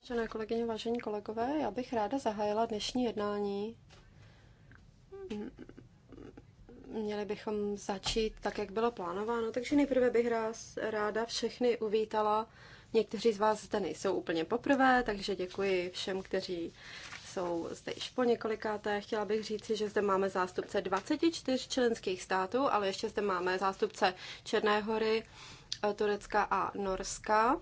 Vážené kolegyně, vážení kolegové, já bych ráda zahájila dnešní jednání. Měli bychom začít tak, jak bylo plánováno, takže nejprve bych ráda všechny uvítala. Někteří z vás zde nejsou úplně poprvé, takže děkuji všem, kteří jsou zde již po několikáté. Chtěla bych říci, že zde máme zástupce 24 členských států, ale ještě zde máme zástupce Černé hory, Turecka a Norska.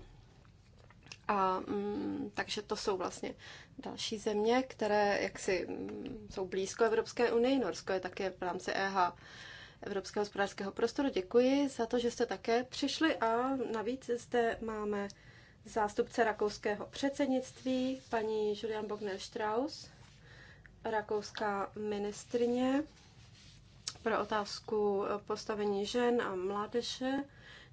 A mm, takže to jsou vlastně další země, které jaksi mm, jsou blízko Evropské unii. Norsko je také v rámci EH Evropského hospodářského prostoru. Děkuji za to, že jste také přišli a navíc zde máme zástupce rakouského předsednictví, paní Julian Bogner-Strauss, rakouská ministrině pro otázku postavení žen a mládeže,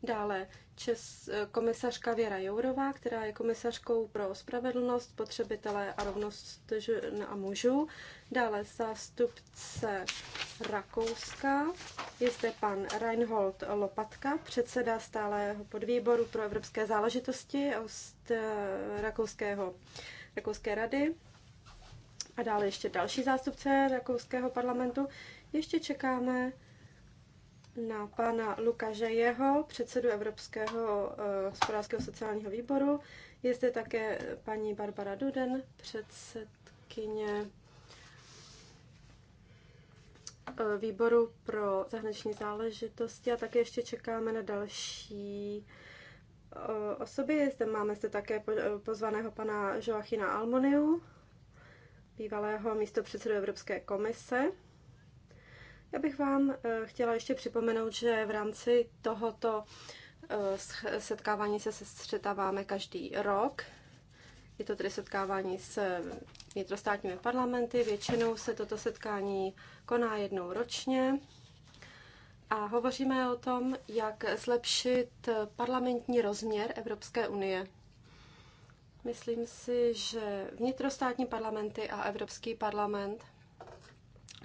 dále čes, komisařka Věra Jourová, která je komisařkou pro spravedlnost, potřebitelé a rovnost žen a mužů. Dále zástupce Rakouska je zde pan Reinhold Lopatka, předseda stálého podvýboru pro evropské záležitosti od eh, Rakouského, Rakouské rady. A dále ještě další zástupce Rakouského parlamentu. Ještě čekáme na pana Lukaže Jeho, předsedu Evropského eh, hospodářského sociálního výboru. Je zde také paní Barbara Duden, předsedkyně eh, výboru pro zahraniční záležitosti a také ještě čekáme na další eh, osoby. Zde máme zde také pozvaného pana Joachina Almoniu, bývalého místo předsedu Evropské komise. Já bych vám eh, chtěla ještě připomenout, že v rámci tohoto eh, setkávání se střetáváme každý rok. Je to tedy setkávání s vnitrostátními parlamenty. Většinou se toto setkání koná jednou ročně. A hovoříme o tom, jak zlepšit parlamentní rozměr Evropské unie. Myslím si, že vnitrostátní parlamenty a Evropský parlament –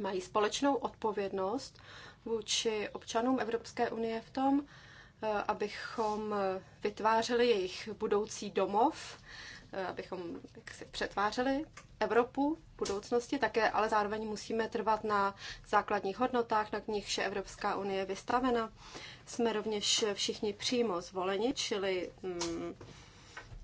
mají společnou odpovědnost vůči občanům Evropské unie v tom, eh, abychom vytvářeli jejich budoucí domov, eh, abychom jaksi přetvářeli Evropu v budoucnosti, také ale zároveň musíme trvat na základních hodnotách, na nich je Evropská unie vystavena. Jsme rovněž všichni přímo zvoleni, čili mm,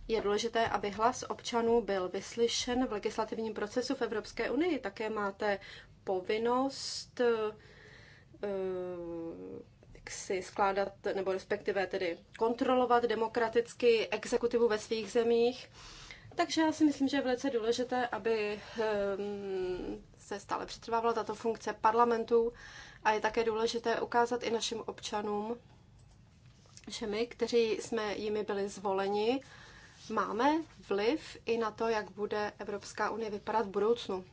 je důležité, aby hlas občanů byl vyslyšen v legislativním procesu v Evropské unii. Také máte povinnost eh, si skládat, nebo respektive tedy kontrolovat demokraticky exekutivu ve svých zemích. Takže já si myslím, že je velice důležité, aby ehm, se stále přetrvávala tato funkce parlamentu a je také důležité ukázat i našim občanům, že my, kteří jsme jimi byli zvoleni, máme vliv i na to, jak bude Evropská unie vypadat v budoucnu.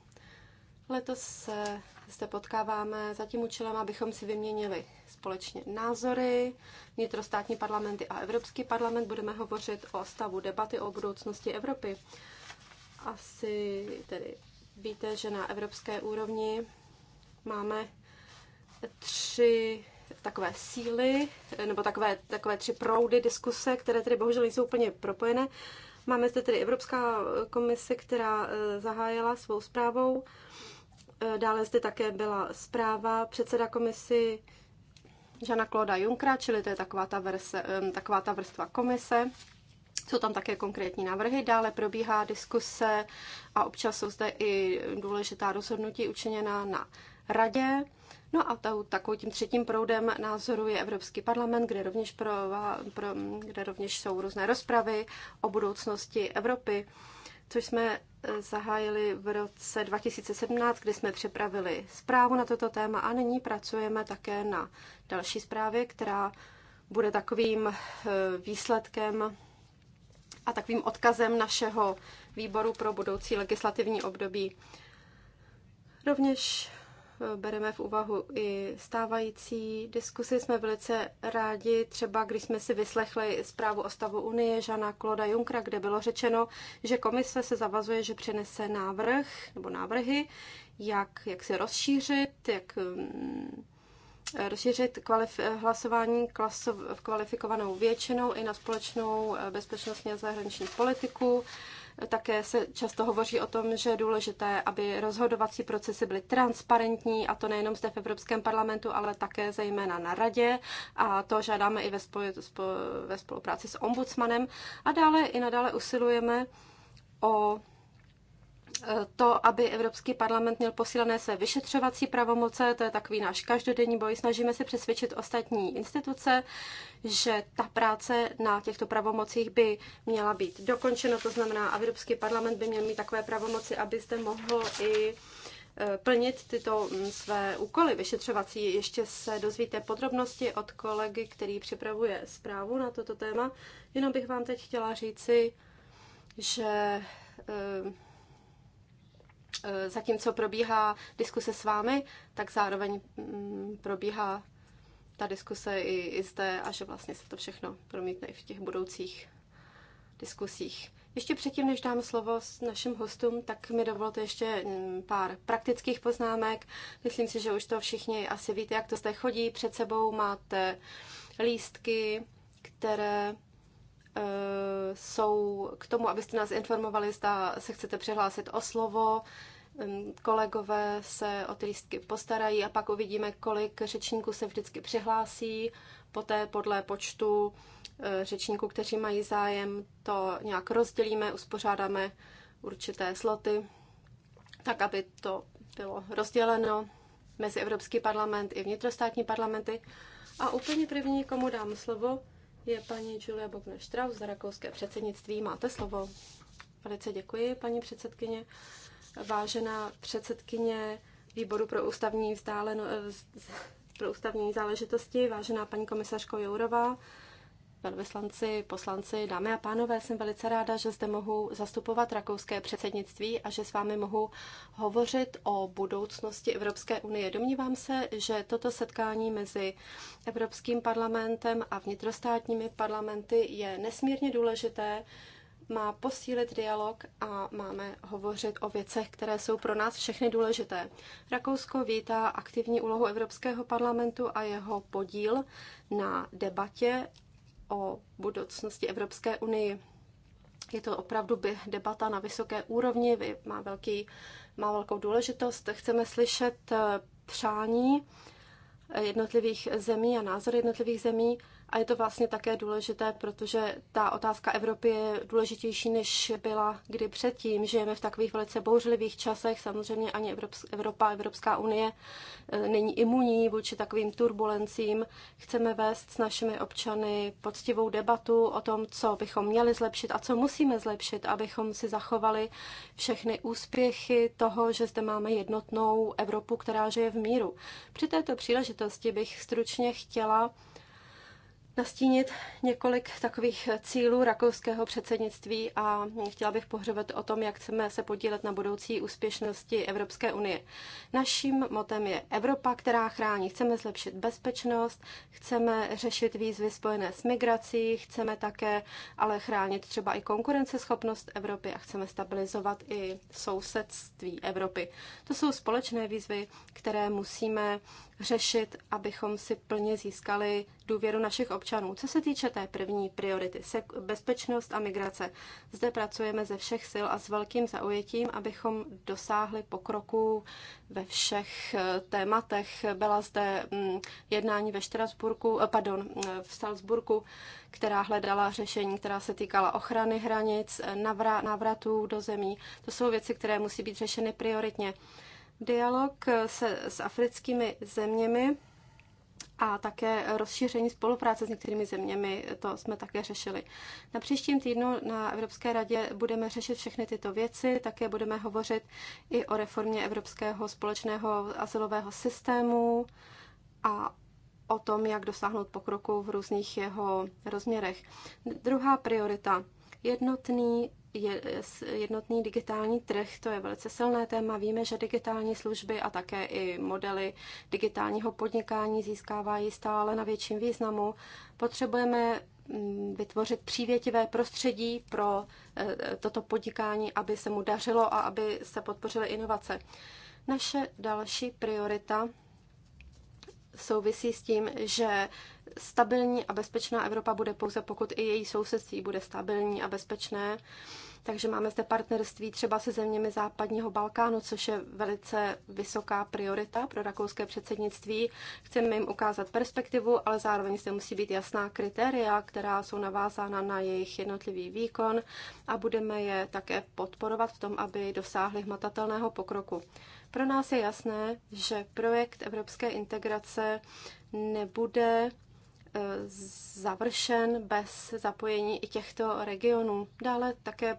Letos se zde potkáváme za tím účelem, abychom si vyměnili společně názory. Vnitrostátní parlamenty a Evropský parlament budeme hovořit o stavu debaty o budoucnosti Evropy. Asi tedy víte, že na evropské úrovni máme tři takové síly, nebo takové, takové tři proudy diskuse, které tedy bohužel nejsou úplně propojené. Máme zde tedy Evropská komise, která eh, zahájila svou zprávou E, dále zde také byla zpráva předseda komisi Žana Kloda Junkra, čili to je taková ta, verse, taková ta vrstva komise. Jsou tam také konkrétní návrhy, dále probíhá diskuse a občas jsou zde i důležitá rozhodnutí učiněná na radě. No a tou, takovým tím třetím proudem názoru je Evropský parlament, kde rovněž, pro, pro, kde rovněž jsou různé rozpravy o budoucnosti Evropy což jsme eh, zahájili v roce 2017, kdy jsme připravili zprávu na toto téma a nyní pracujeme také na další zprávě, která bude takovým eh, výsledkem a takovým odkazem našeho výboru pro budoucí legislativní období. Rovněž bereme v úvahu i stávající diskusy. Jsme velice rádi, třeba když jsme si vyslechli zprávu o stavu Unie Žana Kloda Junkra, kde bylo řečeno, že komise se zavazuje, že přinese návrh nebo návrhy, jak, jak se rozšířit, jak mm, rozšířit kvalif- hlasování klasov- kvalifikovanou většinou i na společnou eh, bezpečnostní a zahraniční politiku také se často hovoří o tom, že je důležité, aby rozhodovací procesy byly transparentní, a to nejenom zde v Evropském parlamentu, ale také zejména na radě. A to žádáme i ve, spoj, ve spolupráci s ombudsmanem. A dále i nadále usilujeme o to, aby Evropský parlament měl posílené své vyšetřovací pravomoce, to je takový náš každodenní boj. Snažíme se přesvědčit ostatní instituce, že ta práce na těchto pravomocích by měla být dokončena, to znamená, Evropský parlament by měl mít takové pravomoci, abyste mohl i e, plnit tyto mm, své úkoly vyšetřovací. Ještě se dozvíte podrobnosti od kolegy, který připravuje zprávu na toto téma. Jenom bych vám teď chtěla říci, že e, Eh, zatímco probíhá diskuse s vámi, tak zároveň mm, probíhá ta diskuse i, i zde a že vlastně se to všechno promítne i v těch budoucích diskusích. Ještě předtím, než dám slovo s našim hostům, tak mi dovolte ještě mm, pár praktických poznámek. Myslím si, že už to všichni asi víte, jak to zde chodí. Před sebou máte lístky, které Eh, jsou k tomu, abyste nás informovali, zda se chcete přihlásit o slovo. Kolegové se o ty lístky postarají a pak uvidíme, kolik řečníků se vždycky přihlásí. Poté podle počtu eh, řečníků, kteří mají zájem, to nějak rozdělíme, uspořádáme určité sloty, tak aby to bylo rozděleno mezi Evropský parlament i vnitrostátní parlamenty. A úplně první, komu dám slovo, je paní Julia Bogner Strauss za rakouské předsednictví. Máte slovo. Velice děkuji, paní předsedkyně. Vážená předsedkyně výboru pro ústavní vzdáleno, pro ústavní záležitosti, vážená paní komisařko Jourová, velvyslanci, poslanci, dámy a pánové, jsem velice ráda, že zde mohu zastupovat rakouské předsednictví a že s vámi mohu hovořit o budoucnosti Evropské unie. Domnívám se, že toto setkání mezi Evropským parlamentem a vnitrostátními parlamenty je nesmírně důležité, má posílit dialog a máme hovořit o věcech, které jsou pro nás všechny důležité. Rakousko vítá aktivní úlohu Evropského parlamentu a jeho podíl na debatě o budoucnosti Evropské unii. Je to opravdu debata na vysoké úrovni, má, velký, má velkou důležitost. Chceme slyšet eh, přání jednotlivých zemí a názor jednotlivých zemí. A je to vlastně také důležité, protože ta otázka Evropy je důležitější, než byla kdy předtím. Žijeme v takových velice bouřlivých časech. Samozřejmě ani Evropa, Evropská unie e, není imunní vůči takovým turbulencím. Chceme vést s našimi občany poctivou debatu o tom, co bychom měli zlepšit a co musíme zlepšit, abychom si zachovali všechny úspěchy toho, že zde máme jednotnou Evropu, která žije v míru. Při této příležitosti bych stručně chtěla nastínit několik takových cílů rakouského předsednictví a chtěla bych pohřovat o tom, jak chceme se podílet na budoucí úspěšnosti Evropské unie. Naším motem je Evropa, která chrání. Chceme zlepšit bezpečnost, chceme řešit výzvy spojené s migrací, chceme také ale chránit třeba i konkurenceschopnost Evropy a chceme stabilizovat i sousedství Evropy. To jsou společné výzvy, které musíme řešit, abychom si plně získali důvěru našich občanů. Co se týče té první priority, bezpečnost a migrace, zde pracujeme ze všech sil a s velkým zaujetím, abychom dosáhli pokroku ve všech eh, tématech. Byla zde mm, jednání ve Štrasburku, eh, pardon, v Salzburku, která hledala řešení, která se týkala ochrany hranic, eh, navratů do zemí. To jsou věci, které musí být řešeny prioritně dialog se, s africkými zeměmi a také rozšíření spolupráce s některými zeměmi, to jsme také řešili. Na příštím týdnu na Evropské radě budeme řešit všechny tyto věci, také budeme hovořit i o reformě Evropského společného asilového systému a o tom, jak dosáhnout pokroku v různých jeho rozměrech. Druhá priorita jednotný jednotný digitální trh, to je velice silné téma. Víme, že digitální služby a také i modely digitálního podnikání získávají stále na větším významu. Potřebujeme mm, vytvořit přívětivé prostředí pro eh, toto podnikání, aby se mu dařilo a aby se podpořily inovace. Naše další priorita souvisí s tím, že Stabilní a bezpečná Evropa bude pouze, pokud i její sousedství bude stabilní a bezpečné. Takže máme zde partnerství třeba se zeměmi západního Balkánu, což je velice vysoká priorita pro rakouské předsednictví. Chceme jim ukázat perspektivu, ale zároveň zde musí být jasná kritéria, která jsou navázána na jejich jednotlivý výkon a budeme je také podporovat v tom, aby dosáhli hmatatelného pokroku. Pro nás je jasné, že projekt evropské integrace nebude Eh, završen bez zapojení i těchto regionů. Dále také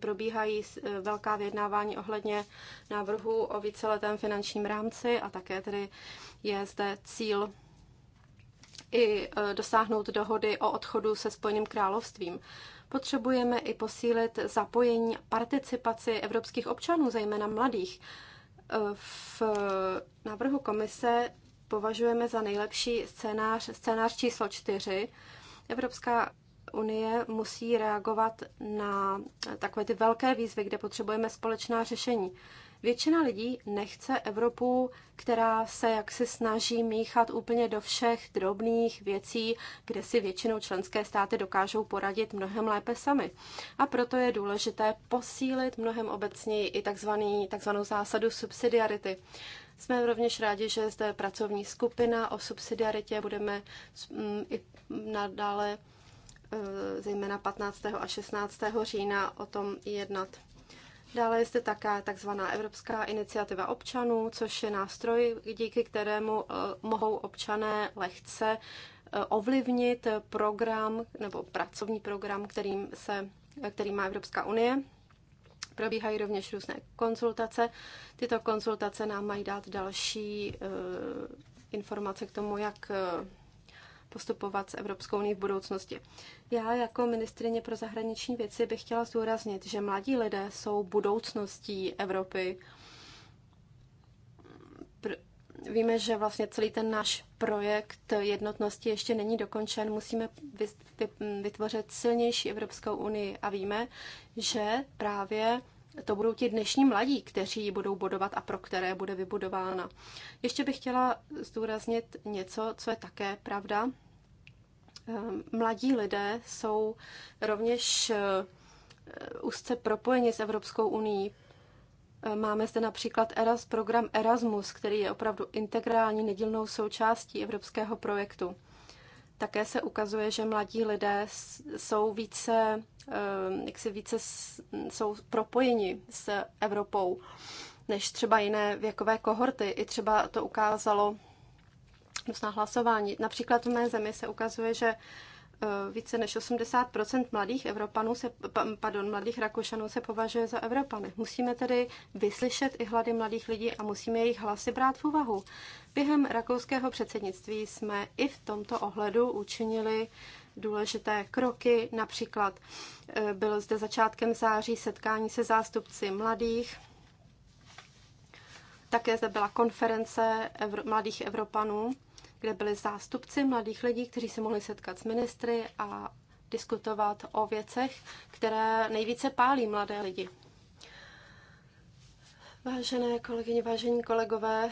probíhají eh, velká vyjednávání ohledně návrhu o víceletém finančním rámci a také tedy je zde cíl i eh, dosáhnout dohody o odchodu se Spojeným královstvím. Potřebujeme i posílit zapojení a participaci evropských občanů, zejména mladých. V návrhu komise považujeme za nejlepší scénář, scénář číslo čtyři. Evropská unie musí reagovat na takové ty velké výzvy, kde potřebujeme společná řešení. Většina lidí nechce Evropu, která se jaksi snaží míchat úplně do všech drobných věcí, kde si většinou členské státy dokážou poradit mnohem lépe sami. A proto je důležité posílit mnohem obecněji i takzvanou zásadu subsidiarity. Jsme rovněž rádi, že zde je pracovní skupina o subsidiaritě. Budeme mm, i nadále, e, zejména 15. a 16. října, o tom jednat. Dále je zde také takzvaná Evropská iniciativa občanů, což je nástroj, díky kterému e, mohou občané lehce e, ovlivnit program nebo pracovní program, kterým se, který má Evropská unie probíhají rovněž různé konzultace. Tyto konzultace nám mají dát další eh, informace k tomu, jak eh, postupovat s Evropskou unii v budoucnosti. Já jako ministrině pro zahraniční věci bych chtěla zdůraznit, že mladí lidé jsou budoucností Evropy. Víme, že vlastně celý ten náš projekt jednotnosti ještě není dokončen. Musíme vytvořit silnější Evropskou unii a víme, že právě to budou ti dnešní mladí, kteří ji budou budovat a pro které bude vybudována. Ještě bych chtěla zdůraznit něco, co je také pravda. Ehm, mladí lidé jsou rovněž eh, úzce propojeni s Evropskou unii, Eh, máme zde například ERAS, program Erasmus, který je opravdu integrální nedílnou součástí evropského projektu. Také se ukazuje, že mladí lidé jsou více, eh, jak si více jsou propojeni s Evropou než třeba jiné věkové kohorty. I třeba to ukázalo na hlasování. Například v mé zemi se ukazuje, že Eh, více než 80 mladých Evropanů se, pardon, mladých Rakušanů se považuje za Evropany. Musíme tedy vyslyšet i hlady mladých lidí a musíme jejich hlasy brát v úvahu. Během rakouského předsednictví jsme i v tomto ohledu učinili důležité kroky. Například eh, bylo zde začátkem září setkání se zástupci mladých. Také zde byla konference Evro- mladých Evropanů kde byli zástupci mladých lidí, kteří se mohli setkat s ministry a diskutovat o věcech, které nejvíce pálí mladé lidi. Vážené kolegyně, vážení kolegové,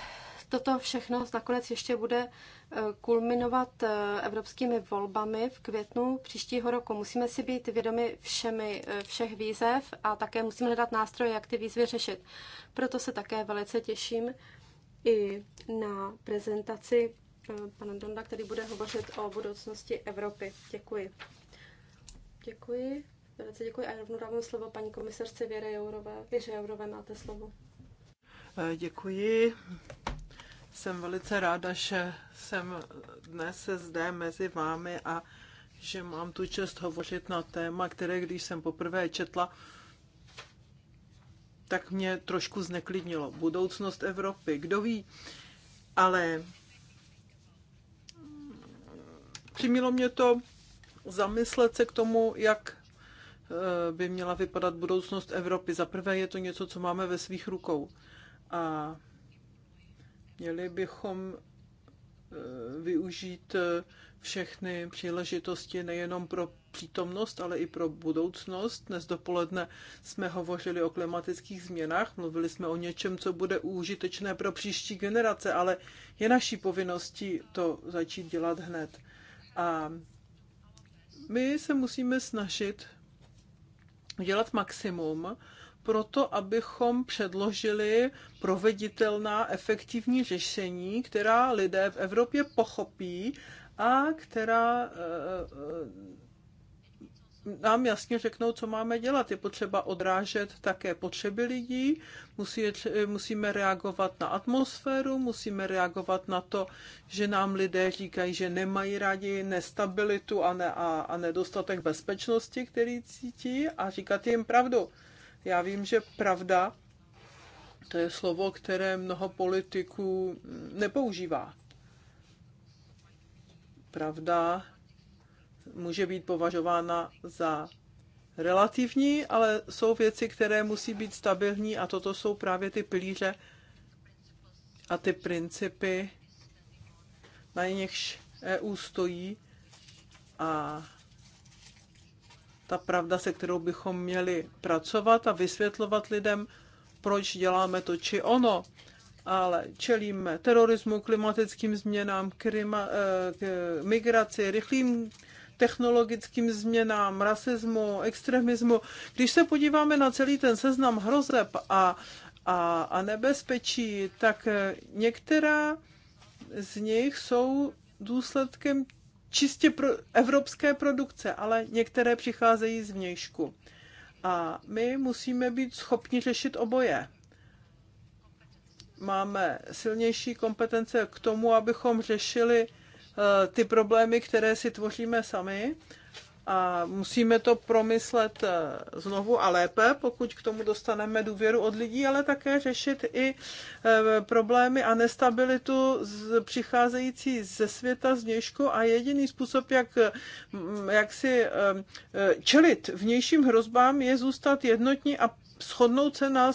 toto všechno nakonec ještě bude eh, kulminovat eh, evropskými volbami v květnu příštího roku. Musíme si být vědomi všemi, eh, všech výzev a také musíme hledat nástroje, jak ty výzvy řešit. Proto se také velice těším i na prezentaci pana Donda, který bude hovořit o budoucnosti Evropy. Děkuji. Děkuji. Velice děkuji a rovnou dávám slovo paní komisarce Věře Jourové. Věře Jourové, máte slovo. Eh, děkuji. Jsem velice ráda, že jsem dnes zde mezi vámi a že mám tu čest hovořit na téma, které, když jsem poprvé četla, tak mě trošku zneklidnilo. Budoucnost Evropy, kdo ví, ale přimělo mě to zamyslet se k tomu, jak eh, by měla vypadat budoucnost Evropy. Za prvé je to něco, co máme ve svých rukou. A měli bychom eh, využít eh, všechny příležitosti nejenom pro přítomnost, ale i pro budoucnost. Dnes dopoledne jsme hovořili o klimatických změnách, mluvili jsme o něčem, co bude užitečné pro příští generace, ale je naší povinností to začít dělat hned. A my se musíme snažit dělat maximum pro to, abychom předložili proveditelná efektivní řešení, která lidé v Evropě pochopí a která eh, eh, nám jasně řeknou, co máme dělat. Je potřeba odrážet také potřeby lidí, musí, musíme reagovat na atmosféru, musíme reagovat na to, že nám lidé říkají, že nemají rádi nestabilitu a, ne, a, a nedostatek bezpečnosti, který cítí a říkat jim pravdu. Já vím, že pravda to je slovo, které mnoho politiků nepoužívá. Pravda může být považována za relativní, ale jsou věci, které musí být stabilní a toto jsou právě ty pilíře a ty principy, na nichž EU stojí a ta pravda, se kterou bychom měli pracovat a vysvětlovat lidem, proč děláme to či ono. Ale čelíme terorismu, klimatickým změnám, krima, eh, k, migraci, rychlým technologickým změnám, rasismu, extremismu. Když se podíváme na celý ten seznam hrozeb a, a, a nebezpečí, tak eh, některá z nich jsou důsledkem čistě pro evropské produkce, ale některé přicházejí z vnějšku. A my musíme být schopni řešit oboje. Máme silnější kompetence k tomu, abychom řešili Eh, ty problémy, které si tvoříme sami a musíme to promyslet eh, znovu a lépe, pokud k tomu dostaneme důvěru od lidí, ale také řešit i eh, problémy a nestabilitu přicházející ze světa z něžku a jediný způsob, jak, mm, jak si čelit vnějším hrozbám, je zůstat jednotní a shodnout se na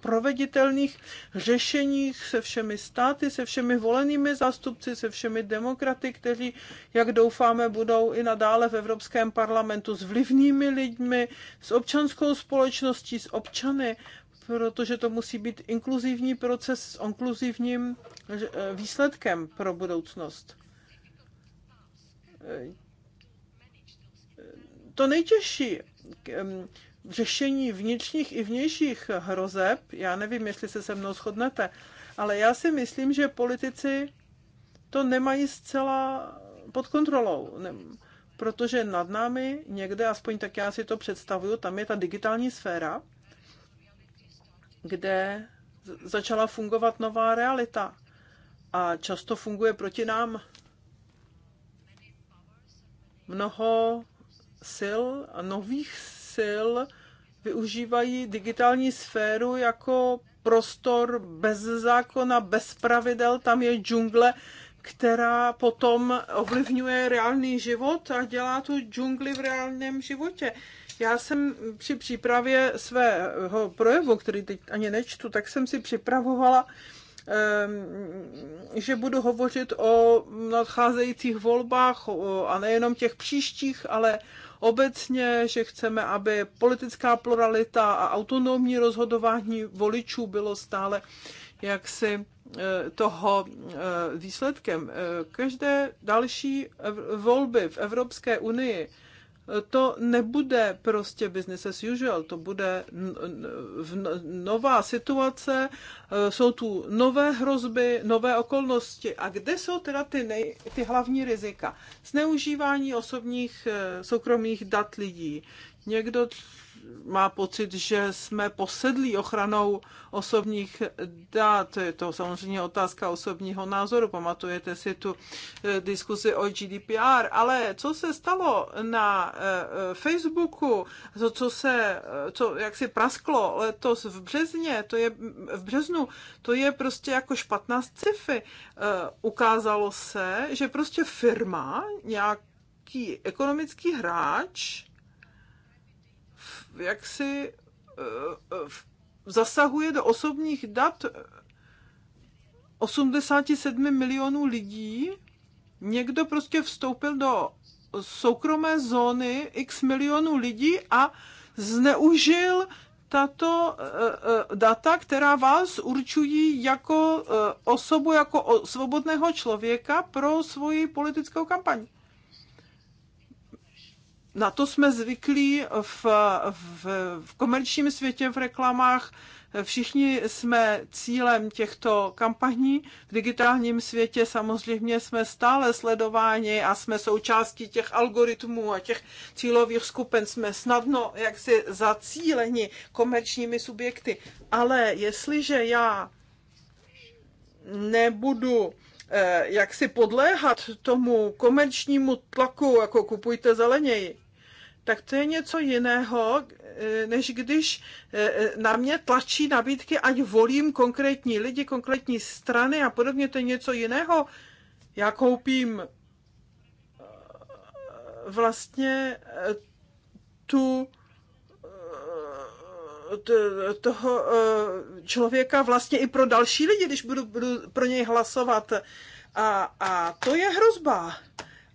proveditelných řešeních se všemi státy, se všemi volenými zástupci, se všemi demokraty, kteří, jak doufáme, budou i nadále v Evropském parlamentu s vlivnými lidmi, s občanskou společností, s občany, protože to musí být inkluzivní proces s inkluzivním e, výsledkem pro budoucnost e, to nejtěžší řešení vnitřních i vnějších hrozeb. Já nevím, jestli se se mnou shodnete, ale já si myslím, že politici to nemají zcela pod kontrolou, protože nad námi někde, aspoň tak já si to představuju, tam je ta digitální sféra, kde začala fungovat nová realita a často funguje proti nám mnoho sil a nových sil využívají digitální sféru jako prostor bez zákona, bez pravidel, tam je džungle, která potom ovlivňuje reálný život a dělá tu džungli v reálném životě. Já jsem při přípravě svého projevu, který teď ani nečtu, tak jsem si připravovala, ehm, že budu hovořit o nadcházejících volbách a nejenom těch příštích, ale obecně, že chceme, aby politická pluralita a autonomní rozhodování voličů bylo stále jaksi eh, toho eh, výsledkem. Eh, každé další volby v Evropské unii to nebude prostě business as usual, to bude nová situace, eh, jsou tu nové hrozby, nové okolnosti. A kde jsou teda ty, nej, ty hlavní rizika? Zneužívání osobních eh, soukromých dat lidí. Někdo má pocit, že jsme posedlí ochranou osobních dat. Je to samozřejmě otázka osobního názoru. Pamatujete si tu eh, diskuzi o GDPR, ale co se stalo na eh, Facebooku, to, co se, eh, co jak si prasklo letos v březně, to je v březnu, to je prostě jako špatná sci-fi. Ukázalo se, že prostě firma, nějaký ekonomický hráč, jak si eh, eh, zasahuje do osobních dat 87 milionů lidí. Někdo prostě vstoupil do soukromé zóny x milionů lidí a zneužil tato eh, data, která vás určují jako osobu, jako svobodného člověka pro svoji politickou kampaň na to jsme zvyklí v, v, v komerčním světě, v reklamách. Všichni jsme cílem těchto kampaní. V digitálním světě samozřejmě jsme stále sledováni a jsme součástí těch algoritmů a těch cílových skupin. Jsme snadno jaksi zacíleni komerčními subjekty. Ale jestliže já nebudu Eh, jak si podléhat tomu komerčnímu tlaku, jako kupujte zeleněji, tak to je něco jiného, eh, než když eh, na mě tlačí nabídky, ať volím konkrétní lidi, konkrétní strany a podobně, to je něco jiného. Já koupím vlastně tu Eh, toho eh, člověka vlastně i pro další lidi, když budu, budu pro něj hlasovat. A, a to je hrozba.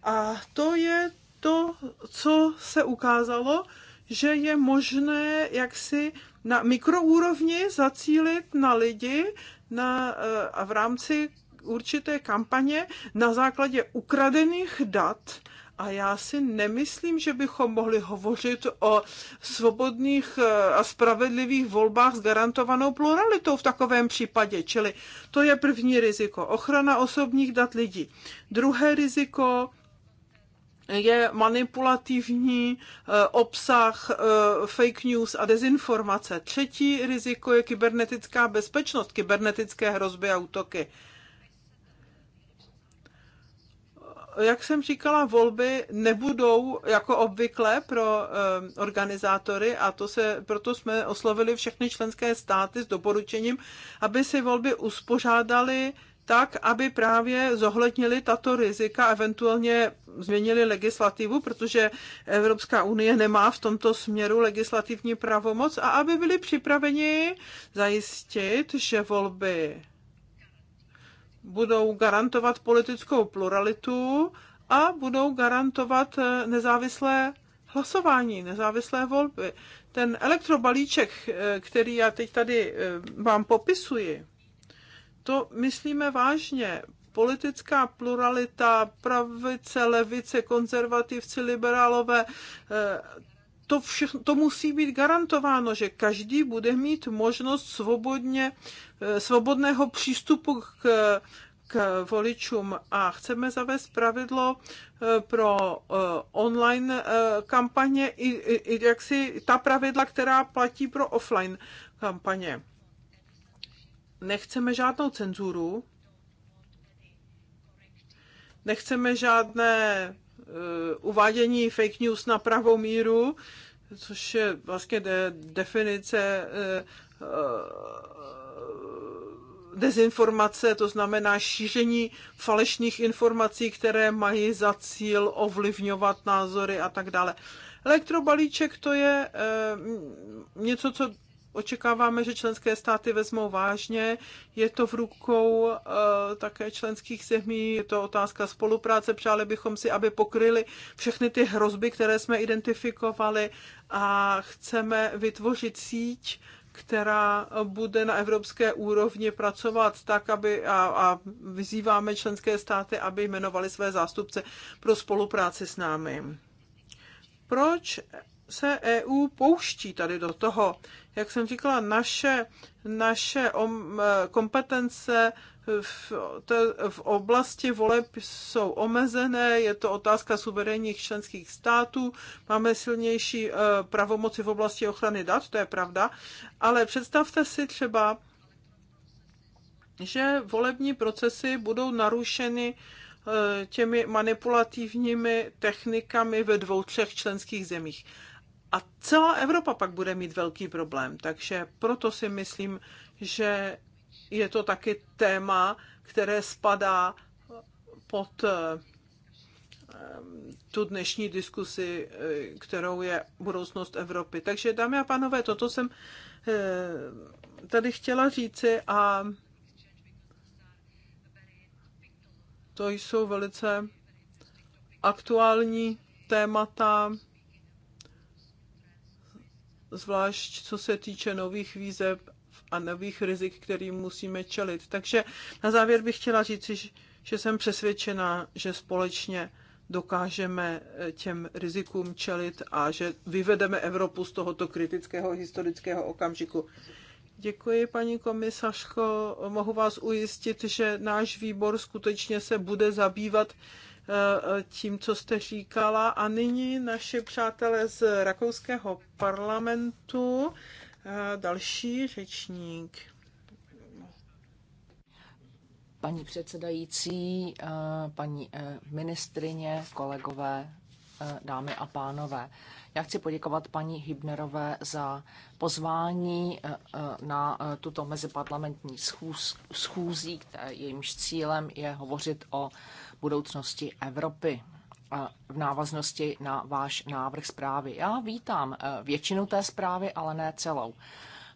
A to je to, co se ukázalo, že je možné jaksi na mikroúrovni zacílit na lidi na, eh, a v rámci určité kampaně na základě ukradených dat a já si nemyslím, že bychom mohli hovořit o svobodných eh, a spravedlivých volbách s garantovanou pluralitou v takovém případě. Čili to je první riziko. Ochrana osobních dat lidí. Druhé riziko je manipulativní eh, obsah eh, fake news a dezinformace. Třetí riziko je kybernetická bezpečnost, kybernetické hrozby a útoky. jak jsem říkala, volby nebudou jako obvykle pro eh, organizátory a to se, proto jsme oslovili všechny členské státy s doporučením, aby si volby uspořádali tak, aby právě zohlednili tato rizika, eventuálně změnili legislativu, protože Evropská unie nemá v tomto směru legislativní pravomoc a aby byli připraveni zajistit, že volby budou garantovat politickou pluralitu a budou garantovat eh, nezávislé hlasování, nezávislé volby. Ten elektrobalíček, eh, který já teď tady eh, vám popisuji, to myslíme vážně. Politická pluralita, pravice, levice, konzervativci, liberálové, to, vše, to musí být garantováno, že každý bude mít možnost svobodně Eh, svobodného přístupu k, k voličům a chceme zavést pravidlo eh, pro eh, online kampaně i, i jaksi ta pravidla, která platí pro offline kampaně. Nechceme žádnou cenzuru, nechceme žádné uvádění fake news na pravou míru, což je vlastně de, definice dezinformace, to znamená šíření falešných informací, které mají za cíl ovlivňovat názory a tak dále. Elektrobalíček to je eh, něco, co očekáváme, že členské státy vezmou vážně. Je to v rukou eh, také členských zemí, je to otázka spolupráce. Přáli bychom si, aby pokryli všechny ty hrozby, které jsme identifikovali a chceme vytvořit síť která bude na evropské úrovni pracovat tak, aby a, a vyzýváme členské státy, aby jmenovali své zástupce pro spolupráci s námi. Proč se EU pouští tady do toho. Jak jsem říkala, naše, naše eh, kompetence v, te, v oblasti voleb jsou omezené, je to otázka suverénních členských států, máme silnější eh, pravomoci v oblasti ochrany dat, to je pravda, ale představte si třeba, že volební procesy budou narušeny eh, těmi manipulativními technikami ve dvou, třech členských zemích. A celá Evropa pak bude mít velký problém. Takže proto si myslím, že je to taky téma, které spadá pod ehm, tu dnešní diskusi, eh, kterou je budoucnost Evropy. Takže, dámy a pánové, toto jsem eh, tady chtěla říci a to jsou velice aktuální témata zvlášť co se týče nových výzev a nových rizik, kterým musíme čelit. Takže na závěr bych chtěla říct, že jsem přesvědčena, že společně dokážeme eh, těm rizikům čelit a že vyvedeme Evropu z tohoto kritického historického okamžiku. Děkuji, paní komisařko. Mohu vás ujistit, že náš výbor skutečně se bude zabývat Eh, tím, co jste říkala. A nyní naše přátelé z rakouského parlamentu, eh, další řečník. Paní předsedající, eh, paní ministrině, kolegové, dámy a pánové. Já chci poděkovat paní Hybnerové za pozvání na tuto meziparlamentní schůz, schůzí, jejímž cílem je hovořit o budoucnosti Evropy v návaznosti na váš návrh zprávy. Já vítám eh, většinu té zprávy, ale ne celou.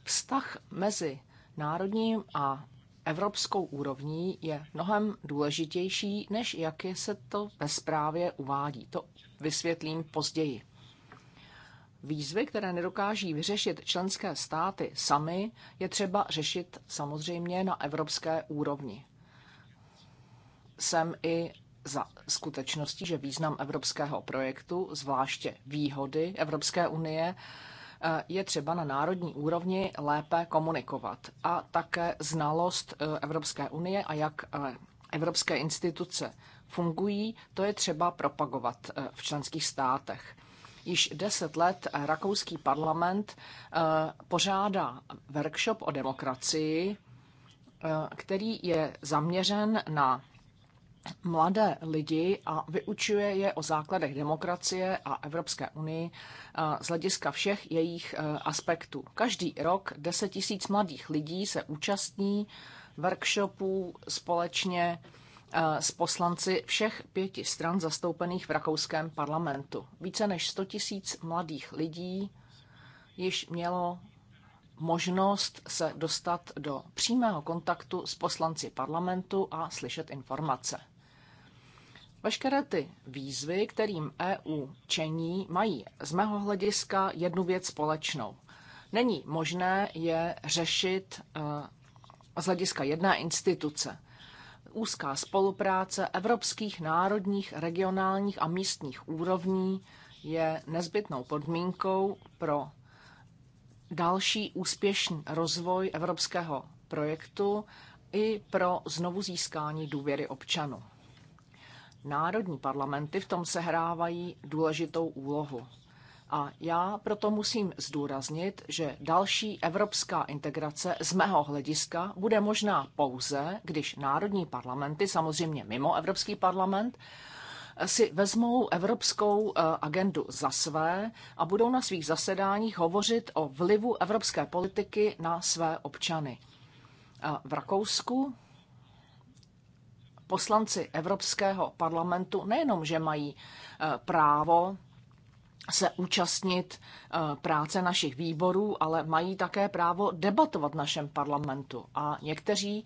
Vztah mezi národním a evropskou úrovní je mnohem důležitější, než jak se to ve zprávě uvádí. To vysvětlím později. Výzvy, které nedokáží vyřešit členské státy sami, je třeba řešit samozřejmě na evropské úrovni jsem i za skutečností, že význam evropského projektu, zvláště výhody Evropské unie, eh, je třeba na národní úrovni lépe komunikovat a také znalost eh, Evropské unie a jak eh, evropské instituce fungují, to je třeba propagovat v členských státech. Již deset let rakouský parlament pořádá workshop o demokracii, který je zaměřen na mladé lidi a vyučuje je o základech demokracie a Evropské unii eh, z hlediska všech jejich eh, aspektů. Každý rok 10 tisíc mladých lidí se účastní workshopů společně eh, s poslanci všech pěti stran zastoupených v rakouském parlamentu. Více než 100 tisíc mladých lidí již mělo možnost se dostat do přímého kontaktu s poslanci parlamentu a slyšet informace. Veškeré ty výzvy, kterým EU čení, mají z mého hlediska jednu věc společnou. Není možné je řešit eh, z hlediska jedné instituce. Úzká spolupráce evropských, národních, regionálních a místních úrovní je nezbytnou podmínkou pro další úspěšný rozvoj evropského projektu i pro znovu získání důvěry občanů. Národní parlamenty v tom sehrávají důležitou úlohu. A já proto musím zdůraznit, že další evropská integrace z mého hlediska bude možná pouze, když národní parlamenty, samozřejmě mimo Evropský parlament, si vezmou evropskou eh, agendu za své a budou na svých zasedáních hovořit o vlivu evropské politiky na své občany. V Rakousku poslanci Evropského parlamentu nejenom, že mají e, právo se účastnit e, práce našich výborů, ale mají také právo debatovat v našem parlamentu a někteří e,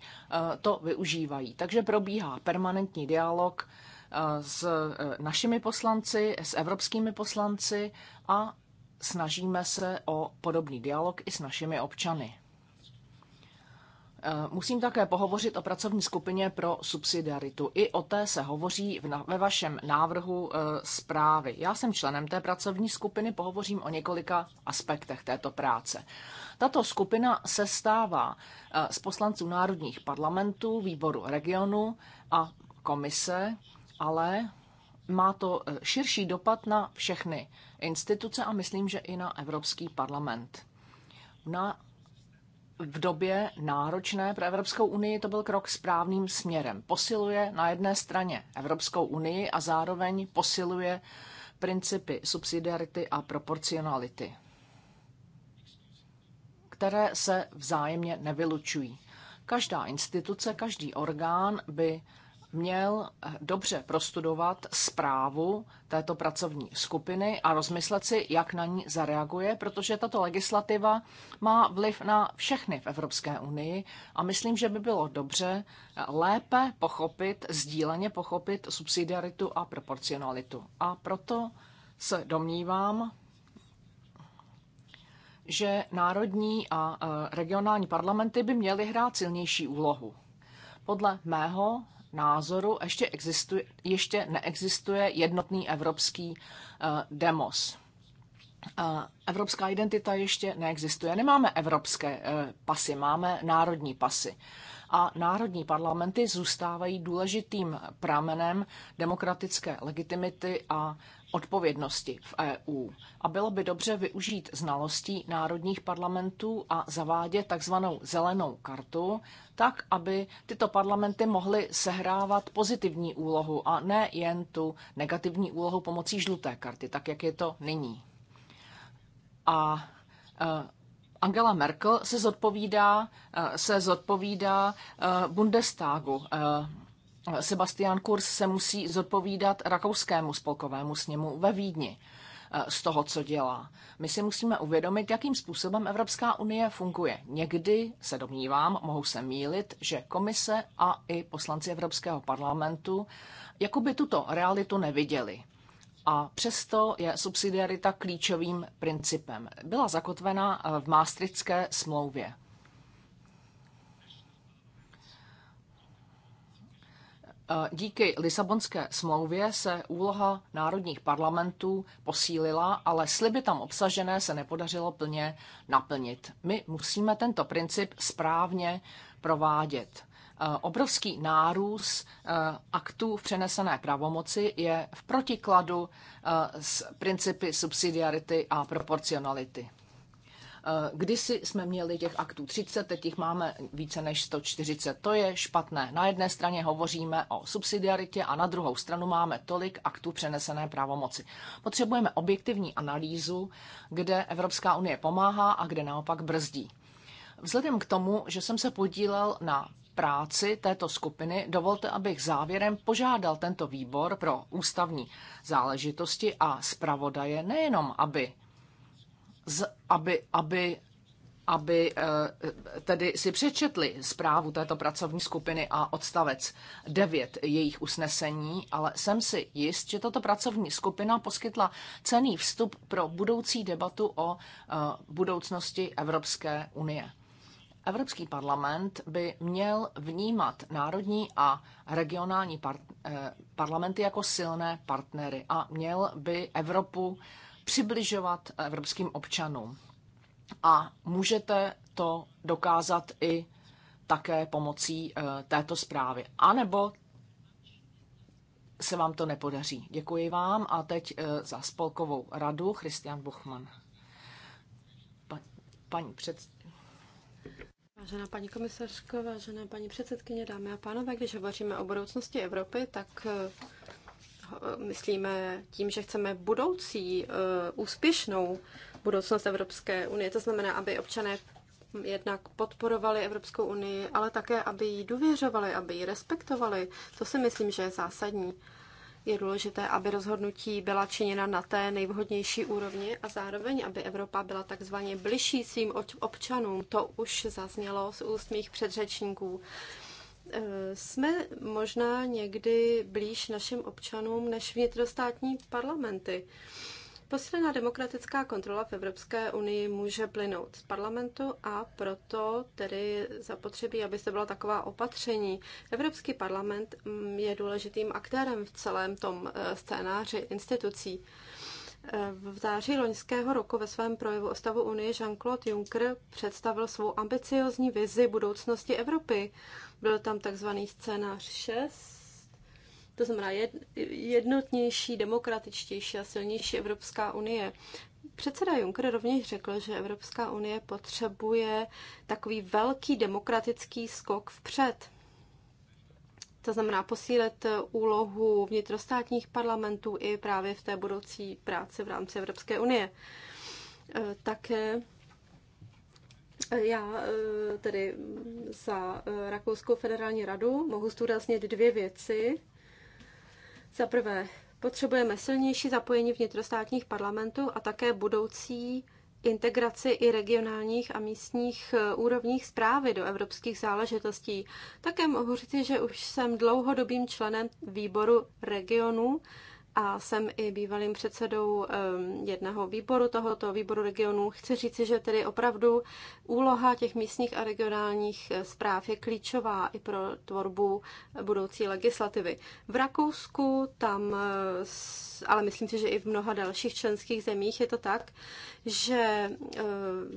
to využívají. Takže probíhá permanentní dialog s našimi poslanci, s evropskými poslanci a snažíme se o podobný dialog i s našimi občany. Eh, musím také pohovořit o pracovní skupině pro subsidiaritu. I o té se hovoří ve vašem návrhu eh, zprávy. Já jsem členem té pracovní skupiny, pohovořím o několika aspektech této práce. Tato skupina se stává eh, z poslanců národních parlamentů, výboru regionu a komise, ale má to širší dopad na všechny instituce a myslím, že i na Evropský parlament. Na v době náročné pro Evropskou unii to byl krok správným směrem. Posiluje na jedné straně Evropskou unii a zároveň posiluje principy subsidiarity a proporcionality, které se vzájemně nevylučují. Každá instituce, každý orgán by měl eh, dobře prostudovat zprávu této pracovní skupiny a rozmyslet si, jak na ní zareaguje, protože tato legislativa má vliv na všechny v Evropské unii a myslím, že by bylo dobře eh, lépe pochopit, sdíleně pochopit subsidiaritu a proporcionalitu. A proto se domnívám, že národní a eh, regionální parlamenty by měly hrát silnější úlohu. Podle mého názoru ještě, existuje, ještě neexistuje jednotný evropský uh, demos. Uh, evropská identita ještě neexistuje. Nemáme evropské uh, pasy, máme národní pasy. A národní parlamenty zůstávají důležitým pramenem demokratické legitimity a odpovědnosti v EU. A bylo by dobře využít znalostí národních parlamentů a zavádět takzvanou zelenou kartu, tak, aby tyto parlamenty mohly sehrávat pozitivní úlohu a ne jen tu negativní úlohu pomocí žluté karty, tak jak je to nyní. A e, Angela Merkel se zodpovídá, e, se zodpovídá e, Bundestagu Sebastian Kurz se musí zodpovídat rakouskému spolkovému sněmu ve Vídni eh, z toho, co dělá. My si musíme uvědomit, jakým způsobem Evropská unie funguje. Někdy se domnívám, mohou se mílit, že komise a i poslanci Evropského parlamentu jako by tuto realitu neviděli. A přesto je subsidiarita klíčovým principem. Byla zakotvená eh, v Maastrichtské smlouvě. E, díky Lisabonské smlouvě se úloha národních parlamentů posílila, ale sliby tam obsažené se nepodařilo plně naplnit. My musíme tento princip správně provádět. E, obrovský nárůst e, aktů v přenesené pravomoci je v protikladu s principy subsidiarity a proporcionality. Eh, kdysi jsme měli těch aktů 30, teď jich máme více než 140. To je špatné. Na jedné straně hovoříme o subsidiaritě a na druhou stranu máme tolik aktů přenesené právomoci. Potřebujeme objektivní analýzu, kde Evropská unie pomáhá a kde naopak brzdí. Vzhledem k tomu, že jsem se podílel na práci této skupiny, dovolte, abych závěrem požádal tento výbor pro ústavní záležitosti a zpravodaje nejenom, aby aby, aby, aby eh, tedy si přečetli zprávu této pracovní skupiny a odstavec 9 jejich usnesení, ale jsem si jist, že tato pracovní skupina poskytla cený vstup pro budoucí debatu o eh, budoucnosti Evropské unie. Evropský parlament by měl vnímat národní a regionální par- eh, parlamenty jako silné partnery a měl by Evropu přibližovat evropským občanům. A můžete to dokázat i také pomocí eh, této zprávy. A nebo se vám to nepodaří. Děkuji vám a teď eh, za spolkovou radu Christian Buchmann. Pa, paní před... Vážená paní komisařko, vážená paní předsedkyně, dámy a pánové, když hovoříme o budoucnosti Evropy, tak eh, myslíme tím, že chceme budoucí eh, úspěšnou budoucnost Evropské unie. To znamená, aby občané jednak podporovali Evropskou unii, ale také, aby ji důvěřovali, aby ji respektovali. To si myslím, že je zásadní. Je důležité, aby rozhodnutí byla činěna na té nejvhodnější úrovni a zároveň, aby Evropa byla takzvaně bližší svým občanům. To už zaznělo z úst mých předřečníků. Eh, jsme možná někdy blíž našim občanům než vnitrostátní parlamenty. Posílená demokratická kontrola v Evropské unii může plynout z parlamentu a proto tedy zapotřebí, aby se byla taková opatření. Evropský parlament mm, je důležitým aktérem v celém tom eh, scénáři institucí. V září loňského roku ve svém projevu o stavu Unie Jean-Claude Juncker představil svou ambiciozní vizi budoucnosti Evropy. Byl tam takzvaný scénář 6, to znamená jednotnější, demokratičtější a silnější Evropská unie. Předseda Juncker rovněž řekl, že Evropská unie potřebuje takový velký demokratický skok vpřed. To znamená posílit eh, úlohu vnitrostátních parlamentů i právě v té budoucí práci v rámci Evropské unie. Eh, také eh, já tedy za Rakouskou federální radu mohu zdůraznit dvě věci. Za prvé, potřebujeme silnější zapojení vnitrostátních parlamentů a také budoucí integraci i regionálních a místních eh, úrovních zprávy do evropských záležitostí. Také mohu říct, že už jsem dlouhodobým členem výboru regionů a jsem i bývalým předsedou eh, jednoho výboru tohoto výboru regionů. Chci říci, že tedy opravdu úloha těch místních a regionálních eh, zpráv je klíčová i pro tvorbu budoucí legislativy. V Rakousku tam, ale myslím si, že i v mnoha dalších členských zemích je to tak, že eh,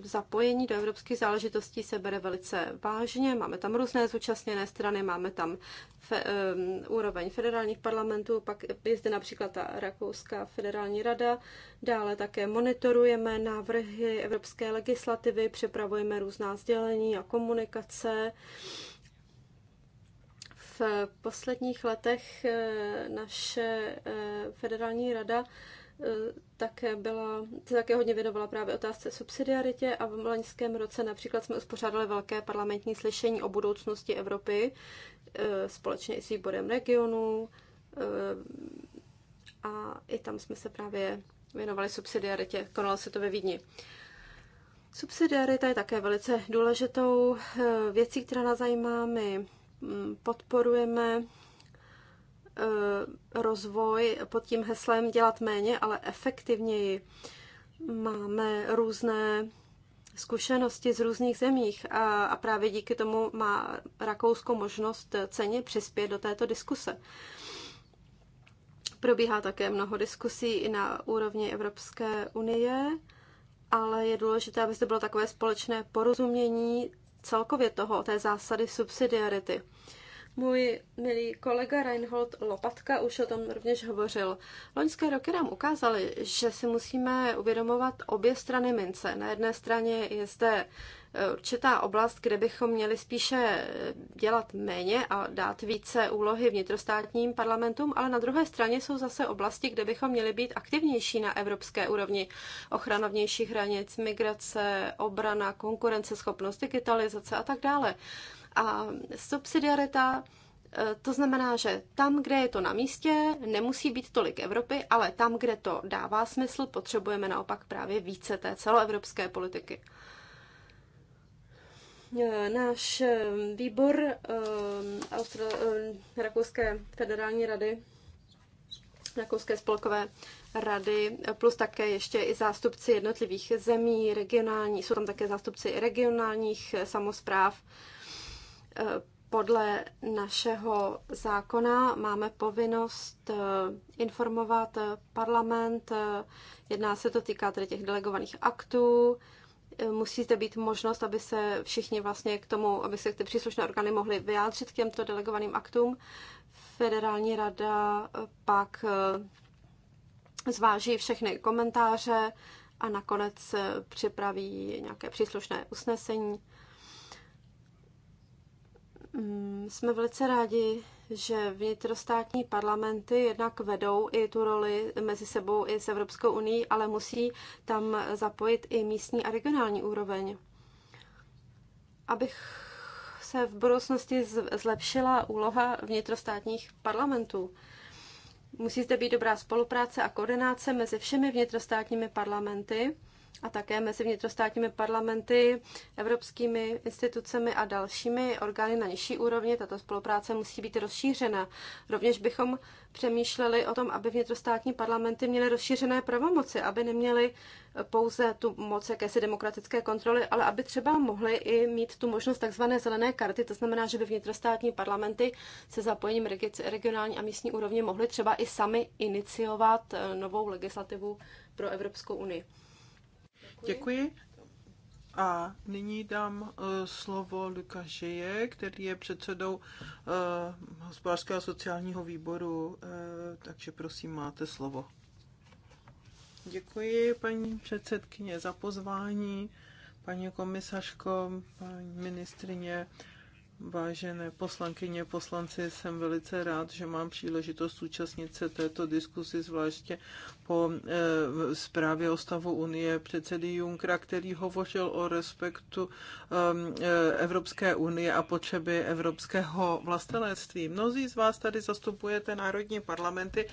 zapojení do evropských záležitostí se bere velice vážně. Máme tam různé zúčastněné strany, máme tam fe, um, úroveň federálních parlamentů, pak je zde například ta Rakouská federální rada. Dále také monitorujeme návrhy evropské legislativy, připravujeme různá sdělení a komunikace. V posledních letech eh, naše federální rada Eh, také, byla, se také hodně věnovala právě otázce subsidiaritě a v loňském roce například jsme uspořádali velké parlamentní slyšení o budoucnosti Evropy eh, společně i s výborem regionu eh, a i tam jsme se právě věnovali subsidiaritě. Konalo se to ve Vídni. Subsidiarita je také velice důležitou věcí, která nás zajímá. My mm, podporujeme Eh, rozvoj pod tím heslem dělat méně, ale efektivněji. Máme různé zkušenosti z různých zemích a, a právě díky tomu má Rakousko možnost ceně přispět do této diskuse. Probíhá také mnoho diskusí i na úrovni Evropské unie, ale je důležité, aby zde bylo takové společné porozumění celkově toho, té zásady subsidiarity. Můj milý kolega Reinhold Lopatka už o tom rovněž hovořil. Loňské roky nám ukázaly, že si musíme uvědomovat obě strany mince. Na jedné straně je zde e, určitá oblast, kde bychom měli spíše e, dělat méně a dát více úlohy vnitrostátním parlamentům, ale na druhé straně jsou zase oblasti, kde bychom měli být aktivnější na evropské úrovni. Ochrana vnějších hranic, migrace, obrana, konkurenceschopnost, digitalizace a tak dále. A subsidiarita e, to znamená, že tam, kde je to na místě, nemusí být tolik Evropy, ale tam, kde to dává smysl, potřebujeme naopak právě více té celoevropské politiky. E, náš e, výbor Austro- Rakouské federální rady, Rakouské spolkové rady, plus také ještě i zástupci jednotlivých zemí, regionální, jsou tam také zástupci regionálních samozpráv, Eh, podle našeho zákona máme povinnost eh, informovat eh, parlament. Jedná se to týká tedy těch delegovaných aktů. Musíte být možnost, aby se všichni vlastně k tomu, aby se ty příslušné orgány mohly vyjádřit k těmto delegovaným aktům. Federální rada pak zváží všechny komentáře a nakonec připraví nějaké příslušné usnesení. Mm, jsme velice rádi, že vnitrostátní parlamenty jednak vedou i tu roli mezi sebou i s Evropskou unii, ale musí tam zapojit i místní a regionální úroveň. Abych se v budoucnosti zlepšila úloha vnitrostátních parlamentů. Musí zde být dobrá spolupráce a koordinace mezi všemi vnitrostátními parlamenty a také mezi vnitrostátními parlamenty, evropskými institucemi a dalšími orgány na nižší úrovni. Tato spolupráce musí být rozšířena. Rovněž bychom přemýšleli o tom, aby vnitrostátní parlamenty měly rozšířené pravomoci, aby neměly pouze tu moc jakési demokratické kontroly, ale aby třeba mohly i mít tu možnost takzvané zelené karty. To znamená, že by vnitrostátní parlamenty se zapojením regionální a místní úrovně mohly třeba i sami iniciovat eh, novou legislativu pro Evropskou unii. Děkuji. A nyní dám eh, slovo Luka který je předsedou eh, hospodářského a sociálního výboru, eh, takže prosím, máte slovo. Děkuji, paní předsedkyně, za pozvání, paní komisařko, paní ministrině. Vážené poslankyně, poslanci, jsem velice rád, že mám příležitost účastnit se této diskusi, zvláště po e, zprávě o stavu Unie předsedy Junckera, který hovořil o respektu e, Evropské unie a potřeby evropského vlastenectví. Mnozí z vás tady zastupujete národní parlamenty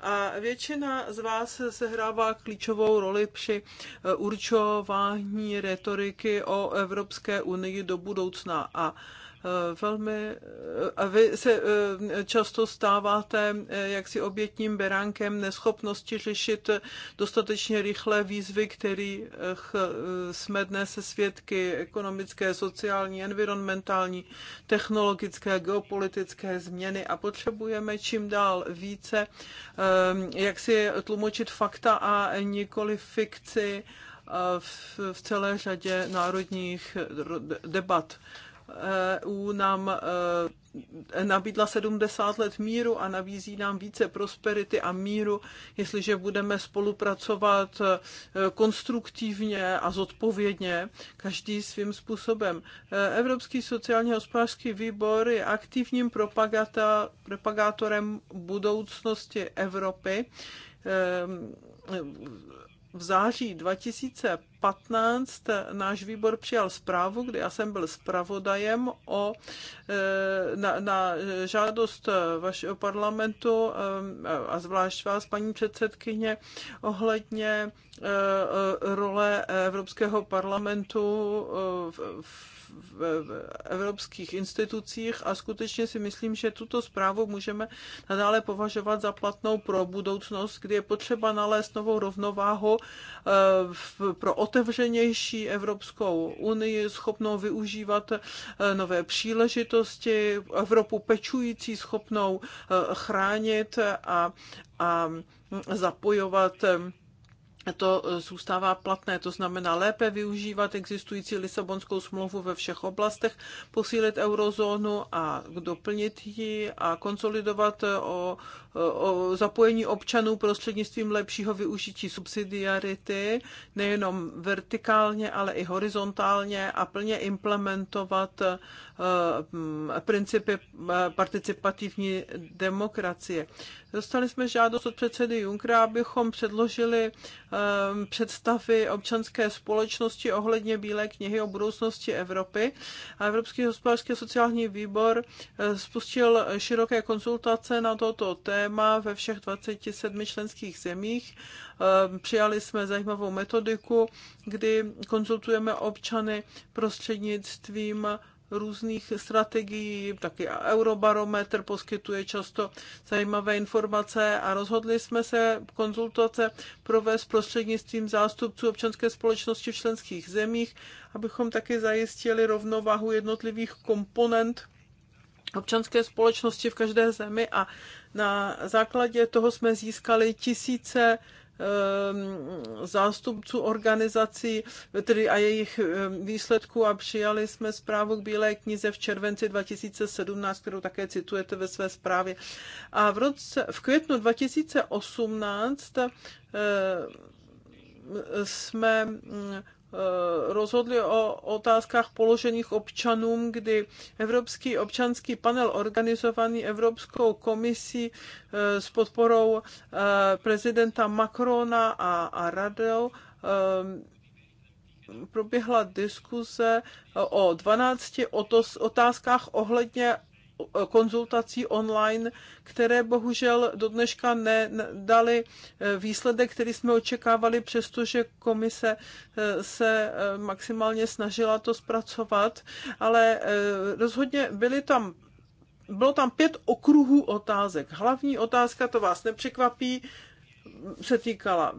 a většina z vás sehrává klíčovou roli při eh, určování retoriky o Evropské unii do budoucna. A Eh, velmi, eh, a vy se eh, často stáváte jaksi obětním beránkem neschopnosti řešit dostatečně rychle výzvy, kterých jsme dnes svědky ekonomické, sociální, environmentální, technologické, geopolitické změny a potřebujeme čím dál více jak si tlumočit fakta a nikoli fikci v celé řadě národních debat. EU nám e, nabídla 70 let míru a nabízí nám více prosperity a míru, jestliže budeme spolupracovat e, konstruktivně a zodpovědně, každý svým způsobem. E, Evropský sociálně hospodářský výbor je aktivním propagátorem budoucnosti Evropy v září 2015 náš výbor přijal zprávu, kdy já jsem byl zpravodajem o, eh, na, na žádost vašeho parlamentu eh, a zvlášť vás, paní předsedkyně, ohledně eh, role Evropského parlamentu v, v v evropských institucích a skutečně si myslím, že tuto zprávu můžeme nadále považovat za platnou pro budoucnost, kdy je potřeba nalézt novou rovnováhu eh, pro otevřenější Evropskou unii, schopnou využívat eh, nové příležitosti, Evropu pečující, schopnou eh, chránit a, a zapojovat to e, zůstává platné, to znamená lépe využívat existující Lisabonskou smlouvu ve všech oblastech, posílit eurozónu a doplnit ji a konsolidovat e, o zapojení občanů prostřednictvím lepšího využití subsidiarity, nejenom vertikálně, ale i horizontálně a plně implementovat e, principy e, participativní demokracie. Dostali jsme žádost od předsedy Junkra, abychom předložili e, představy občanské společnosti ohledně Bílé knihy o budoucnosti Evropy a Evropský hospodářský sociální výbor spustil široké konzultace na toto téma téma ve všech 27 členských zemích. Ehm, přijali jsme zajímavou metodiku, kdy konzultujeme občany prostřednictvím různých strategií, taky Eurobarometr poskytuje často zajímavé informace a rozhodli jsme se konzultace provést prostřednictvím zástupců občanské společnosti v členských zemích, abychom taky zajistili rovnováhu jednotlivých komponent občanské společnosti v každé zemi a na základě toho jsme získali tisíce ehm, zástupců organizací tedy a jejich ehm, výsledků a přijali jsme zprávu k Bílé knize v červenci 2017, kterou také citujete ve své zprávě. A v, roce, v květnu 2018 ehm, jsme Eh, rozhodli o otázkách položených občanům, kdy Evropský občanský panel organizovaný Evropskou komisí eh, s podporou eh, prezidenta Macrona a, a radou proběhla diskuze o 12 otázkách ohledně konzultací online, které bohužel do dneška nedali eh, výsledek, který jsme očekávali, přestože komise eh, se eh, maximálně snažila to zpracovat, ale rozhodně byly tam bylo tam pět okruhů otázek. Hlavní otázka, to vás nepřekvapí, se týkala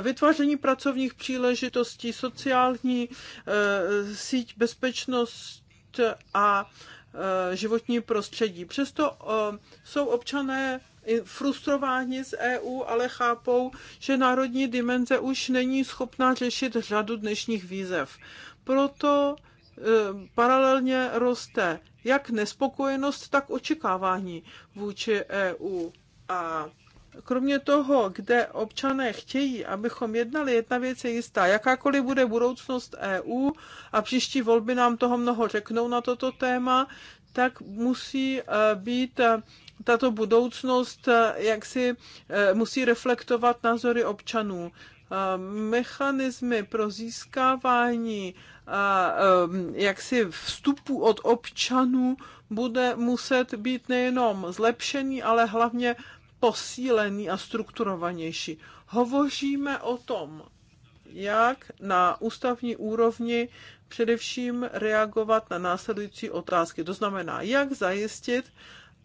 vytváření pracovních příležitostí, sociální síť, bezpečnost a Eh, životní prostředí. Přesto eh, jsou občané frustrováni z EU, ale chápou, že národní dimenze už není schopná řešit řadu dnešních výzev. Proto eh, paralelně roste jak nespokojenost, tak očekávání vůči EU. A kromě toho, kde občané chtějí, abychom jednali, jedna věc je jistá. Jakákoliv bude budoucnost EU a příští volby nám toho mnoho řeknou na toto téma, tak musí eh, být eh, tato budoucnost, eh, jak si musí reflektovat názory občanů. Mechanismy pro získávání jaksi vstupu od občanů bude muset být nejenom zlepšený, ale hlavně posílený a strukturovanější. Hovoříme o tom, jak na ústavní úrovni především reagovat na následující otázky. To znamená, jak zajistit,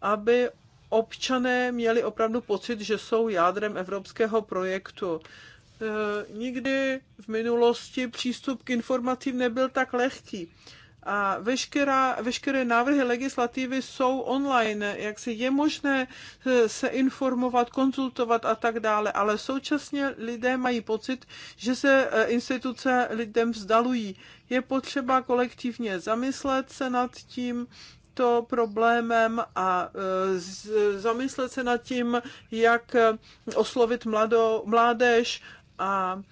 aby občané měli opravdu pocit, že jsou jádrem evropského projektu. E, nikdy v minulosti přístup k informacím nebyl tak lehký a veškerá, veškeré návrhy legislativy jsou online, jak si je možné eh, se informovat, konzultovat a tak dále, ale současně lidé mají pocit, že se eh, instituce lidem vzdalují. Je potřeba kolektivně zamyslet se nad tím, tímto problémem a eh, zamyslet se nad tím, jak oslovit mladou, mládež a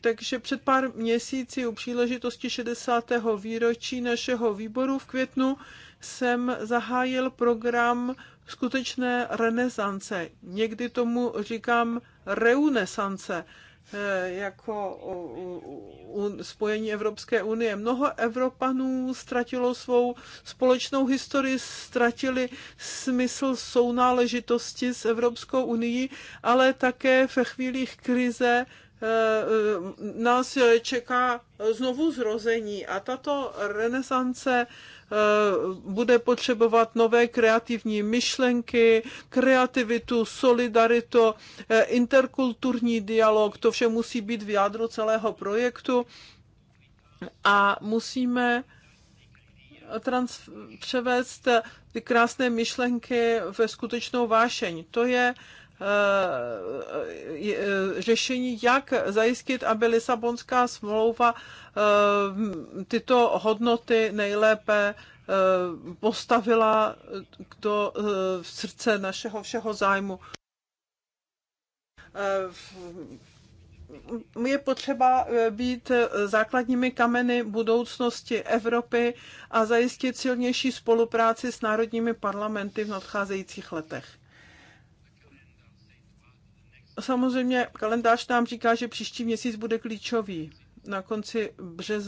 takže před pár měsíci u příležitosti 60. výročí našeho výboru v květnu jsem zahájil program skutečné renesance. Někdy tomu říkám reunesance eh, jako spojení Evropské unie. Mnoho Evropanů ztratilo svou společnou historii, ztratili smysl sounáležitosti s Evropskou unii, ale také ve chvílích krize Eh, nás eh, čeká znovu zrození a tato renesance eh, bude potřebovat nové kreativní myšlenky, kreativitu, solidaritu, interkulturní dialog, to vše musí být v jádru celého projektu a musíme trans- převést ty krásné myšlenky ve skutečnou vášeň. To je Eh, eh, eh, řešení, jak zajistit, aby Lisabonská smlouva tyto hodnoty nejlépe postavila do srdce našeho všeho zájmu je potřeba být základními kameny budoucnosti Evropy a zajistit silnější spolupráci s národními parlamenty v nadcházejících letech. Samozřejmě kalendář nám říká, že příští měsíc bude klíčový. Na konci břez,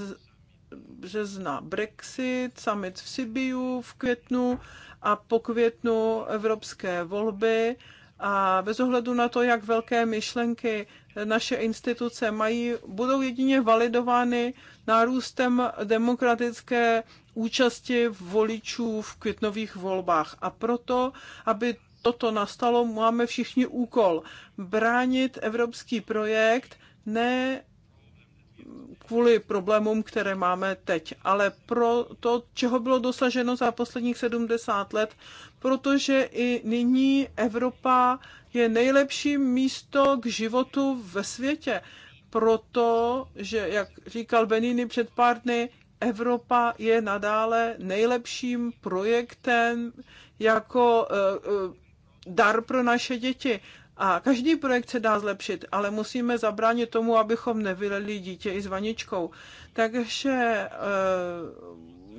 března Brexit, summit v Sibiu v květnu a po květnu evropské volby. A bez ohledu na to, jak velké myšlenky naše instituce mají, budou jedině validovány nárůstem demokratické účasti voličů v květnových volbách. A proto, aby toto nastalo, máme všichni úkol bránit evropský projekt ne kvůli problémům, které máme teď, ale pro to, čeho bylo dosaženo za posledních 70 let, protože i nyní Evropa je nejlepší místo k životu ve světě. protože jak říkal Benini před pár dny, Evropa je nadále nejlepším projektem jako eh, eh, dar pro naše děti. A každý projekt se dá zlepšit, ale musíme zabránit tomu, abychom nevyleli dítě i s vaničkou. Takže eh,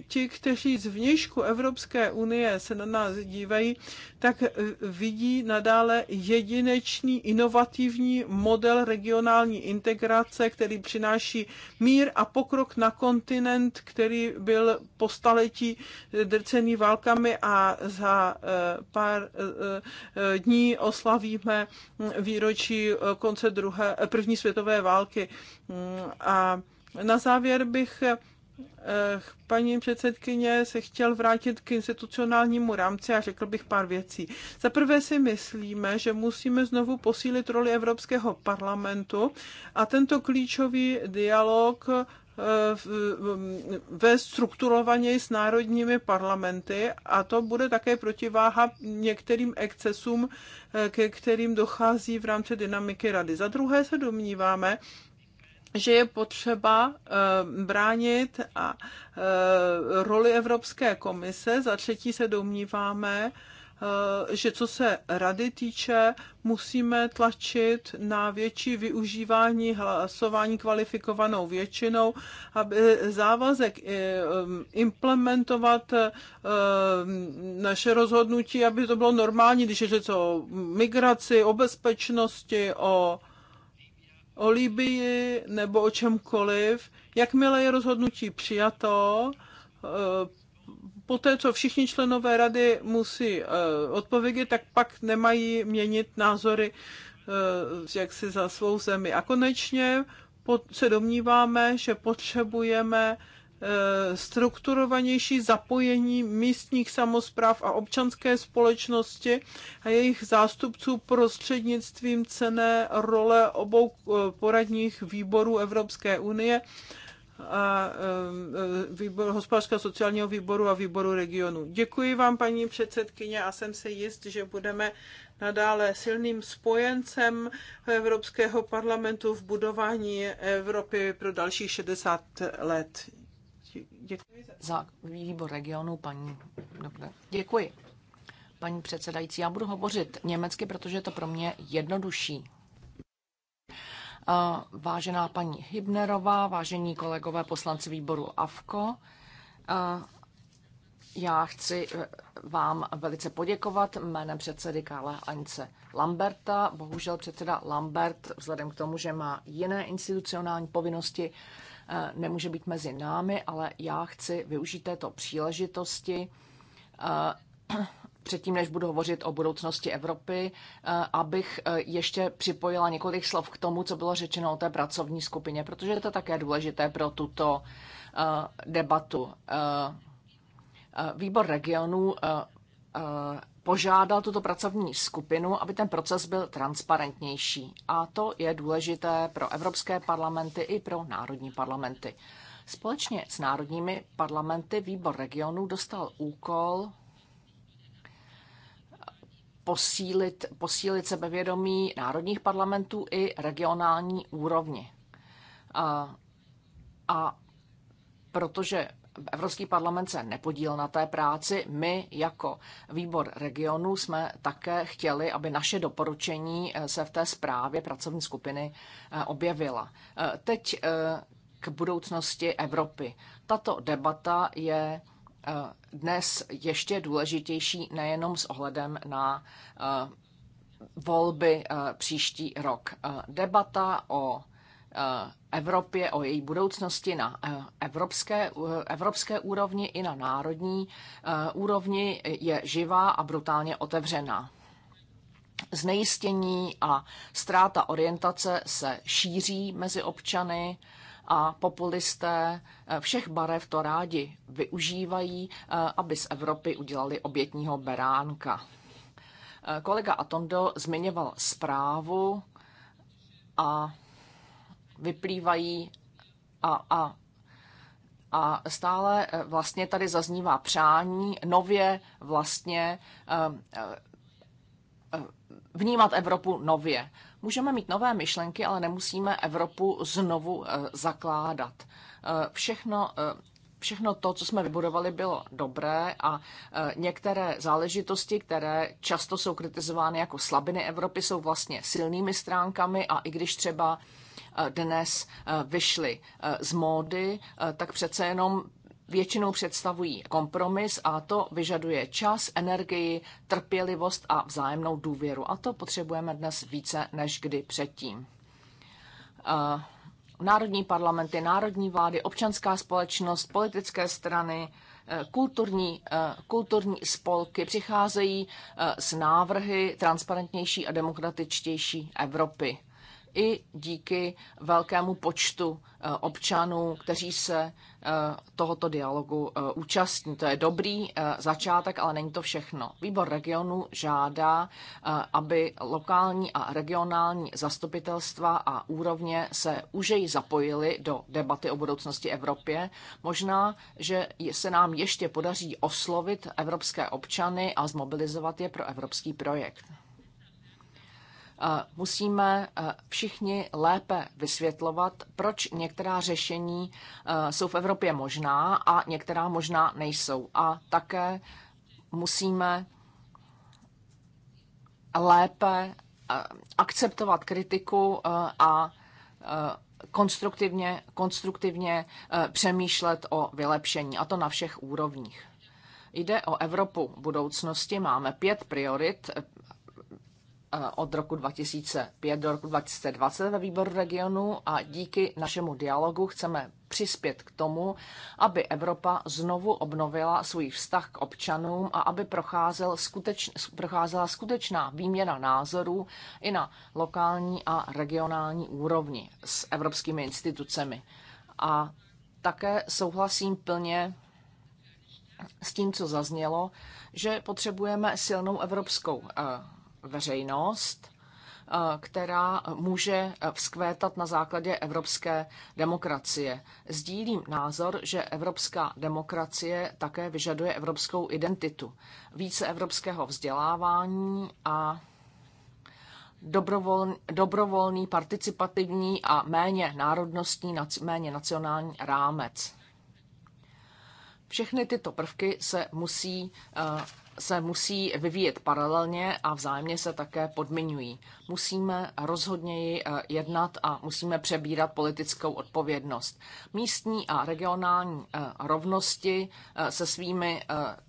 ti, kteří z vnějšku Evropské unie se na nás dívají, tak e, vidí nadále jedinečný inovativní model regionální integrace, který přináší mír a pokrok na kontinent, který byl po staletí drcený válkami a za e, pár e, dní oslavíme výročí konce druhé, první světové války. Mm, a na závěr bych Eh, paní předsedkyně se chtěl vrátit k institucionálnímu rámci a řekl bych pár věcí. Za prvé si myslíme, že musíme znovu posílit roli Evropského parlamentu a tento klíčový dialog eh, ve strukturovaně s národními parlamenty a to bude také protiváha některým excesům, eh, ke kterým dochází v rámci dynamiky rady. Za druhé se domníváme, že je potřeba eh, bránit a eh, roli Evropské komise. Za třetí se domníváme, eh, že co se rady týče, musíme tlačit na větší využívání hlasování kvalifikovanou většinou, aby závazek implementovat naše rozhodnutí, aby to bylo normální, když je to o migraci, o bezpečnosti, o o Libii nebo o čemkoliv, jakmile je rozhodnutí přijato, eh, poté, co všichni členové rady musí eh, odpovědět, tak pak nemají měnit názory eh, jak si za svou zemi. A konečně se domníváme, že potřebujeme Eh, strukturovanější zapojení místních samozpráv a občanské společnosti a jejich zástupců prostřednictvím cené role obou eh, poradních výborů Evropské unie a eh, výbor, hospodářského sociálního výboru a výboru regionu. Děkuji vám, paní předsedkyně, a jsem si jist, že budeme nadále silným spojencem Evropského parlamentu v budování Evropy pro dalších 60 let. Děkuji za výbor regionu, paní. Dobře. Děkuji. Paní předsedající, já budu hovořit německy, protože je to pro mě jednodušší. Eh, vážená paní Hybnerová, vážení kolegové poslanci výboru AFKO, eh, já chci eh, vám velice poděkovat jménem předsedy Kála Ance Lamberta. Bohužel předseda Lambert, vzhledem k tomu, že má jiné institucionální povinnosti, Eh, nemůže být mezi námi, ale já chci využít této příležitosti eh, předtím, než budu hovořit o budoucnosti Evropy, eh, abych ještě připojila několik slov k tomu, co bylo řečeno o té pracovní skupině, protože je to také důležité pro tuto debatu. Výbor regionů požádal tuto pracovní skupinu, aby ten proces byl transparentnější. A to je důležité pro evropské parlamenty i pro národní parlamenty. Společně s národními parlamenty výbor regionů dostal úkol posílit, posílit sebevědomí národních parlamentů i regionální úrovni. A, a protože Evropský parlament se nepodíl na té práci. My jako výbor regionu jsme také chtěli, aby naše doporučení eh, se v té zprávě pracovní skupiny eh, objevila. Eh, teď k budoucnosti Evropy. Tato debata je dnes ještě důležitější nejenom s ohledem na volby příští rok. Debata o Eh, Evropě, o její budoucnosti na eh, evropské, eh, evropské úrovni i na národní úrovni je živá a brutálně otevřená. Znejistění a ztráta orientace se šíří mezi občany a populisté všech barev to rádi využívají, aby z Evropy udělali obětního beránka. Kolega Atondo zmiňoval zprávu a vyplývají a, a, a stále eh, vlastně tady zaznívá přání nově vlastně eh, eh, vnímat Evropu nově. Můžeme mít nové myšlenky, ale nemusíme Evropu znovu zakládat. Všechno všechno to, co jsme vybudovali, bylo dobré a některé záležitosti, které často jsou kritizovány jako slabiny Evropy, jsou vlastně silnými stránkami a i když třeba Eh, dnes eh, vyšly eh, z módy, tak přece jenom většinou představují kompromis a to vyžaduje čas, energii, trpělivost a vzájemnou důvěru. A to potřebujeme dnes více než kdy předtím. Národní parlamenty, národní vlády, občanská společnost, politické strany, kulturní, kulturní spolky přicházejí s návrhy transparentnější a demokratičtější Evropy i díky velkému počtu eh, občanů, kteří se eh, tohoto dialogu eh, účastní. To je dobrý začátek, ale není to všechno. Výbor regionu žádá, aby lokální a regionální zastupitelstva a úrovně se užeji zapojili do debaty o budoucnosti Evropě. Možná, že se nám ještě podaří oslovit evropské občany a zmobilizovat je pro evropský projekt musíme eh, všichni lépe vysvětlovat, proč některá řešení eh, jsou v Evropě možná a některá možná nejsou. A také musíme lépe eh, akceptovat kritiku a konstruktivně, konstruktivně přemýšlet o vylepšení, a to na všech úrovních. Jde o Evropu budoucnosti. Máme pět priorit, Eh, od roku 2005 do roku 2020 ve výboru regionu a díky našemu dialogu chceme přispět k tomu, aby Evropa znovu obnovila svůj vztah k občanům a aby procházel skuteč, procházela skutečná výměna názorů i na lokální a regionální úrovni s evropskými institucemi. A také souhlasím plně s tím, co zaznělo, že potřebujeme silnou evropskou eh, veřejnost, eh, která může eh, vzkvétat na základě evropské demokracie. Sdílím názor, že evropská demokracie také vyžaduje evropskou identitu, více evropského vzdělávání a dobrovolný, dobrovolný participativní a méně národnostní, méně nacionální rámec. Všechny tyto prvky se musí eh, se musí vyvíjet paralelně a vzájemně se také podmiňují. Musíme rozhodněji eh, jednat a musíme přebírat politickou odpovědnost. Místní a regionální eh, rovnosti eh, se svými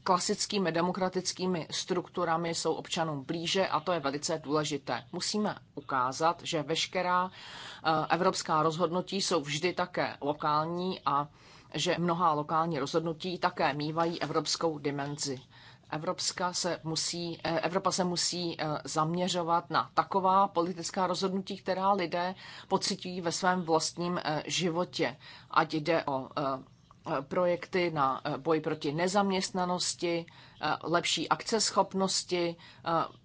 klasickými demokratickými strukturami jsou občanům blíže a to je velice důležité. Musíme ukázat, že veškerá evropská rozhodnutí jsou vždy také lokální a že mnohá lokální rozhodnutí také mývají evropskou dimenzi. Evropská se musí, eh, Evropa se musí eh, zaměřovat na taková politická rozhodnutí, která lidé pocitují ve svém vlastním eh, životě, ať jde o projekty na boj proti nezaměstnanosti, lepší akceschopnosti,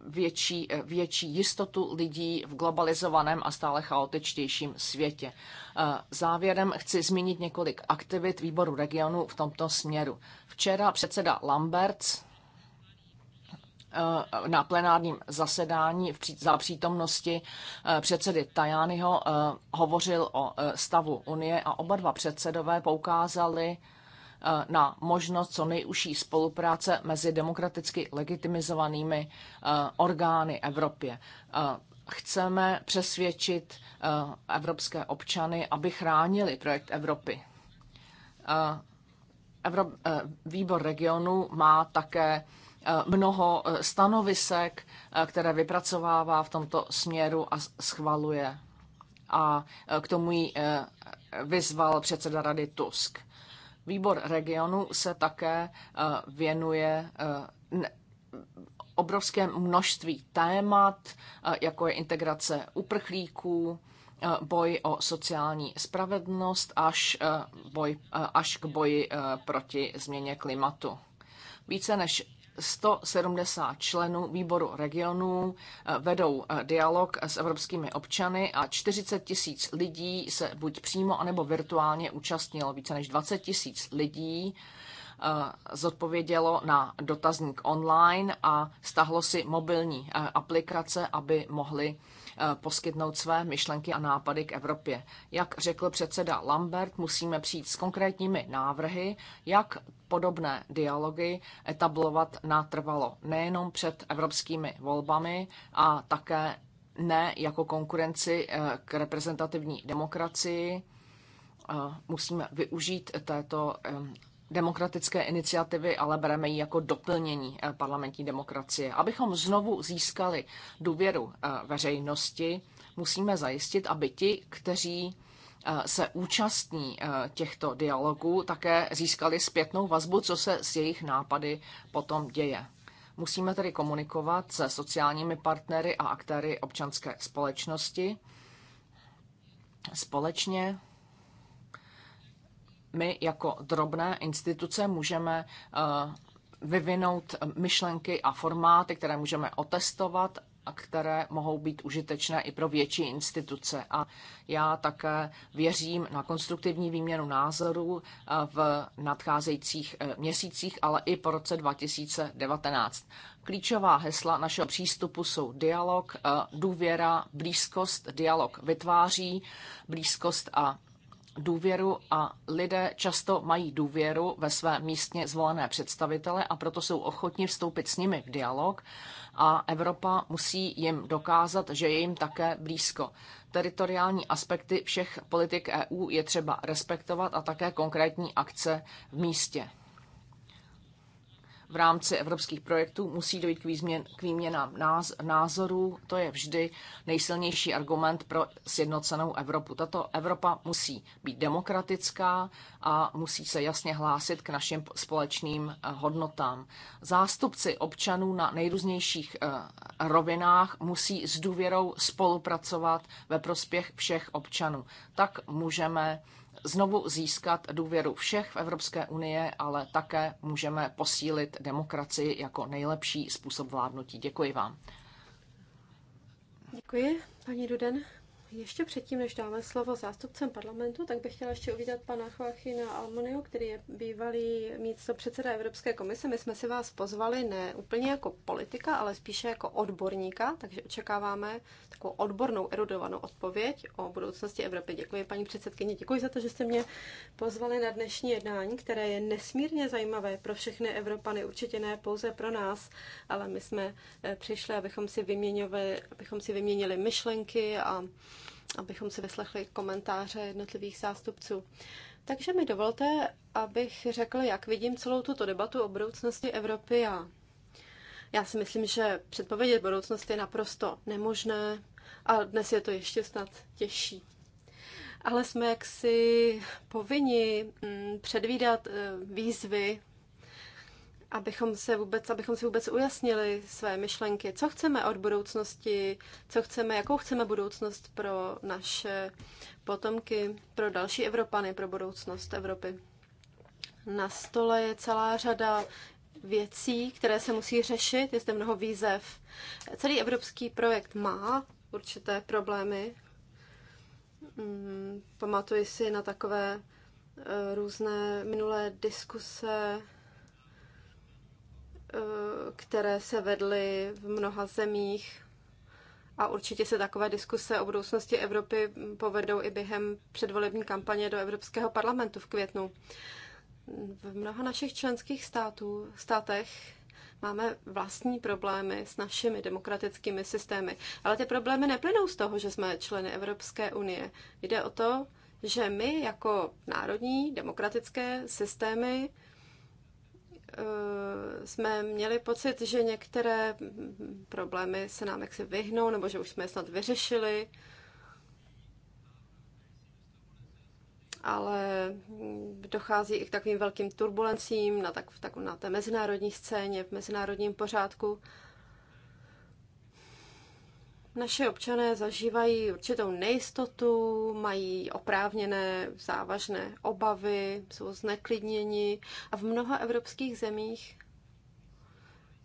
větší, větší jistotu lidí v globalizovaném a stále chaotičtějším světě. Závěrem chci zmínit několik aktivit výboru regionu v tomto směru. Včera předseda Lamberts Eh, na plenárním zasedání za přítomnosti eh, předsedy Tajányho eh, hovořil o stavu Unie a oba dva předsedové poukázali na možnost co nejužší spolupráce mezi demokraticky legitimizovanými orgány Evropě. Chceme přesvědčit evropské občany, aby chránili projekt Evropy. Výbor regionu má také Eh, mnoho eh, stanovisek, eh, které vypracovává v tomto směru a schvaluje. A k tomu ji vyzval předseda rady Tusk. Výbor regionu se také věnuje obrovské množství témat, jako je integrace uprchlíků, boj o sociální spravedlnost až, boj, až k boji proti změně klimatu. Více než 170 členů výboru regionů eh, vedou eh, dialog s evropskými občany a 40 tisíc lidí se buď přímo anebo virtuálně účastnilo. Více než 20 tisíc lidí eh, zodpovědělo na dotazník online a stahlo si mobilní aplikace, aby mohli Eh, poskytnout své myšlenky a nápady k Evropě. Jak řekl předseda Lambert, musíme přijít s konkrétními návrhy, jak podobné dialogy etablovat natrvalo nejenom před evropskými volbami a také ne jako konkurenci eh, k reprezentativní demokracii. Eh, musíme využít této demokratické iniciativy, ale bereme ji jako doplnění eh, parlamentní demokracie. Abychom znovu získali důvěru eh, veřejnosti, musíme zajistit, aby ti, kteří eh, se účastní těchto dialogů, také získali zpětnou vazbu, co se s jejich nápady potom děje. Musíme tedy komunikovat se sociálními partnery a aktéry občanské společnosti. Společně my jako drobné instituce můžeme eh, vyvinout myšlenky a formáty, které můžeme otestovat a které mohou být užitečné i pro větší instituce. A já také věřím na konstruktivní výměnu názorů eh, v nadcházejících eh, měsících, ale i po roce 2019. Klíčová hesla našeho přístupu jsou dialog, důvěra, blízkost. Dialog vytváří blízkost a důvěru a lidé často mají důvěru ve své místně zvolené představitele a proto jsou ochotni vstoupit s nimi v dialog a Evropa musí jim dokázat, že je jim také blízko. Teritoriální aspekty všech politik EU je třeba respektovat a také konkrétní akce v místě v rámci evropských projektů musí dojít k, výměnám názorů. To je vždy nejsilnější argument pro sjednocenou Evropu. Tato Evropa musí být demokratická a musí se jasně hlásit k našim společným eh, hodnotám. Zástupci občanů na nejrůznějších eh, rovinách musí s důvěrou spolupracovat ve prospěch všech občanů. Tak můžeme znovu získat důvěru všech v Evropské unie, ale také můžeme posílit demokracii jako nejlepší způsob vládnutí. Děkuji vám. Děkuji, paní Duden. Ještě předtím, než dáme slovo zástupcem parlamentu, tak bych chtěla ještě uvítat pana Joachina Almonio, který je bývalý místo předseda Evropské komise. My jsme si vás pozvali ne úplně jako politika, ale spíše jako odborníka, takže očekáváme takovou odbornou, erudovanou odpověď o budoucnosti Evropy. Děkuji, paní předsedkyně, děkuji za to, že jste mě pozvali na dnešní jednání, které je nesmírně zajímavé pro všechny Evropany, určitě ne pouze pro nás, ale my jsme eh, přišli, abychom si vyměnili, abychom si vyměnili myšlenky a abychom si vyslechli komentáře jednotlivých zástupců. Takže mi dovolte, abych řekl, jak vidím celou tuto debatu o budoucnosti Evropy já. Já si myslím, že předpovědět budoucnost je naprosto nemožné a dnes je to ještě snad těžší. Ale jsme jaksi povinni mm, předvídat eh, výzvy, abychom, se vůbec, abychom si vůbec ujasnili své myšlenky, co chceme od budoucnosti, co chceme, jakou chceme budoucnost pro naše potomky, pro další Evropany, pro budoucnost Evropy. Na stole je celá řada věcí, které se musí řešit, je zde mnoho výzev. Celý evropský projekt má určité problémy. Mm, pamatuji si na takové eh, různé minulé diskuse Eh, které se vedly v mnoha zemích. A určitě se takové diskuse o budoucnosti Evropy povedou i během předvolební kampaně do Evropského parlamentu v květnu. V mnoha našich členských států, státech máme vlastní problémy s našimi demokratickými systémy. Ale ty problémy neplynou z toho, že jsme členy Evropské unie. Jde o to, že my jako národní demokratické systémy Eh, jsme měli pocit, že některé problémy se nám jaksi vyhnou, nebo že už jsme je snad vyřešili. ale dochází i k takovým velkým turbulencím na, tak, tak, na té mezinárodní scéně, v mezinárodním pořádku. Naše občané zažívají určitou nejistotu, mají oprávněné závažné obavy, jsou zneklidněni a v mnoha evropských zemích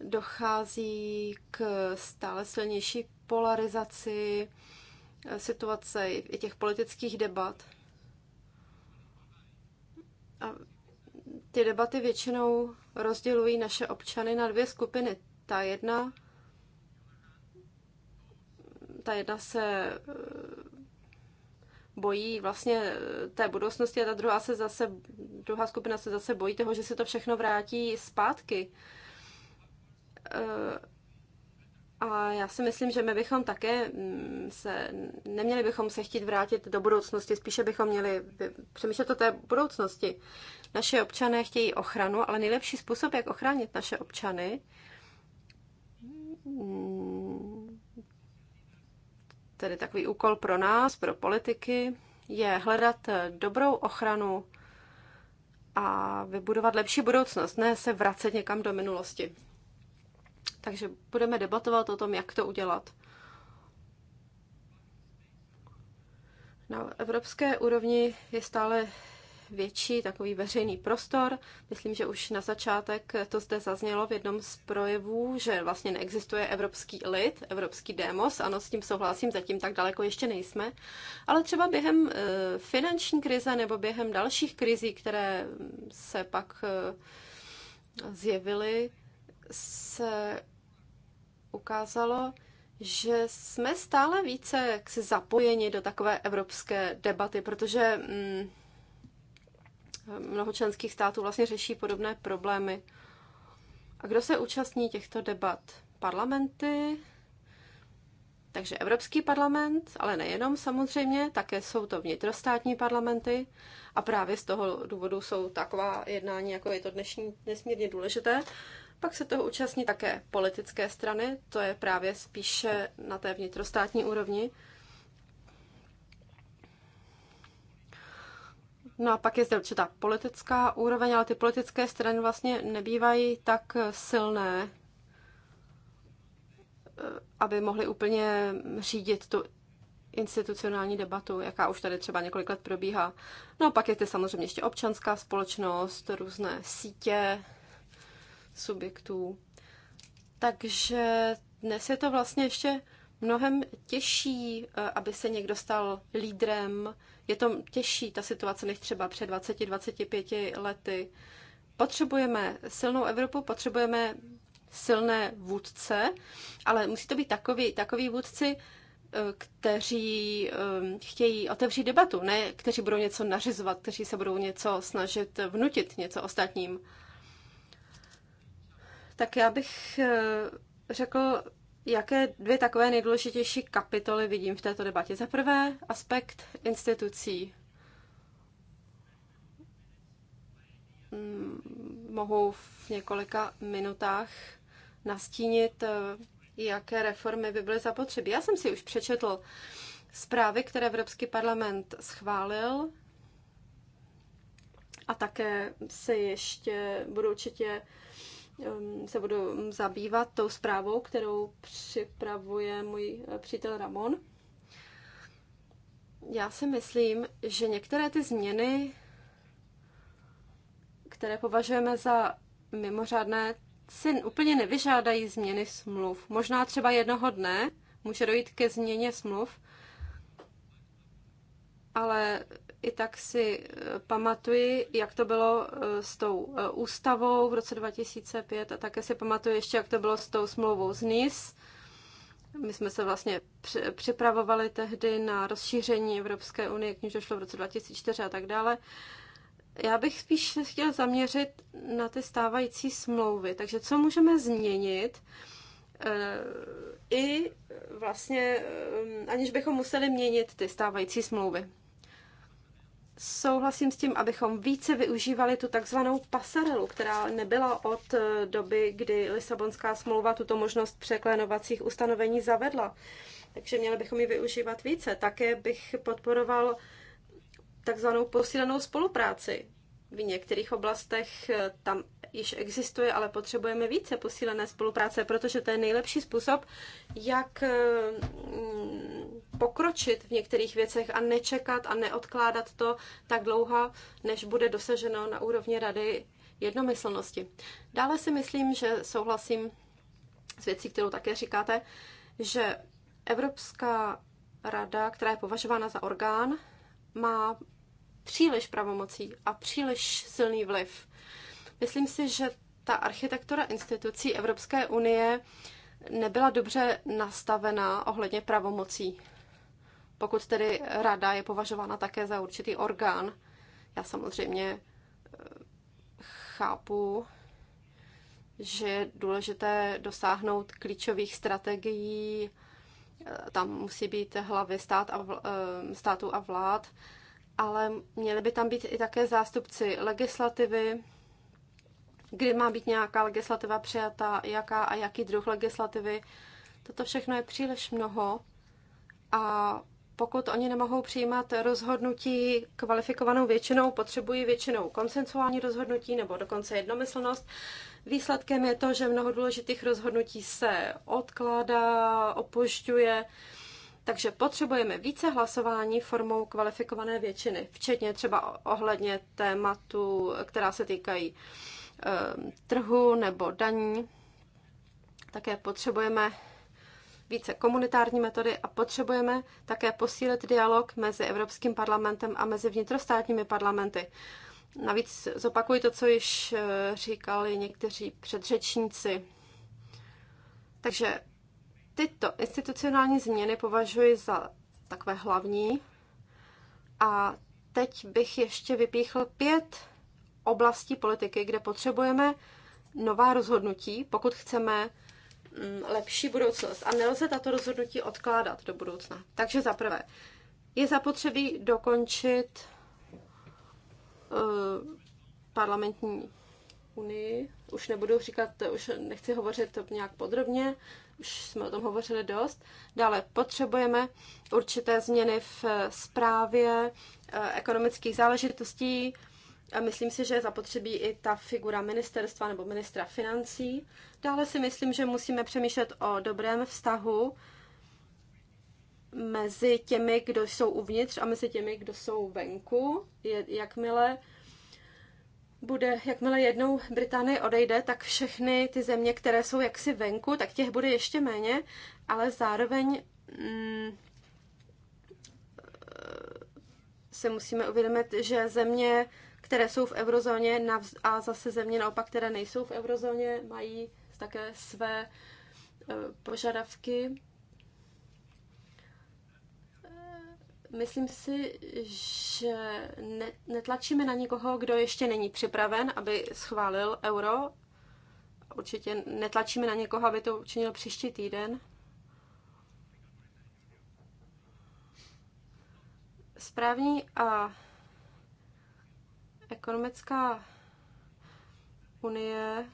dochází k stále silnější polarizaci situace i těch politických debat. A ty debaty většinou rozdělují naše občany na dvě skupiny. Ta jedna ta jedna se eh, bojí vlastně eh, té budoucnosti a ta druhá, se zase, druhá skupina se zase bojí toho, že se to všechno vrátí zpátky. Eh, a já si myslím, že my bychom také mm, se, neměli bychom se chtít vrátit do budoucnosti, spíše bychom měli přemýšlet o té budoucnosti. Naše občané chtějí ochranu, ale nejlepší způsob, jak ochránit naše občany, mm, tedy takový úkol pro nás, pro politiky, je hledat dobrou ochranu a vybudovat lepší budoucnost, ne se vracet někam do minulosti. Takže budeme debatovat o tom, jak to udělat. Na evropské úrovni je stále větší takový veřejný prostor. Myslím, že už na začátek to zde zaznělo v jednom z projevů, že vlastně neexistuje evropský lid, evropský demos. Ano, s tím souhlasím, zatím tak daleko ještě nejsme. Ale třeba během eh, finanční krize nebo během dalších krizí, které mm, se pak eh, zjevily, se ukázalo, že jsme stále více jaksi zapojeni do takové evropské debaty, protože mm, Mnoho členských států vlastně řeší podobné problémy. A kdo se účastní těchto debat? Parlamenty, takže Evropský parlament, ale nejenom samozřejmě, také jsou to vnitrostátní parlamenty a právě z toho důvodu jsou taková jednání, jako je to dnešní, nesmírně důležité. Pak se toho účastní také politické strany, to je právě spíše na té vnitrostátní úrovni. No a pak je zde určitá politická úroveň, ale ty politické strany vlastně nebývají tak silné, eh, aby mohly úplně řídit tu institucionální debatu, jaká už tady třeba několik let probíhá. No a pak je zde samozřejmě ještě občanská společnost, různé sítě subjektů. Takže dnes je to vlastně ještě mnohem těžší, eh, aby se někdo stal lídrem. Je to těžší ta situace než třeba před 20-25 lety. Potřebujeme silnou Evropu, potřebujeme silné vůdce, ale musí to být takový, takový vůdci, eh, kteří eh, chtějí otevřít debatu, ne kteří budou něco nařizovat, kteří se budou něco snažit vnutit, něco ostatním. Tak já bych řekl, Jaké dvě takové nejdůležitější kapitoly vidím v této debatě? Za prvé aspekt institucí. Mm, mohu v několika minutách nastínit, eh, jaké reformy by byly zapotřebí. Já jsem si už přečetl zprávy, které Evropský parlament schválil a také se ještě budu určitě se budu zabývat tou zprávou, kterou připravuje můj eh, přítel Ramon. Já si myslím, že některé ty změny, které považujeme za mimořádné, si úplně nevyžádají změny smluv. Možná třeba jednoho dne může dojít ke změně smluv, ale i tak si e, pamatuji, jak to bylo e, s tou e, ústavou v roce 2005 a také si pamatuju ještě, jak to bylo s tou smlouvou z NIS. My jsme se vlastně připravovali tehdy na rozšíření Evropské unie, k níž došlo v roce 2004 a tak dále. Já bych spíš se chtěl zaměřit na ty stávající smlouvy. Takže co můžeme změnit, i vlastně, aniž bychom museli měnit ty stávající smlouvy souhlasím s tím, abychom více využívali tu takzvanou pasarelu, která nebyla od eh, doby, kdy Lisabonská smlouva tuto možnost překlenovacích ustanovení zavedla. Takže měli bychom ji využívat více. Také bych podporoval takzvanou posílenou spolupráci. V některých oblastech eh, tam již existuje, ale potřebujeme více posílené spolupráce, protože to je nejlepší způsob, jak eh, pokročit v některých věcech a nečekat a neodkládat to tak dlouho, než bude dosaženo na úrovni rady jednomyslnosti. Dále si myslím, že souhlasím s věcí, kterou také říkáte, že Evropská rada, která je považována za orgán, má příliš pravomocí a příliš silný vliv. Myslím si, že ta architektura institucí Evropské unie nebyla dobře nastavená ohledně pravomocí pokud tedy rada je považována také za určitý orgán, já samozřejmě eh, chápu, že je důležité dosáhnout klíčových strategií, eh, tam musí být hlavy stát a vl, eh, států a vlád, ale měly by tam být i také zástupci legislativy, kdy má být nějaká legislativa přijata, jaká a jaký druh legislativy. Toto všechno je příliš mnoho a pokud oni nemohou přijímat rozhodnutí kvalifikovanou většinou, potřebují většinou konsensuální rozhodnutí nebo dokonce jednomyslnost. Výsledkem je to, že mnoho důležitých rozhodnutí se odkládá, opožďuje, takže potřebujeme více hlasování formou kvalifikované většiny, včetně třeba ohledně tématu, která se týkají eh, trhu nebo daní. Také potřebujeme více komunitární metody a potřebujeme také posílit dialog mezi Evropským parlamentem a mezi vnitrostátními parlamenty. Navíc zopakuji to, co již eh, říkali někteří předřečníci. Takže tyto institucionální změny považuji za takové hlavní. A teď bych ještě vypíchl pět oblastí politiky, kde potřebujeme nová rozhodnutí, pokud chceme Mm, lepší budoucnost a nelze tato rozhodnutí odkládat do budoucna. Takže za prvé, je zapotřebí dokončit eh, parlamentní unii. Už nebudu říkat, už nechci hovořit nějak podrobně, už jsme o tom hovořili dost. Dále potřebujeme určité změny v eh, správě eh, ekonomických záležitostí, a myslím si, že je zapotřebí i ta figura ministerstva nebo ministra financí. Dále si myslím, že musíme přemýšlet o dobrém vztahu mezi těmi, kdo jsou uvnitř a mezi těmi, kdo jsou venku. Je, jakmile bude, jakmile jednou Británie odejde, tak všechny ty země, které jsou jaksi venku, tak těch bude ještě méně, ale zároveň mm, se musíme uvědomit, že země které jsou v eurozóně a zase země naopak, které nejsou v eurozóně, mají také své e, požadavky. E, myslím si, že netlačíme na nikoho, kdo ještě není připraven, aby schválil euro. Určitě netlačíme na někoho, aby to učinil příští týden. Správní a ekonomická unie,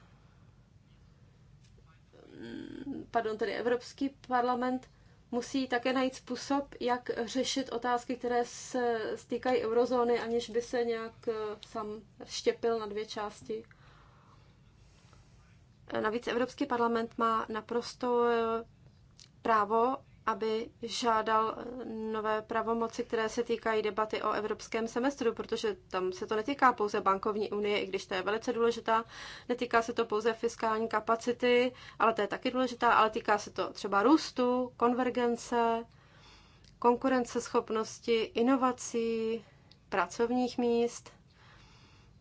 pardon, tedy Evropský parlament musí také najít způsob, jak řešit otázky, které se stýkají eurozóny, aniž by se nějak eh, sám štěpil na dvě části. Navíc Evropský parlament má naprosto eh, právo aby žádal eh, nové pravomoci, které se týkají debaty o evropském semestru, protože tam se to netýká pouze bankovní unie, i když to je velice důležitá. Netýká se to pouze fiskální kapacity, ale to je taky důležitá, ale týká se to třeba růstu, konvergence, konkurenceschopnosti, inovací, pracovních míst,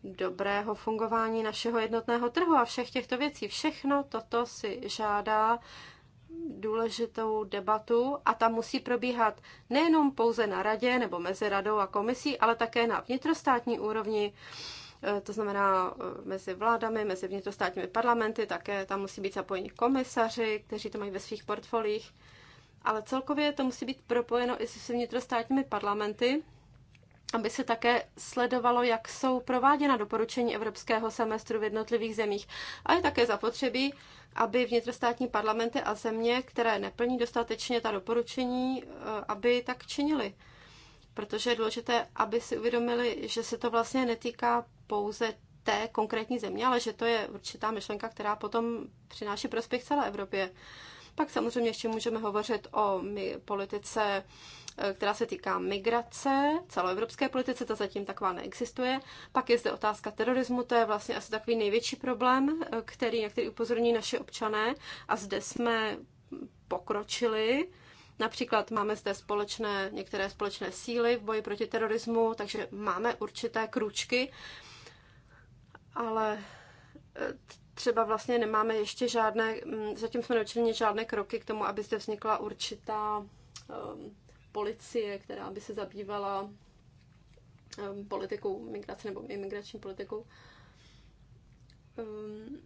dobrého fungování našeho jednotného trhu a všech těchto věcí. Všechno toto si žádá důležitou debatu a ta musí probíhat nejenom pouze na radě nebo mezi radou a komisí, ale také na vnitrostátní úrovni, eh, to znamená eh, mezi vládami, mezi vnitrostátními parlamenty, také tam musí být zapojeni komisaři, kteří to mají ve svých portfolích, ale celkově to musí být propojeno i s vnitrostátními parlamenty, aby se také sledovalo, jak jsou prováděna doporučení evropského semestru v jednotlivých zemích. A je také zapotřebí, aby vnitrostátní parlamenty a země, které neplní dostatečně ta doporučení, eh, aby tak činili. Protože je důležité, aby si uvědomili, že se to vlastně netýká pouze té konkrétní země, ale že to je určitá myšlenka, která potom přináší prospěch celé Evropě. Pak samozřejmě ještě můžeme hovořit o politice Eh, která se týká migrace, celoevropské politice, ta zatím taková neexistuje. Pak je zde otázka terorismu, to je vlastně asi takový největší problém, eh, který, na který upozorní naše občané a zde jsme pokročili. Například máme zde společné, některé společné síly v boji proti terorismu, takže máme určité kručky, ale eh, třeba vlastně nemáme ještě žádné, mm, zatím jsme neučinili žádné kroky k tomu, aby zde vznikla určitá um, policie, která by se zabývala um, politikou migrace nebo imigrační politikou. Um,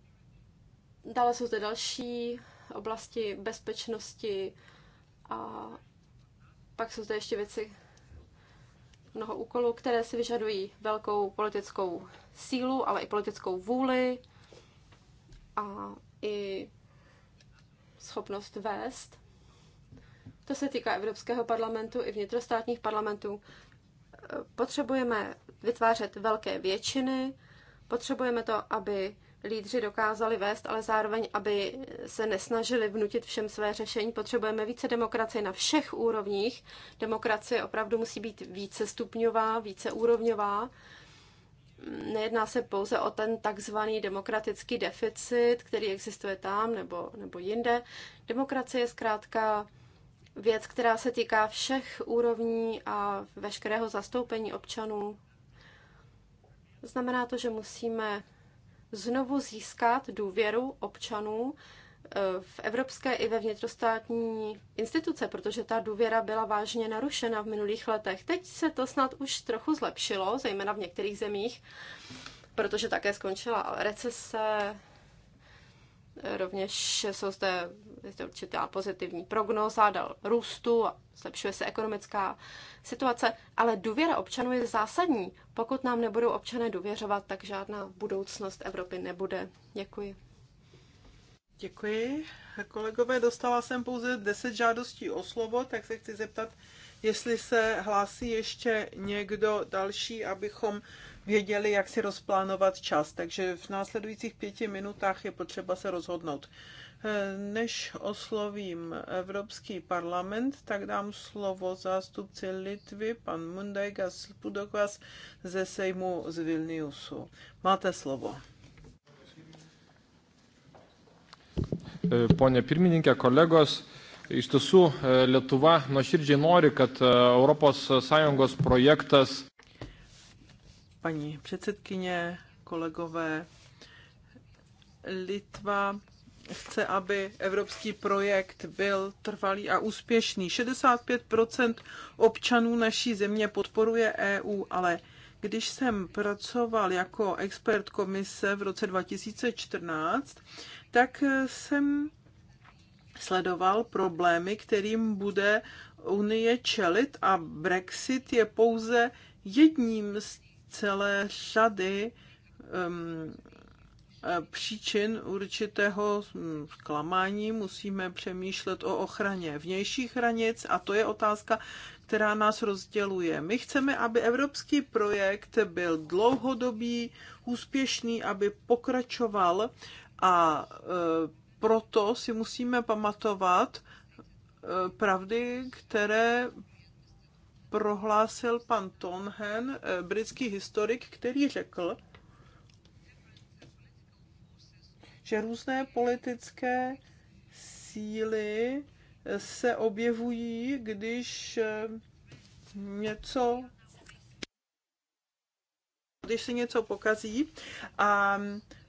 dále jsou zde další oblasti bezpečnosti a pak jsou zde ještě věci, mnoho úkolů, které si vyžadují velkou politickou sílu, ale i politickou vůli a i schopnost vést. To se týká Evropského parlamentu i vnitrostátních parlamentů. Potřebujeme vytvářet velké většiny, potřebujeme to, aby lídři dokázali vést, ale zároveň, aby se nesnažili vnutit všem své řešení. Potřebujeme více demokracie na všech úrovních. Demokracie opravdu musí být více stupňová, více úrovňová. Nejedná se pouze o ten takzvaný demokratický deficit, který existuje tam nebo, nebo jinde. Demokracie je zkrátka věc, která se týká všech úrovní a veškerého zastoupení občanů. Znamená to, že musíme znovu získat důvěru občanů eh, v evropské i ve vnitrostátní instituce, protože ta důvěra byla vážně narušena v minulých letech. Teď se to snad už trochu zlepšilo, zejména v některých zemích, protože také skončila recese, Rovněž jsou zde, je zde určitá pozitivní prognóza, dal růstu, zlepšuje se ekonomická situace, ale důvěra občanů je zásadní. Pokud nám nebudou občané důvěřovat, tak žádná budoucnost Evropy nebude. Děkuji. Děkuji. Kolegové, dostala jsem pouze 10 žádostí o slovo, tak se chci zeptat, jestli se hlásí ještě někdo další, abychom věděli, jak si rozplánovat čas. Takže v následujících pěti minutách je potřeba se rozhodnout. Než oslovím Evropský parlament, tak dám slovo zástupci Litvy, pan Mundajgas Pudokvas ze Sejmu z Vilniusu. Máte slovo. Pane pirmininke, kolegos, iš tiesų Lietuva nuoširdžiai nori, kad ES projektas paní předsedkyně, kolegové. Litva chce, aby evropský projekt byl trvalý a úspěšný. 65 občanů naší země podporuje EU, ale když jsem pracoval jako expert komise v roce 2014, tak jsem sledoval problémy, kterým bude Unie čelit a Brexit je pouze jedním z celé řady um, příčin určitého mm, zklamání musíme přemýšlet o ochraně vnějších hranic a to je otázka, která nás rozděluje. My chceme, aby evropský projekt byl dlouhodobý, úspěšný, aby pokračoval a e, proto si musíme pamatovat e, pravdy, které prohlásil pan Tonhen, eh, britský historik, který řekl, že různé politické síly eh, se objevují, když eh, něco když se něco pokazí. A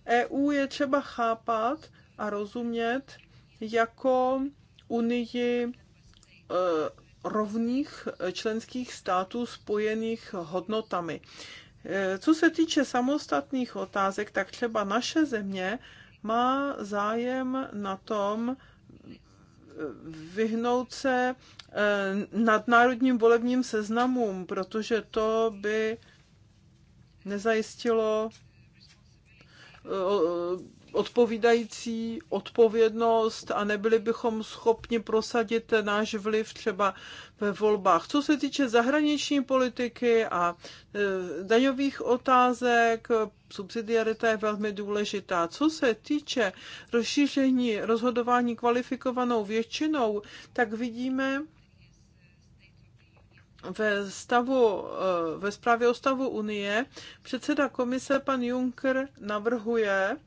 EU e je třeba chápat a rozumět jako unii rovných eh, členských států spojených hodnotami. Eh, co se týče samostatných otázek, tak třeba naše země má zájem na tom eh, vyhnout se nadnárodním volebním seznamům, protože to by nezajistilo odpovídající odpovědnost a nebyli bychom schopni prosadit náš vliv třeba ve volbách. Co se týče zahraniční politiky a e, daňových otázek, subsidiarita je velmi důležitá. Co se týče rozšíření rozhodování kvalifikovanou většinou, tak vidíme, ve, stavu, e, ve zprávě o stavu Unie předseda komise pan Juncker navrhuje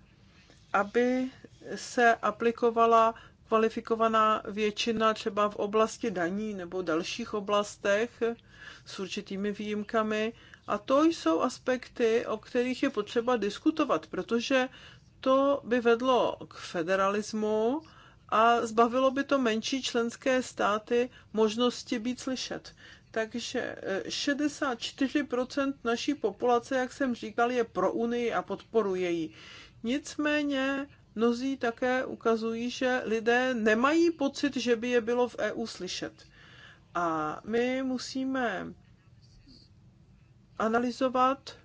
aby se aplikovala kvalifikovaná většina třeba v oblasti daní nebo dalších oblastech s určitými výjimkami. A to jsou aspekty, o kterých je potřeba diskutovat, protože to by vedlo k federalismu a zbavilo by to menší členské státy možnosti být slyšet. Takže 64% eh, naší populace, jak jsem říkal, je pro Unii a podporuje ji. Nicméně mnozí také ukazují, že lidé nemají pocit, že by je bylo v EU slyšet. A my musíme analyzovat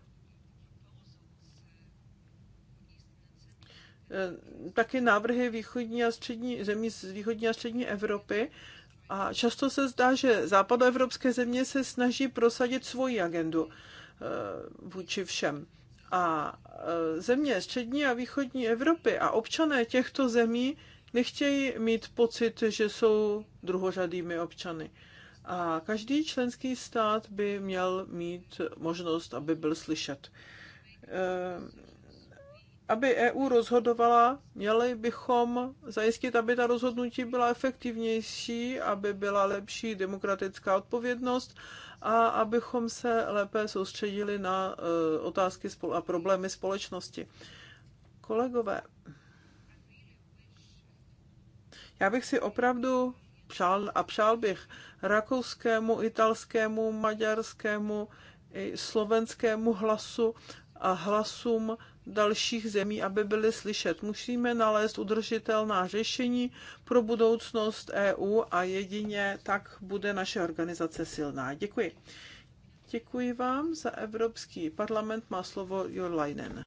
eh, taky návrhy východní a střední, zemí z východní a střední Evropy. A často se zdá, že západoevropské země se snaží prosadit svoji agendu eh, vůči všem. A e, země střední a východní Evropy a občané těchto zemí nechtějí mít pocit, že jsou druhořadými občany. A každý členský stát by měl mít možnost, aby byl slyšet. E, aby EU rozhodovala, měli bychom zajistit, aby ta rozhodnutí byla efektivnější, aby byla lepší demokratická odpovědnost a abychom se lépe soustředili na eh, otázky a problémy společnosti. Kolegové, já bych si opravdu přál a přál bych rakouskému, italskému, maďarskému, i slovenskému hlasu a hlasům dalších zemí, aby byly slyšet. Musíme nalézt udržitelná řešení pro budoucnost EU a jedině tak bude naše organizace silná. Děkuji. Děkuji vám za Evropský parlament. Má slovo Jorleinen.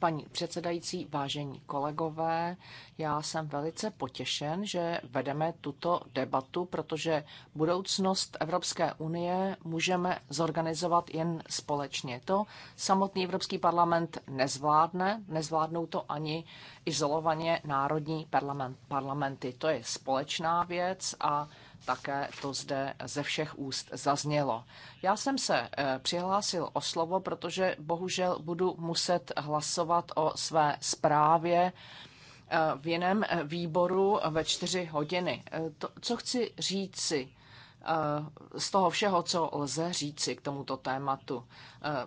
Paní předsedající, vážení kolegové, já jsem velice potěšen, že vedeme tuto debatu, protože budoucnost Evropské unie můžeme zorganizovat jen společně. To samotný Evropský parlament nezvládne, nezvládnou to ani izolovaně národní parlament, parlamenty. To je společná věc a také to zde ze všech úst zaznělo. Já jsem se eh, přihlásil o slovo, protože bohužel budu muset hlasovat o své zprávě eh, v jiném eh, výboru ve čtyři hodiny. To, co chci říci, z toho všeho, co lze říci k tomuto tématu.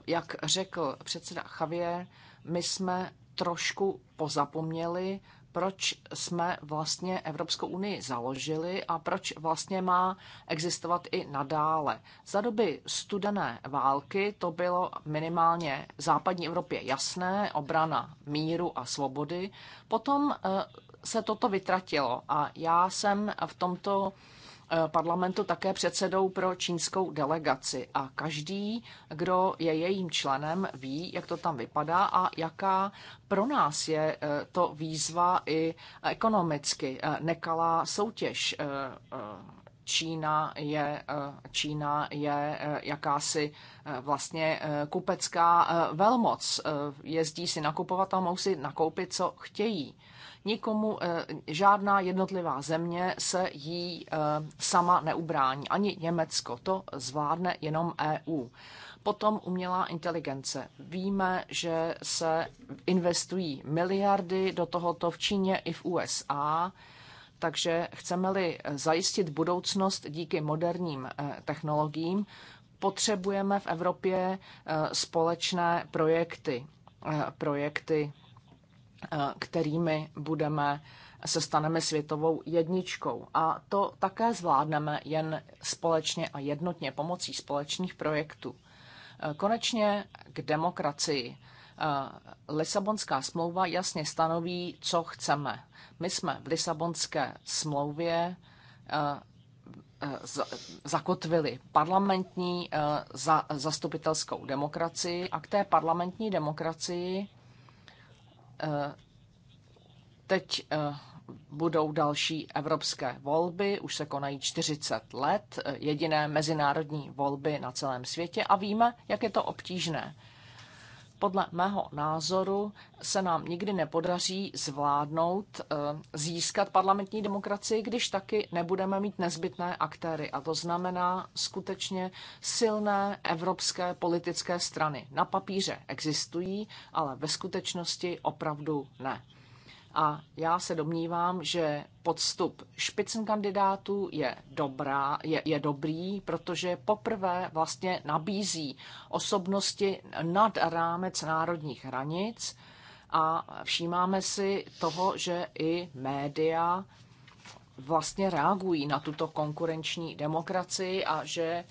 Jak řekl předseda Chavě, my jsme trošku pozapomněli proč jsme vlastně Evropskou unii založili a proč vlastně má existovat i nadále. Za doby studené války to bylo minimálně v západní Evropě jasné, obrana míru a svobody. Potom eh, se toto vytratilo a já jsem v tomto Eh, parlamentu také předsedou pro čínskou delegaci a každý, kdo je jejím členem, ví, jak to tam vypadá a jaká pro nás je eh, to výzva i ekonomicky. Eh, nekalá soutěž Čína je, Čína je jakási vlastně kupecká velmoc. Jezdí si nakupovat a mohou si nakoupit, co chtějí. Nikomu eh, žádná jednotlivá země se jí eh, sama neubrání, ani Německo. To zvládne jenom EU. Potom umělá inteligence. Víme, že se investují miliardy do tohoto v Číně i v USA. Takže chceme-li eh, zajistit budoucnost díky moderním technologiím, potřebujeme v Evropě společné projekty, projekty kterými budeme se staneme světovou jedničkou. A to také zvládneme jen společně a jednotně pomocí společných projektů. Konečně k demokracii. Lisabonská smlouva jasně stanoví, co chceme. My jsme v Lisabonské smlouvě zakotvili parlamentní zastupitelskou demokracii a k té parlamentní demokracii Eh, teď eh, budou další evropské volby, už se konají 40 let, eh, jediné mezinárodní volby na celém světě a víme, jak je to obtížné. Podle mého názoru se nám nikdy nepodaří zvládnout, eh, získat parlamentní demokracii, když taky nebudeme mít nezbytné aktéry. A to znamená skutečně silné evropské politické strany. Na papíře existují, ale ve skutečnosti opravdu ne. A já se domnívám, že podstup špicen kandidátů je, dobrá, je, je dobrý, protože poprvé vlastně nabízí osobnosti nad rámec národních hranic a všímáme si toho, že i média vlastně reagují na tuto konkurenční demokracii a že e,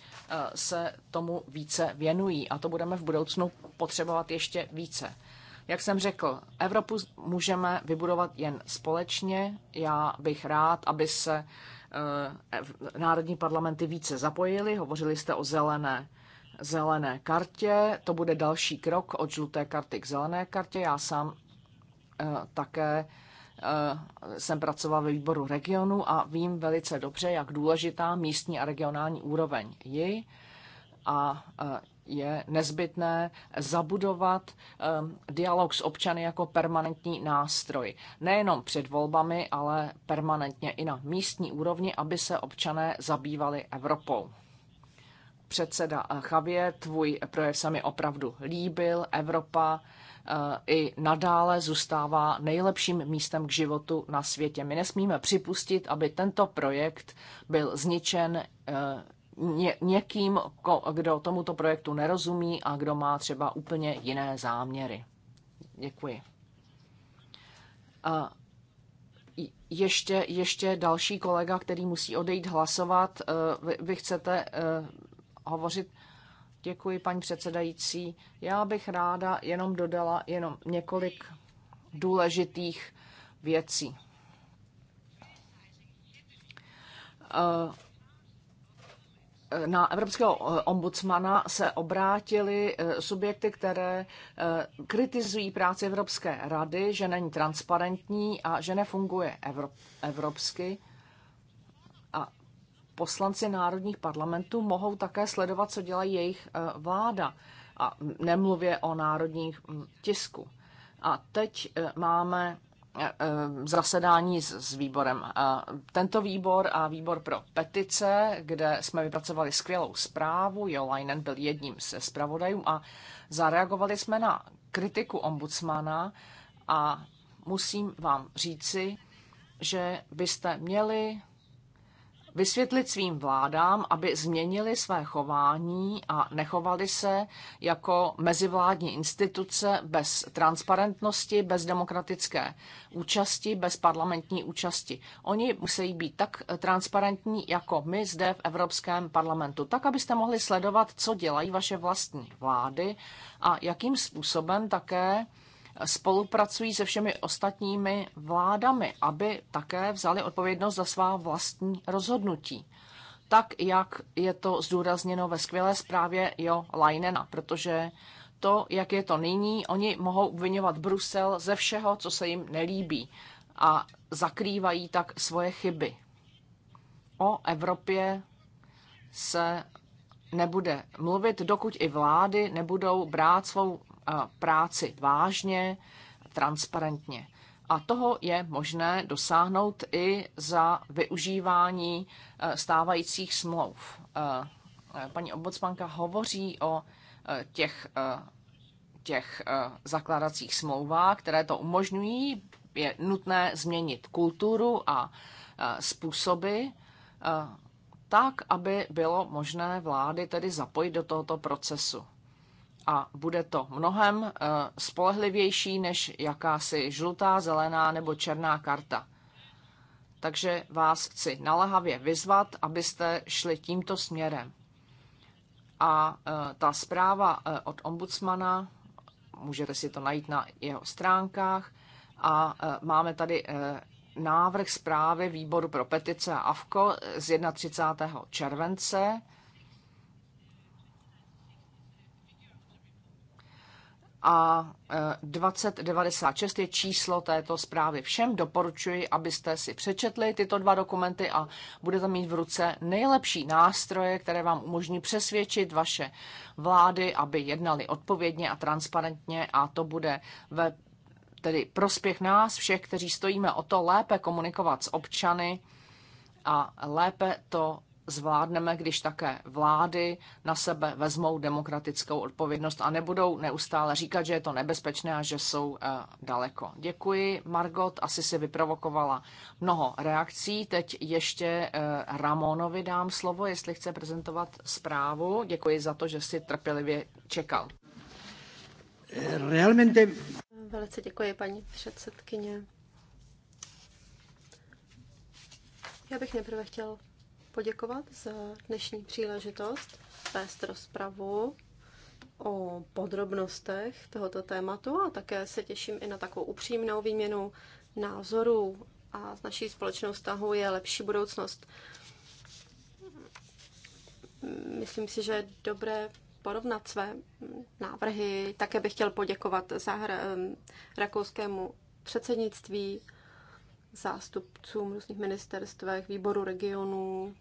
se tomu více věnují. A to budeme v budoucnu potřebovat ještě více. Jak jsem řekl, Evropu můžeme vybudovat jen společně. Já bych rád, aby se eh, národní parlamenty více zapojily. Hovořili jste o zelené zelené kartě. To bude další krok od žluté karty k zelené kartě. Já sám eh, také eh, jsem pracoval ve výboru regionu a vím velice dobře, jak důležitá místní a regionální úroveň je. A je nezbytné zabudovat ehm, dialog s občany jako permanentní nástroj. Nejenom před volbami, ale permanentně i na místní úrovni, aby se občané zabývali Evropou předseda eh, Javier, tvůj projev se mi opravdu líbil. Evropa eh, i nadále zůstává nejlepším místem k životu na světě. My nesmíme připustit, aby tento projekt byl zničen eh, ně, někým, kdo tomuto projektu nerozumí a kdo má třeba úplně jiné záměry. Děkuji. A ještě, ještě další kolega, který musí odejít hlasovat. E, vy, vy chcete e, hovořit? Děkuji, paní předsedající. Já bych ráda jenom dodala jenom několik důležitých věcí. E, na evropského eh, ombudsmana se obrátili eh, subjekty, které eh, kritizují práci Evropské rady, že není transparentní a že nefunguje evropsky. A poslanci národních parlamentů mohou také sledovat, co dělají jejich vláda. A nemluvě o národních mm, tisku. A teď máme Eh, eh, zasedání s výborem. Eh, tento výbor a výbor pro petice, kde jsme vypracovali skvělou zprávu, Jolainen byl jedním ze zpravodajů a zareagovali jsme na kritiku ombudsmana a musím vám říci, že byste měli vysvětlit svým vládám, aby změnili své chování a nechovali se jako mezivládní instituce bez transparentnosti, bez demokratické účasti, bez parlamentní účasti. Oni musí být tak transparentní jako my zde v Evropském parlamentu, tak abyste mohli sledovat, co dělají vaše vlastní vlády a jakým způsobem také spolupracují se všemi ostatními vládami, aby také vzali odpovědnost za svá vlastní rozhodnutí. Tak, jak je to zdůrazněno ve skvělé zprávě Jo Leinena, protože to, jak je to nyní, oni mohou obvinovat Brusel ze všeho, co se jim nelíbí a zakrývají tak svoje chyby. O Evropě se nebude mluvit, dokud i vlády nebudou brát svou práci vážně, transparentně. A toho je možné dosáhnout i za využívání eh, stávajících smlouv. Eh, eh, paní obocmanka hovoří o těch, těch zakládacích smlouvách, které to umožňují. Je nutné změnit kulturu a způsoby tak, aby bylo možné vlády tedy zapojit do tohoto procesu a bude to mnohem eh, spolehlivější než jakási žlutá, zelená nebo černá karta. Takže vás chci naléhavě vyzvat, abyste šli tímto směrem. A eh, ta zpráva eh, od ombudsmana, můžete si to najít na jeho stránkách, a máme tady návrh zprávy výboru pro petice a AFKO z 31. července a 2096 e, je číslo této zprávy. Všem doporučuji, abyste si přečetli tyto dva dokumenty a budete mít v ruce nejlepší nástroje, které vám umožní přesvědčit vaše vlády, aby jednali odpovědně a transparentně a to bude ve tedy prospěch nás, všech, kteří stojíme o to lépe komunikovat s občany a lépe to zvládneme, když také vlády na sebe vezmou demokratickou odpovědnost a nebudou neustále říkat, že je to nebezpečné a že jsou eh, daleko. Děkuji, Margot, asi si vyprovokovala mnoho reakcí. Teď ještě eh, Ramonovi dám slovo, jestli chce prezentovat zprávu. Děkuji za to, že si trpělivě čekal. Realmente... Velice děkuji, paní předsedkyně. Já bych nejprve chtěl poděkovat za dnešní příležitost vést rozpravu o podrobnostech tohoto tématu a také se těším i na takovou upřímnou výměnu názorů a z naší společnou vztahu je lepší budoucnost. Myslím si, že je dobré porovnat své návrhy. Také bych chtěl poděkovat za eh, rakouskému předsednictví zástupcům různých ministerstvech, výboru regionů,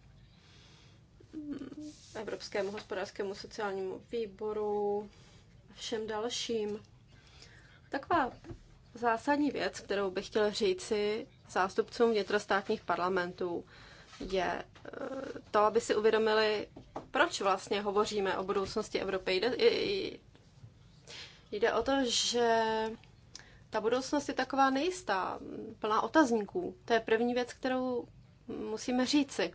Evropskému hospodářskému sociálnímu výboru a všem dalším. Taková zásadní věc, kterou bych chtěl říci zástupcům vnitrostátních parlamentů, je eh, to, aby si uvědomili, proč vlastně hovoříme o budoucnosti Evropy. Jde, jde o to, že ta budoucnost je taková nejistá, plná otazníků. To je první věc, kterou musíme říci.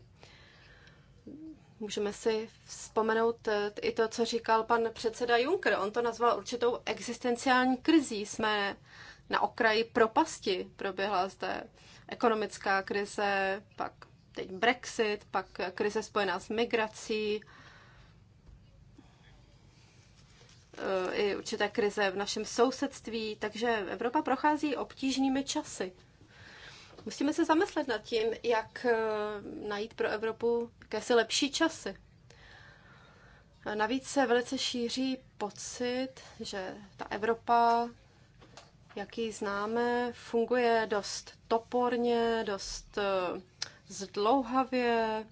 Můžeme si vzpomenout eh, i to, co říkal pan předseda Juncker. On to nazval určitou existenciální krizí. Jsme na okraji propasti. Proběhla zde ekonomická krize, pak teď Brexit, pak krize spojená s migrací, Eh, i určité krize v našem sousedství, takže Evropa prochází obtížnými časy. Musíme se zamyslet nad tím, jak eh, najít pro Evropu jakési lepší časy. Eh, navíc se velice šíří pocit, že ta Evropa, jaký známe, funguje dost toporně, dost zdlouhavě.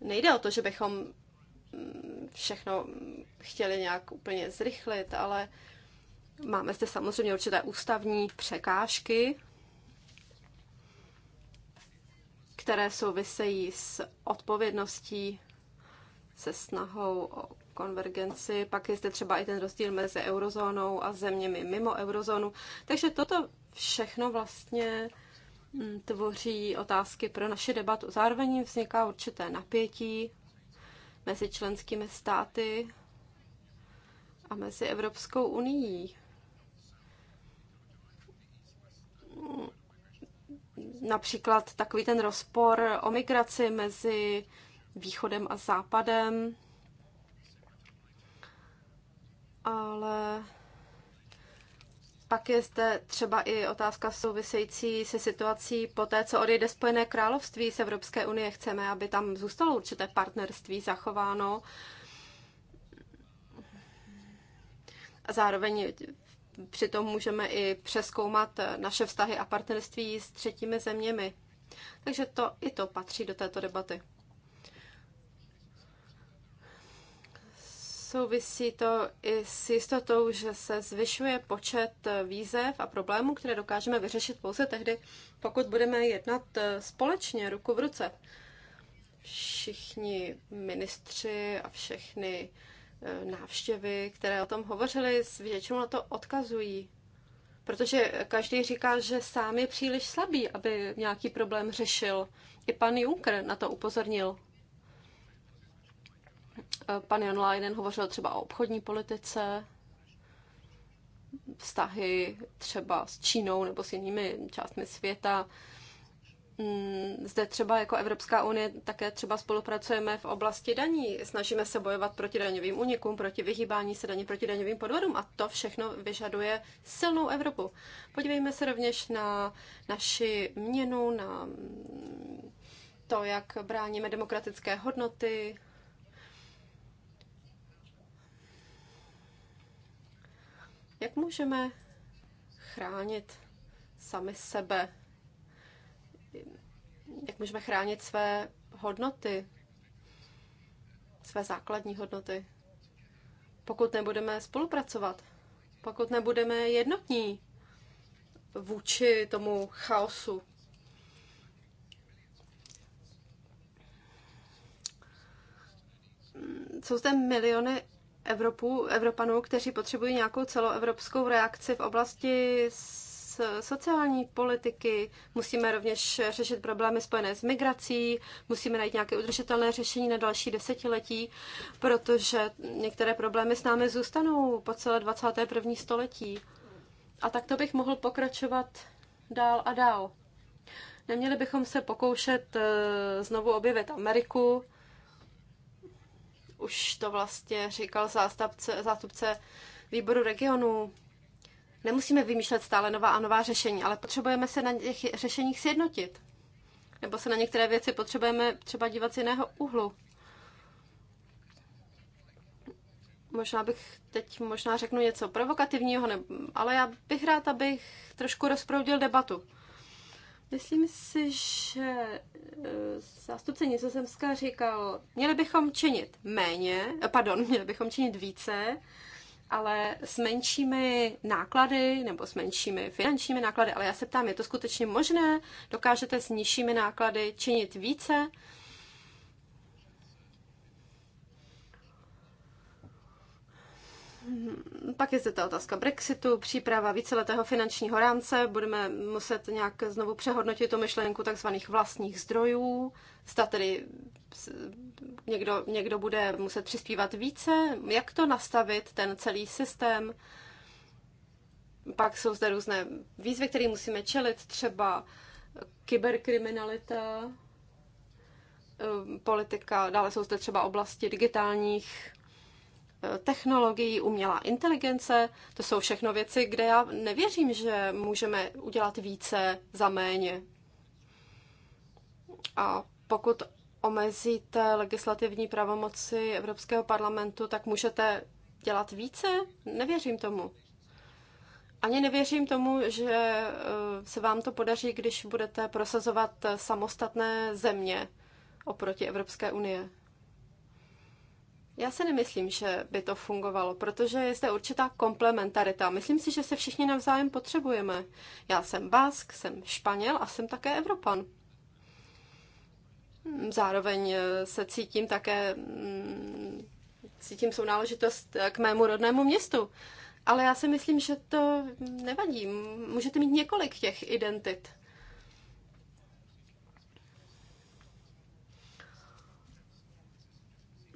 Nejde o to, že bychom všechno chtěli nějak úplně zrychlit, ale máme zde samozřejmě určité ústavní překážky, které souvisejí s odpovědností, se snahou o konvergenci, pak je zde třeba i ten rozdíl mezi eurozónou a zeměmi mimo eurozónu. Takže toto všechno vlastně mm, tvoří otázky pro naši debatu. Zároveň vzniká určité napětí mezi členskými státy a mezi Evropskou unii. Například takový ten rozpor o migraci mezi východem a západem, ale pak je zde třeba i otázka související se situací po té, co odejde Spojené království z Evropské unie. Chceme, aby tam zůstalo určité partnerství zachováno. A zároveň přitom můžeme i přeskoumat naše vztahy a partnerství s třetími zeměmi. Takže to, i to patří do této debaty. Souvisí to i s jistotou, že se zvyšuje počet eh, výzev a problémů, které dokážeme vyřešit pouze tehdy, pokud budeme jednat eh, společně, ruku v ruce. Všichni ministři a všechny eh, návštěvy, které o tom hovořili, většinou na to odkazují. Protože každý říká, že sám je příliš slabý, aby nějaký problém řešil. I pan Juncker na to upozornil. Pan Jan Leinen hovořil třeba o obchodní politice, vztahy třeba s Čínou nebo s jinými částmi světa. Mm, zde třeba jako Evropská unie také třeba spolupracujeme v oblasti daní. Snažíme se bojovat proti daňovým únikům, proti vyhýbání se daní, proti daňovým podvodům a to všechno vyžaduje silnou Evropu. Podívejme se rovněž na naši měnu, na to, jak bráníme demokratické hodnoty, Jak můžeme chránit sami sebe? Jak můžeme chránit své hodnoty, své základní hodnoty, pokud nebudeme spolupracovat, pokud nebudeme jednotní vůči tomu chaosu, jsou zde miliony Evropu, Evropanů, kteří potřebují nějakou celoevropskou reakci v oblasti sociální politiky, musíme rovněž řešit problémy spojené s migrací, musíme najít nějaké udržitelné řešení na další desetiletí, protože některé problémy s námi zůstanou po celé 21. století. A tak to bych mohl pokračovat dál a dál. Neměli bychom se pokoušet eh, znovu objevit Ameriku, už to vlastně říkal zástupce, zástupce výboru regionů. Nemusíme vymýšlet stále nová a nová řešení, ale potřebujeme se na těch řešeních sjednotit. Nebo se na některé věci potřebujeme třeba dívat z jiného úhlu. možná bych teď možná řeknu něco provokativního, ne, ale já bych rád, abych trošku rozproudil debatu. Myslím si, že eh, zástupce Nizozemska říkal, měli bychom činit méně, eh, pardon, měli bychom činit více, ale s menšími náklady nebo s menšími finančními náklady, ale já se ptám, je to skutečně možné? Dokážete s nižšími náklady činit více? Hmm. Pak je zde ta otázka Brexitu, příprava víceletého finančního rámce. Budeme muset nějak znovu přehodnotit tu myšlenku tzv. vlastních zdrojů. Zda tedy někdo, někdo bude muset přispívat více, jak to nastavit, ten celý systém. Pak jsou zde různé výzvy, které musíme čelit, třeba kyberkriminalita, eh, politika, dále jsou zde třeba oblasti digitálních technologií, umělá inteligence. To jsou všechno věci, kde já nevěřím, že můžeme udělat více za méně. A pokud omezíte legislativní pravomoci Evropského parlamentu, tak můžete dělat více? Nevěřím tomu. Ani nevěřím tomu, že e, se vám to podaří, když budete prosazovat samostatné země oproti Evropské unie. Já si nemyslím, že by to fungovalo, protože je zde určitá komplementarita. Myslím si, že se všichni navzájem potřebujeme. Já jsem Bask, jsem Španěl a jsem také Evropan. Zároveň eh, se cítím také, mm, cítím sounáležitost eh, k mému rodnému městu. Ale já si myslím, že to nevadí. Můžete mít několik těch identit.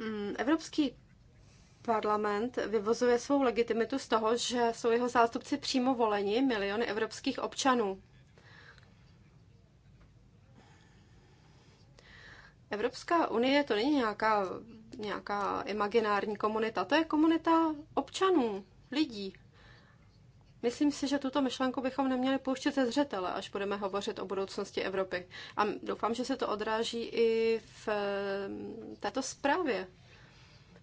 Mm, Evropský parlament vyvozuje svou legitimitu z toho, že jsou jeho zástupci přímo voleni miliony evropských občanů. Evropská unie to není nějaká, nějaká imaginární komunita, to je komunita občanů, lidí. Myslím si, že tuto myšlenku bychom neměli pouštět ze zřetele, až budeme hovořit o budoucnosti Evropy. A doufám, že se to odráží i v eh, této zprávě.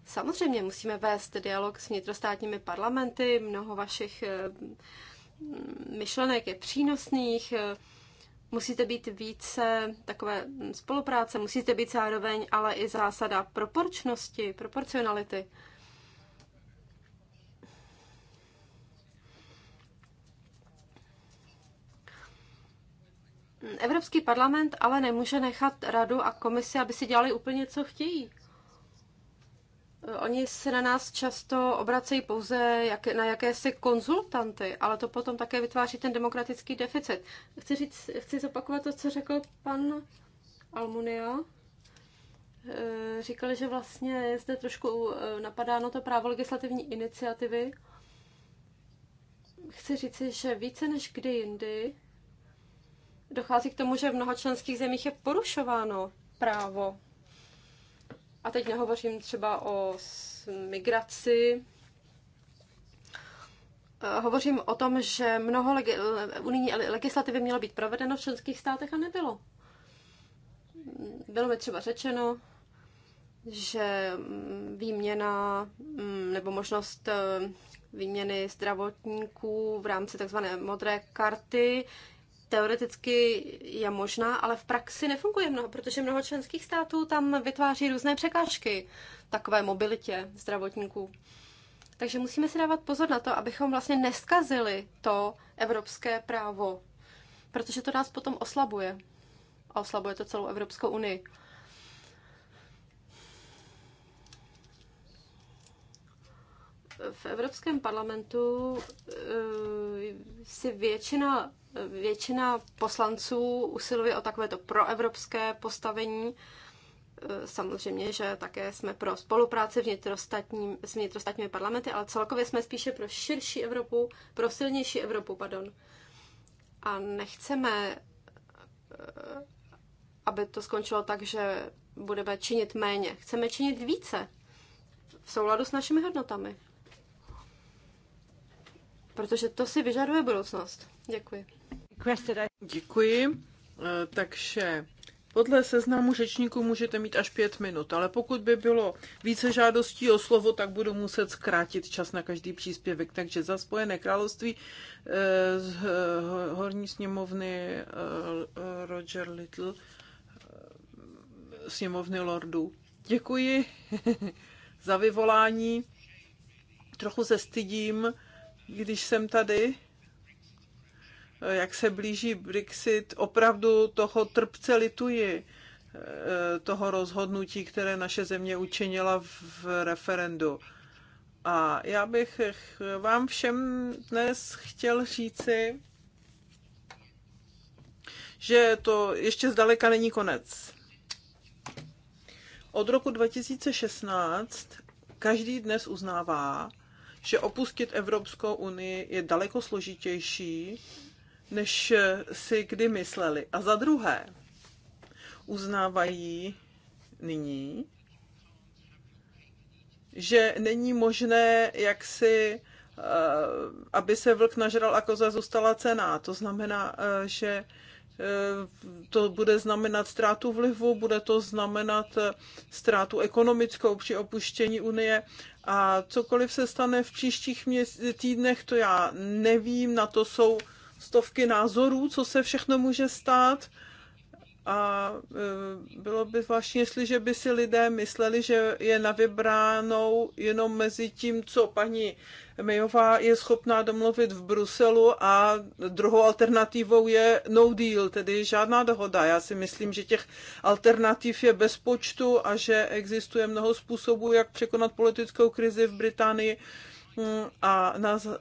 Samozřejmě musíme vést dialog s vnitrostátními parlamenty, mnoho vašich eh, myšlenek je přínosných, musíte být více takové spolupráce, musíte být zároveň ale i zásada proporčnosti, proporcionality. Evropský parlament ale nemůže nechat radu a komisi, aby si dělali úplně, co chtějí. Oni se na nás často obracejí pouze jak, na jakési konzultanty, ale to potom také vytváří ten demokratický deficit. Chci, říct, chci zopakovat to, co řekl pan Almunia. Eh, říkali, že vlastně je zde trošku eh, napadáno to právo legislativní iniciativy. Chci říci, že více než kdy jindy dochází k tomu, že v mnoha členských zemích je porušováno právo. A teď nehovořím třeba o migraci, eh, Hovořím o tom, že mnoho legi- eh, unijní legislativy mělo být provedeno v členských státech a nebylo. Bylo mi třeba řečeno, že mm, výměna mm, nebo možnost eh, výměny zdravotníků v rámci tzv. modré karty teoreticky je možná, ale v praxi nefunguje mnoho, protože mnoho členských států tam vytváří různé překážky takové mobilitě zdravotníků. Takže musíme si dávat pozor na to, abychom vlastně neskazili to evropské právo, protože to nás potom oslabuje. A oslabuje to celou Evropskou unii. v Evropském parlamentu eh, si většina Většina poslanců usiluje o takovéto proevropské postavení. E, samozřejmě, že také jsme pro spolupráci vnitrostatní, s vnitrostatními parlamenty, ale celkově jsme spíše pro širší Evropu, pro silnější Evropu, pardon. A nechceme, e, aby to skončilo tak, že budeme činit méně. Chceme činit více v souladu s našimi hodnotami. Protože to si vyžaduje budoucnost. Děkuji. Děkuji. E, takže podle seznamu řečníků můžete mít až pět minut, ale pokud by bylo více žádostí o slovo, tak budu muset zkrátit čas na každý příspěvek. Takže za Spojené království e, z e, horní sněmovny Roger Little, sněmovny lordů. Děkuji za vyvolání. Trochu se stydím, když jsem tady. Eh, jak se blíží Brexit, opravdu toho trpce lituji, eh, toho rozhodnutí, které naše země učinila v referendu. A já bych eh, vám všem dnes chtěl říci, že to ještě zdaleka není konec. Od roku 2016 každý dnes uznává, že opustit Evropskou unii je daleko složitější, než eh, si kdy mysleli. A za druhé, uznávají nyní, že není možné, jak si, eh, aby se vlk nažral a koza zůstala cená. To znamená, eh, že to bude znamenat ztrátu vlivu, bude to znamenat ztrátu ekonomickou při opuštění Unie a cokoliv se stane v příštích týdnech, to já nevím, na to jsou stovky názorů, co se všechno může stát. A e, bylo by zvláštní, jestliže by si lidé mysleli, že je na vybránou jenom mezi tím, co paní Mejová je schopná domluvit v Bruselu a druhou alternativou je no deal, tedy žádná dohoda. Já si myslím, že těch alternativ je bez počtu a že existuje mnoho způsobů, jak překonat politickou krizi v Británii a na eh,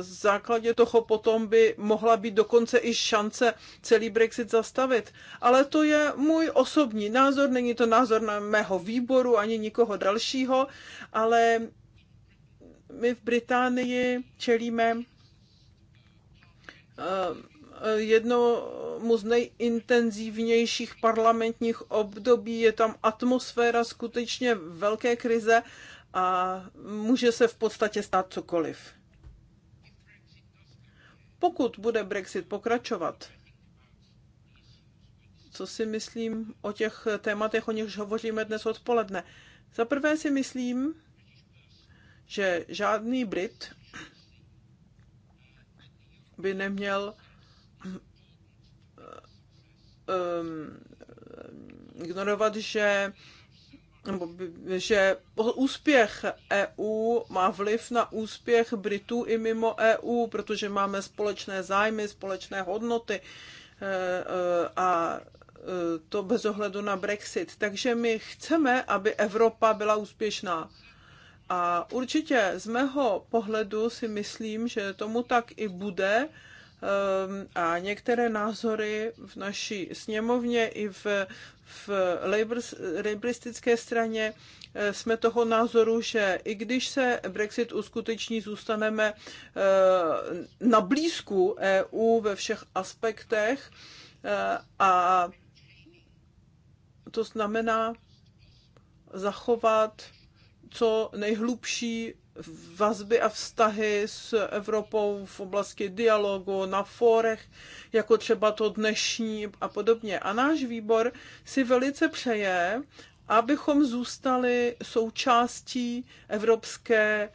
základě toho potom by mohla být dokonce i šance celý Brexit zastavit. Ale to je můj osobní názor, není to názor na mého výboru ani nikoho dalšího, ale my v Británii čelíme eh, jednomu z nejintenzivnějších parlamentních období. Je tam atmosféra skutečně velké krize a může se v podstatě stát cokoliv. Pokud bude Brexit pokračovat, co si myslím o těch tématech, o nichž hovoříme dnes odpoledne. Za prvé si myslím, že žádný Brit by neměl um, ignorovat, že nebo že úspěch EU má vliv na úspěch Britů i mimo EU, protože máme společné zájmy, společné hodnoty eh, eh, a eh, to bez ohledu na Brexit. Takže my chceme, aby Evropa byla úspěšná. A určitě z mého pohledu si myslím, že tomu tak i bude a některé názory v naší sněmovně i v v laboristické straně eh, jsme toho názoru, že i když se Brexit uskuteční, zůstaneme eh, na blízku EU ve všech aspektech eh, a to znamená zachovat co nejhlubší vazby a vztahy s Evropou v oblasti dialogu, na fórech, jako třeba to dnešní a podobně. A náš výbor si velice přeje, abychom zůstali součástí evropské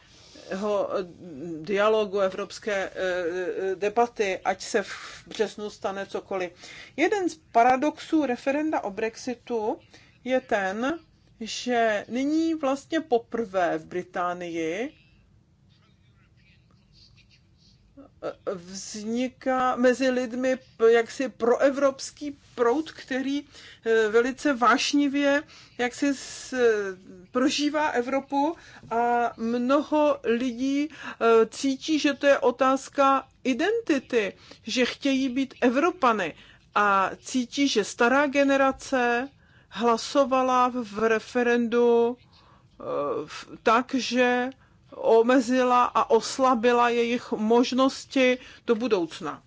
dialogu, evropské eh, eh, debaty, ať se v březnu stane cokoliv. Jeden z paradoxů referenda o Brexitu je ten, že nyní vlastně poprvé v Británii vzniká mezi lidmi jaksi proevropský proud, který eh, velice vášnivě jaksi eh, prožívá Evropu a mnoho lidí eh, cítí, že to je otázka identity, že chtějí být Evropany a cítí, že stará generace hlasovala v referendu eh, tak, že omezila a oslabila jejich možnosti do budoucna.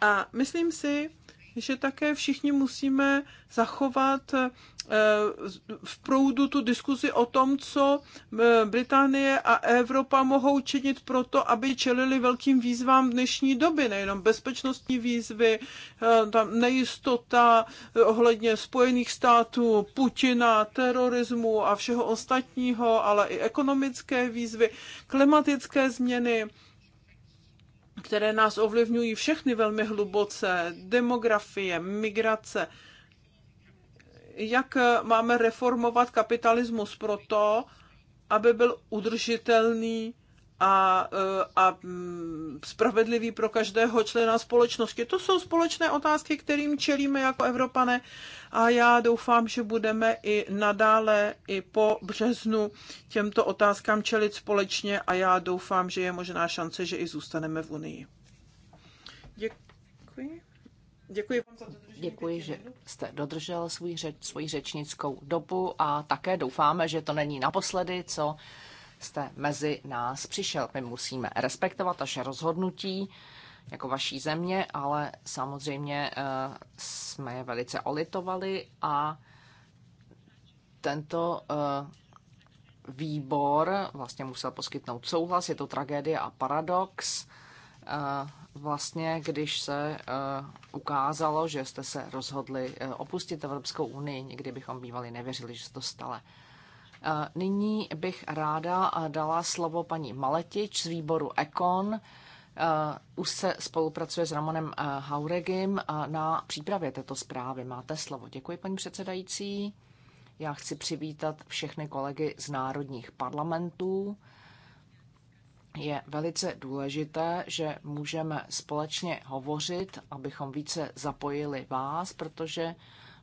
A myslím si, že také všichni musíme zachovat Eh, v proudu tu diskuzi o tom, co eh, Británie a Evropa mohou činit proto, aby čelili velkým výzvám dnešní doby, nejenom bezpečnostní výzvy, eh, tam nejistota ohledně Spojených států, Putina, terorismu a všeho ostatního, ale i ekonomické výzvy, klimatické změny které nás ovlivňují všechny velmi hluboce, demografie, migrace, jak eh, máme reformovat kapitalismus proto, aby byl udržitelný a, eh, a mm, spravedlivý pro každého člena společnosti. To jsou společné otázky, kterým čelíme jako Evropané a já doufám, že budeme i nadále, i po březnu těmto otázkám čelit společně a já doufám, že je možná šance, že i zůstaneme v Unii. Děkuji. Děkuji vám za dodržení. Děkuji, že jste dodržel svůj řeč, svoji řečnickou dobu a také doufáme, že to není naposledy, co jste mezi nás přišel. My musíme respektovat vaše rozhodnutí jako vaší země, ale samozřejmě eh, jsme je velice olitovali a tento eh, výbor vlastně musel poskytnout souhlas. Je to tragédie a paradox eh, vlastně, když se eh, ukázalo, že jste se rozhodli eh, opustit Evropskou unii, nikdy bychom bývali nevěřili, že se to stalo. Eh, nyní bych ráda dala slovo paní Maletič z výboru Ekon. Už se spolupracuje s Ramonem Hauregim na přípravě této zprávy. Máte slovo. Děkuji, paní předsedající. Já chci přivítat všechny kolegy z národních parlamentů je velice důležité, že můžeme společně hovořit, abychom více zapojili vás, protože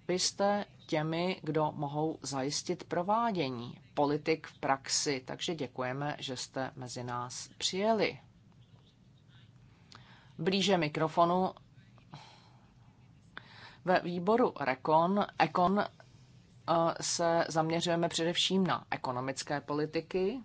vy jste těmi, kdo mohou zajistit provádění politik v praxi. Takže děkujeme, že jste mezi nás přijeli. Blíže mikrofonu ve výboru Recon, Ekon eh, se zaměřujeme především na ekonomické politiky,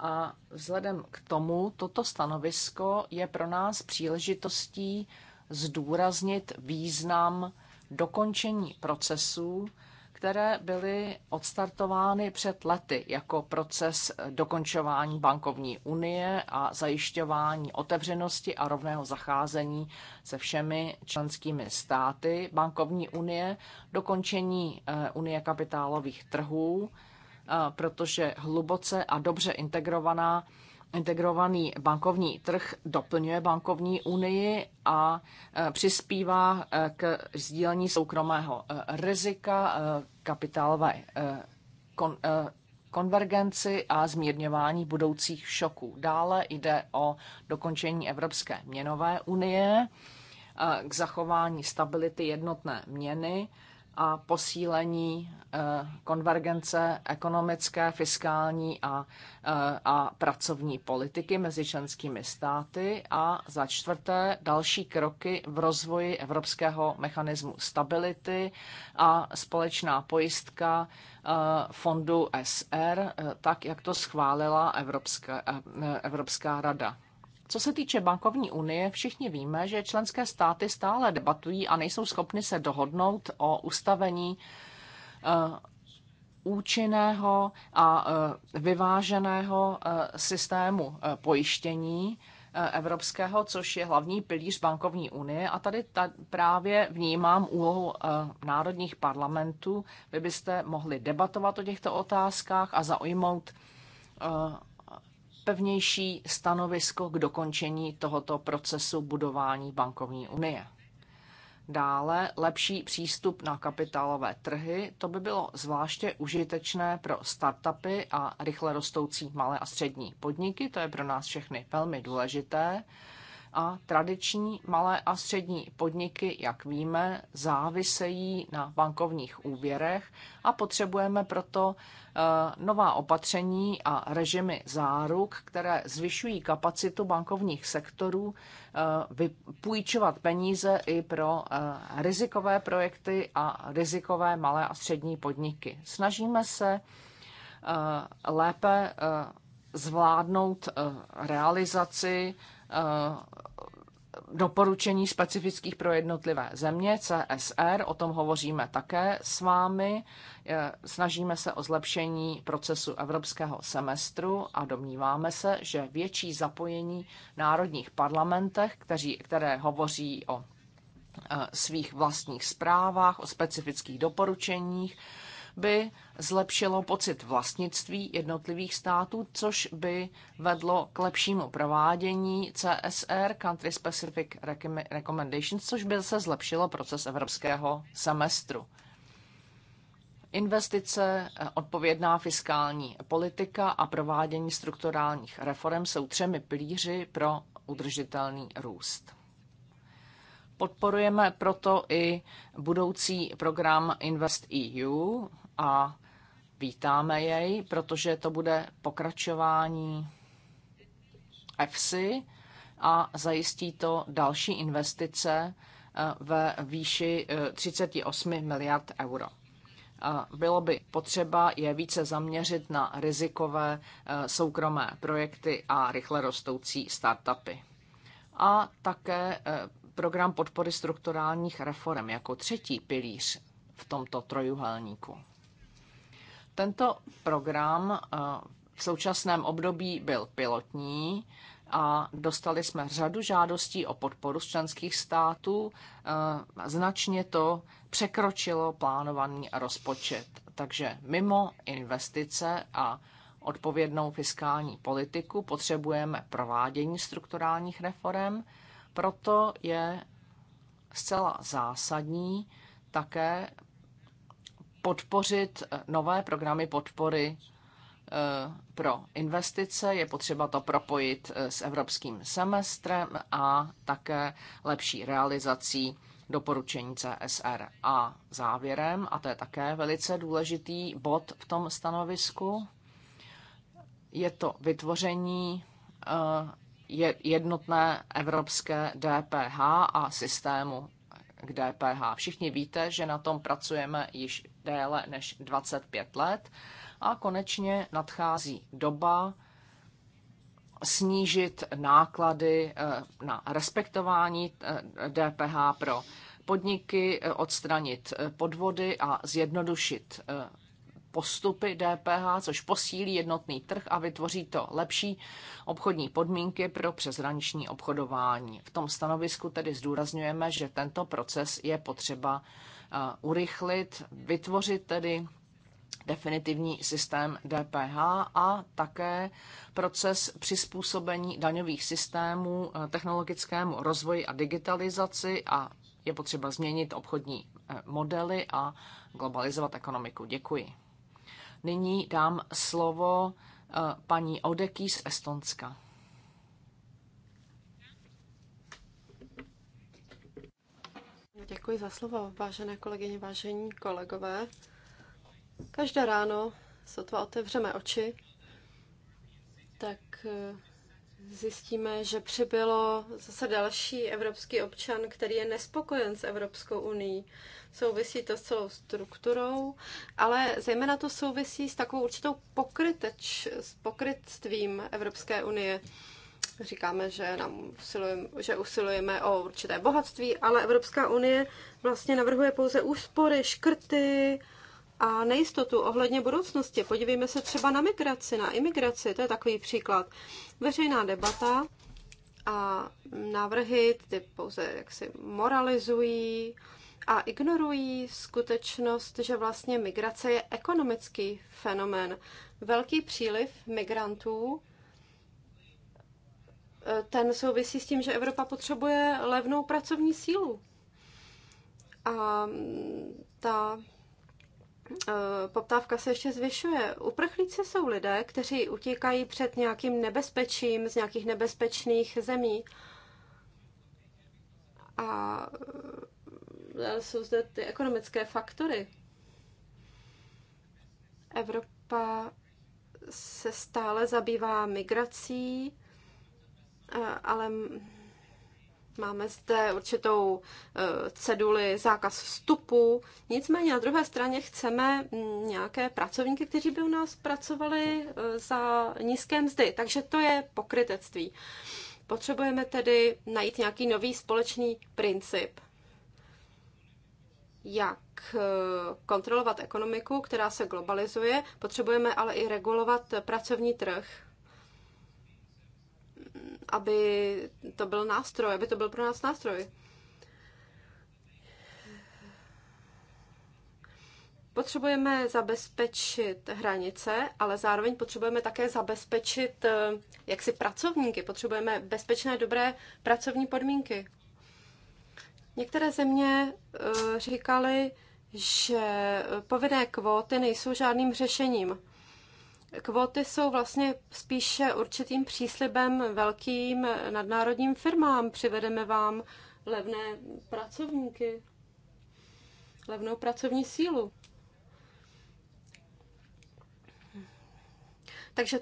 a vzhledem k tomu, toto stanovisko je pro nás příležitostí zdůraznit význam dokončení procesů, které byly odstartovány před lety jako proces dokončování bankovní unie a zajišťování otevřenosti a rovného zacházení se všemi členskými státy bankovní unie, dokončení eh, unie kapitálových trhů, protože hluboce a dobře integrovaná integrovaný bankovní trh doplňuje bankovní unii a e, přispívá e, k sdílení soukromého e, rizika, kapitálové kon, konvergenci a zmírňování budoucích šoků. Dále jde o dokončení Evropské měnové unie k zachování stability jednotné měny a posílení eh, konvergence ekonomické, fiskální a, eh, a pracovní politiky mezi členskými státy a za čtvrté další kroky v rozvoji evropského mechanismu stability a společná pojistka eh, fondu SR, tak jak to schválila Evropská, Evropská rada. Co se týče bankovní unie, všichni víme, že členské státy stále debatují a nejsou schopny se dohodnout o ustavení eh, účinného a eh, vyváženého eh, systému pojištění evropského, což je hlavní pilíř bankovní unie. A tady ta, právě vnímám úlohu národních parlamentů. Vy byste mohli debatovat o těchto otázkách a zaujmout pevnější stanovisko k dokončení tohoto procesu budování bankovní unie. Dále lepší přístup na kapitálové trhy, to by bylo zvláště užitečné pro startupy a rychle rostoucí malé a střední podniky, to je pro nás všechny velmi důležité a tradiční malé a střední podniky, jak víme, závisejí na bankovních úvěrech a potřebujeme proto eh, nová opatření a režimy záruk, které zvyšují kapacitu bankovních sektorů eh, vypůjčovat peníze i pro eh, rizikové projekty a rizikové malé a střední podniky. Snažíme se lépe zvládnout realizaci Eh, doporučení specifických pro jednotlivé země, CSR, o tom hovoříme také s vámi. Snažíme se o zlepšení procesu evropského semestru a domníváme se, že větší zapojení národních parlamentech, kteří, které hovoří o eh, svých vlastních zprávách, o specifických doporučeních, by zlepšilo pocit vlastnictví jednotlivých států, což by vedlo k lepšímu provádění CSR, Country Specific Recommendations, což by se zlepšilo proces evropského semestru. Investice, eh, odpovědná fiskální politika a provádění strukturálních reform jsou třemi pilíři pro udržitelný růst. Podporujeme proto i budoucí program Invest EU, a vítáme jej, protože to bude pokračování EFSI a zajistí to další investice eh, ve výši 38 eh, miliard euro. Eh, bylo by potřeba je více zaměřit na rizikové soukromé projekty a rychle rostoucí startupy. A také program podpory strukturálních reform jako třetí pilíř v tomto trojuhelníku. Tento program eh, v současném období byl pilotní a dostali jsme řadu žádostí o podporu z členských států. Eh, značně to překročilo plánovaný rozpočet. Takže mimo investice a odpovědnou fiskální politiku potřebujeme provádění strukturálních reform, proto je zcela zásadní také podpořit eh, nové programy podpory eh, pro investice, je potřeba to propojit eh, s evropským semestrem a také lepší realizací doporučení CSR. A závěrem, a to je také velice důležitý bod v tom stanovisku, je to vytvoření jednotné evropské DPH a systému k DPH. Všichni víte, že na tom pracujeme již déle než 25 let a konečně nadchází doba snížit náklady eh, na respektování DPH eh, pro podniky, eh, odstranit podvody a zjednodušit postupy DPH, což posílí jednotný trh a vytvoří to lepší obchodní podmínky pro přeshraniční obchodování. V tom stanovisku tedy zdůrazňujeme, že tento proces je potřeba eh, urychlit, vytvořit tedy definitivní systém DPH a také proces přizpůsobení daňových systémů eh, technologickému rozvoji a digitalizaci a je potřeba změnit obchodní eh, modely a globalizovat ekonomiku. Děkuji. Nyní dám slovo eh, paní Odeky z Estonska. Děkuji za slovo, vážené kolegyně, vážení kolegové. Každé ráno sotva otevřeme oči, tak eh, zjistíme, že přibylo zase další evropský občan, který je nespokojen s Evropskou unii. Souvisí to s celou strukturou, ale zejména to souvisí s takovou určitou pokryteč, s pokrytstvím Evropské unie. Říkáme, že, nám usilujeme, že usilujeme o určité bohatství, ale Evropská unie vlastně navrhuje pouze úspory, škrty, a nejistotu ohledně budoucnosti. Podívejme se třeba na migraci, na imigraci, to je takový příklad. Veřejná debata a návrhy ty pouze jaksi moralizují a ignorují skutečnost, že vlastně migrace je ekonomický fenomén. Velký příliv migrantů eh, ten souvisí s tím, že Evropa potřebuje levnou pracovní sílu. A ta Eh, poptávka se ještě zvyšuje. Uprchlíci jsou lidé, kteří utíkají před nějakým nebezpečím z nějakých nebezpečných zemí. A eh, jsou zde ty ekonomické faktory. Evropa se stále zabývá migrací, eh, ale Máme zde určitou eh, ceduli zákaz vstupu, nicméně na druhé straně chceme mm, nějaké pracovníky, kteří by u nás pracovali eh, za nízké mzdy, takže to je pokrytectví. Potřebujeme tedy najít nějaký nový společný princip, jak eh, kontrolovat ekonomiku, která se globalizuje, potřebujeme ale i regulovat pracovní trh aby to byl nástroj, aby to byl pro nás nástroj. Potřebujeme zabezpečit hranice, ale zároveň potřebujeme také zabezpečit eh, jaksi pracovníky. Potřebujeme bezpečné, dobré pracovní podmínky. Některé země eh, říkaly, že eh, povinné kvóty nejsou žádným řešením. Kvóty jsou vlastně spíše určitým příslibem velkým nadnárodním firmám. Přivedeme vám levné pracovníky, levnou pracovní sílu. Takže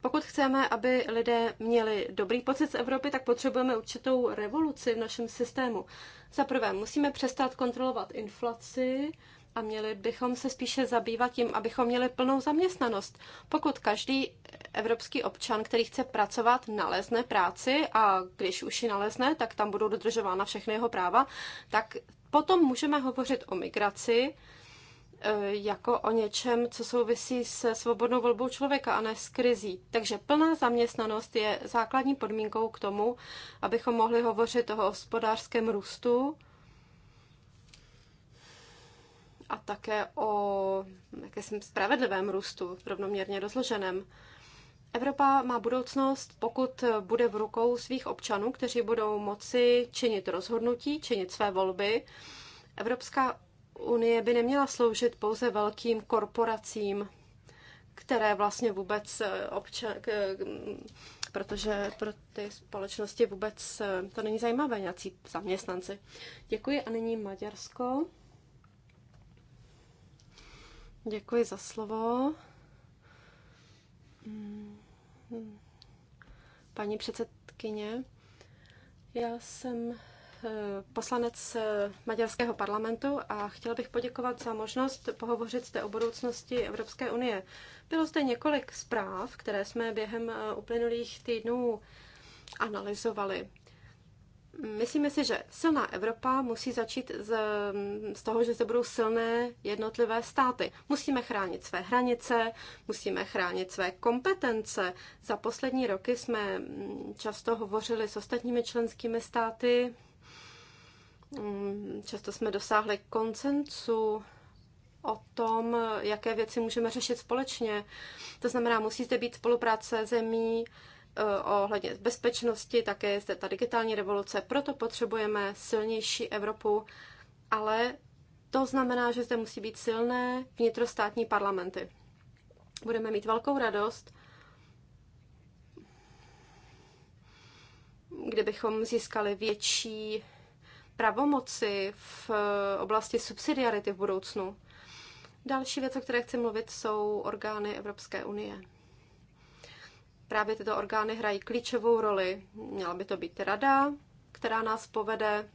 pokud chceme, aby lidé měli dobrý pocit z Evropy, tak potřebujeme určitou revoluci v našem systému. Za prvé, musíme přestat kontrolovat inflaci, a měli bychom se spíše zabývat tím, abychom měli plnou zaměstnanost. Pokud každý evropský občan, který chce pracovat, nalezne práci a když už ji nalezne, tak tam budou dodržována všechny jeho práva, tak potom můžeme hovořit o migraci eh, jako o něčem, co souvisí se svobodnou volbou člověka a ne s krizí. Takže plná zaměstnanost je základní podmínkou k tomu, abychom mohli hovořit o hospodářském růstu, a také o jakési spravedlivém růstu, rovnoměrně rozloženém. Evropa má budoucnost, pokud bude v rukou svých občanů, kteří budou moci činit rozhodnutí, činit své volby. Evropská unie by neměla sloužit pouze velkým korporacím, které vlastně vůbec eh, občan, eh, protože pro ty společnosti vůbec eh, to není zajímavé, nějací zaměstnanci. Děkuji a nyní Maďarsko. Děkuji za slovo. Paní předsedkyně, já jsem eh, poslanec eh, maďarského parlamentu a chtěla bych poděkovat za možnost pohovořit zde o budoucnosti Evropské unie. Bylo zde několik zpráv, které jsme během eh, uplynulých týdnů analyzovali. Myslíme si, že silná Evropa musí začít z, z toho, že se budou silné jednotlivé státy. Musíme chránit své hranice, musíme chránit své kompetence. Za poslední roky jsme mm, často hovořili s ostatními členskými státy, mm, často jsme dosáhli koncensu o tom, jaké věci můžeme řešit společně. To znamená, musí zde být spolupráce zemí, Eh, ohledně bezpečnosti, také je zde ta digitální revoluce, proto potřebujeme silnější Evropu, ale to znamená, že zde musí být silné vnitrostátní parlamenty. Budeme mít velkou radost, kdybychom získali větší pravomoci v eh, oblasti subsidiarity v budoucnu. Další věc, o které chci mluvit, jsou orgány Evropské unie. Právě tyto orgány hrají klíčovou roli. Měla by to být rada, která nás povede.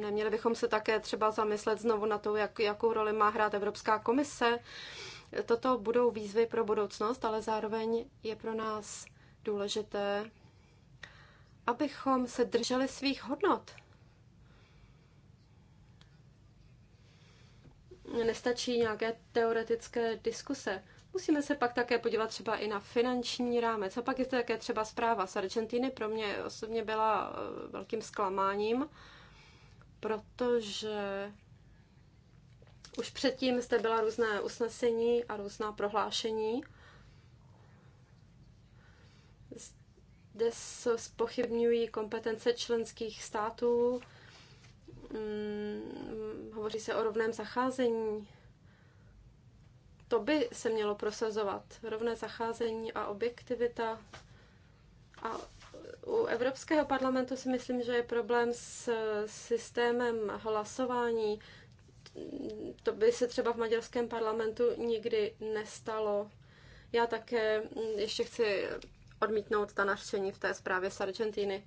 Neměli bychom se také třeba zamyslet znovu na to, jak, jakou roli má hrát Evropská komise. Toto budou výzvy pro budoucnost, ale zároveň je pro nás důležité, abychom se drželi svých hodnot, nestačí nějaké teoretické diskuse. Musíme se pak také podívat třeba i na finanční rámec. A pak je to také třeba zpráva z Argentiny. Pro mě osobně byla eh, velkým zklamáním, protože už předtím zde byla různé usnesení a různá prohlášení. Zde se spochybňují kompetence členských států, hm, hovoří se o rovném zacházení. To by se mělo prosazovat. Rovné zacházení a objektivita. A u Evropského parlamentu si myslím, že je problém s systémem hlasování. To by se třeba v maďarském parlamentu nikdy nestalo. Já také ještě chci odmítnout ta nařčení v té zprávě z Argentiny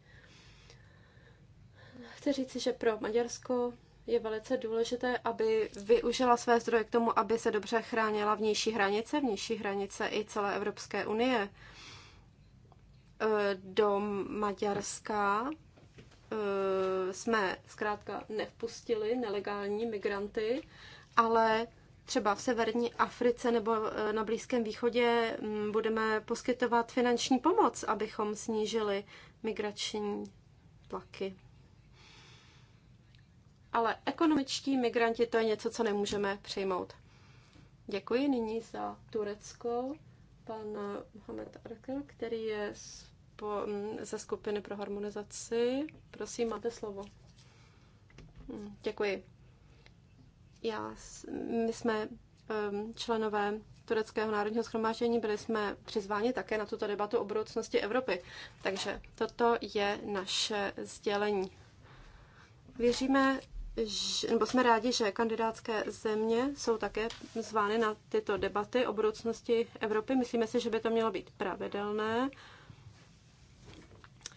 chci říci, že pro Maďarsko je velice důležité, aby využila své zdroje k tomu, aby se dobře chránila vnější hranice, vnější hranice i celé Evropské unie. E, do Maďarska e, jsme zkrátka nevpustili nelegální migranty, ale třeba v severní Africe nebo e, na Blízkém východě budeme poskytovat finanční pomoc, abychom snížili migrační tlaky ale ekonomičtí migranti to je něco, co nemůžeme přijmout. Děkuji nyní za Turecko pan Mohamed Arkel, který je spo- ze skupiny pro harmonizaci. Prosím, máte slovo. Hm, děkuji. Já, my jsme ehm, členové Tureckého národního schromáždění, byli jsme přizváni také na tuto debatu o budoucnosti Evropy. Takže toto je naše sdělení. Věříme nebo jsme rádi, že kandidátské země jsou také zvány na tyto debaty o budoucnosti Evropy. Myslíme si, že by to mělo být pravidelné.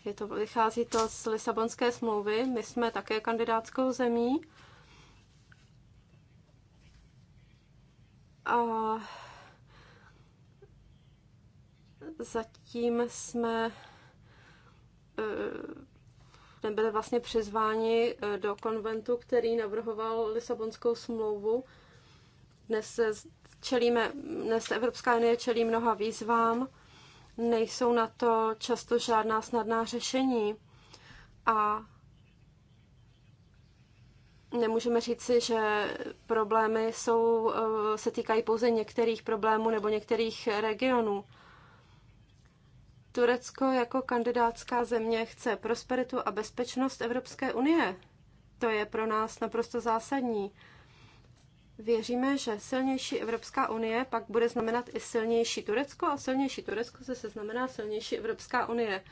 Je to, vychází to z Lisabonské smlouvy. My jsme také kandidátskou zemí. A zatím jsme eh, jsme byli vlastně přizváni eh, do konventu, který navrhoval Lisabonskou smlouvu. Dnes, čelíme, dnes Evropská unie čelí mnoha výzvám, nejsou na to často žádná snadná řešení a nemůžeme říci, že problémy jsou, eh, se týkají pouze některých problémů nebo některých regionů. Turecko jako kandidátská země chce prosperitu a bezpečnost Evropské unie. To je pro nás naprosto zásadní. Věříme, že silnější Evropská unie pak bude znamenat i silnější Turecko a silnější Turecko se znamená silnější Evropská unie.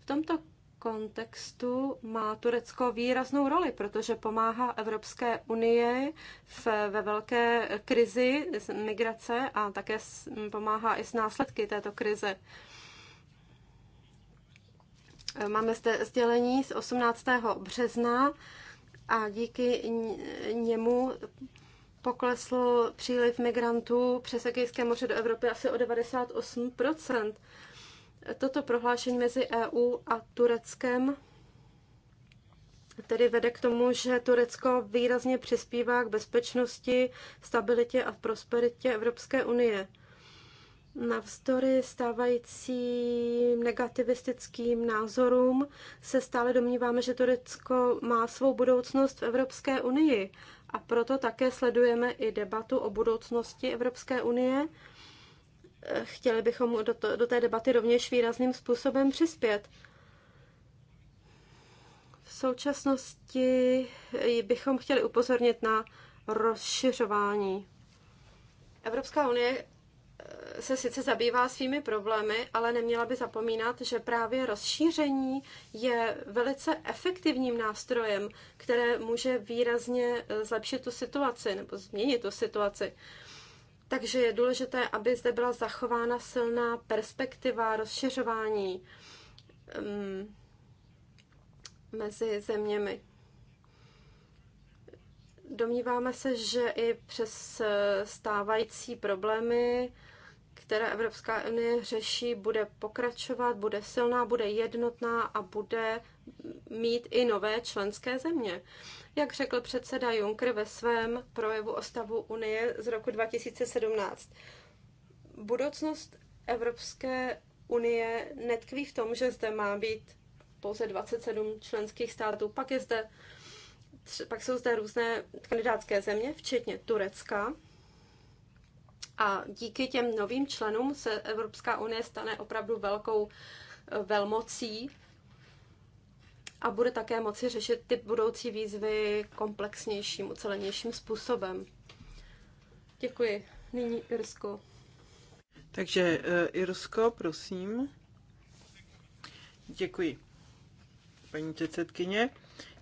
V tomto kontextu má Turecko výraznou roli, protože pomáhá Evropské unie v, ve velké krizi migrace a také pomáhá i s následky této krize. Máme zde sdělení z 18. března a díky němu poklesl příliv migrantů přes Egejské moře do Evropy asi o 98 Toto prohlášení mezi EU a Tureckem tedy vede k tomu, že Turecko výrazně přispívá k bezpečnosti, stabilitě a prosperitě Evropské unie. Navzdory stávajícím negativistickým názorům se stále domníváme, že Turecko má svou budoucnost v Evropské unii a proto také sledujeme i debatu o budoucnosti Evropské unie. Chtěli bychom do, to, do té debaty rovněž výrazným způsobem přispět. V současnosti bychom chtěli upozornit na rozšiřování Evropská unie se sice zabývá svými problémy, ale neměla by zapomínat, že právě rozšíření je velice efektivním nástrojem, které může výrazně eh, zlepšit tu situaci nebo změnit tu situaci. Takže je důležité, aby zde byla zachována silná perspektiva rozšiřování um, mezi zeměmi. Domníváme se, že i přes eh, stávající problémy která Evropská unie řeší, bude pokračovat, bude silná, bude jednotná a bude mít i nové členské země. Jak řekl předseda Juncker ve svém projevu o stavu Unie z roku 2017, budoucnost Evropské unie netkví v tom, že zde má být pouze 27 členských států, pak, je zde, pak jsou zde různé kandidátské země, včetně Turecka, a díky těm novým členům se Evropská unie stane opravdu velkou eh, velmocí a bude také moci řešit ty budoucí výzvy komplexnějším, ucelenějším způsobem. Děkuji. Nyní Irsko. Takže eh, Irsko, prosím. Děkuji, paní předsedkyně.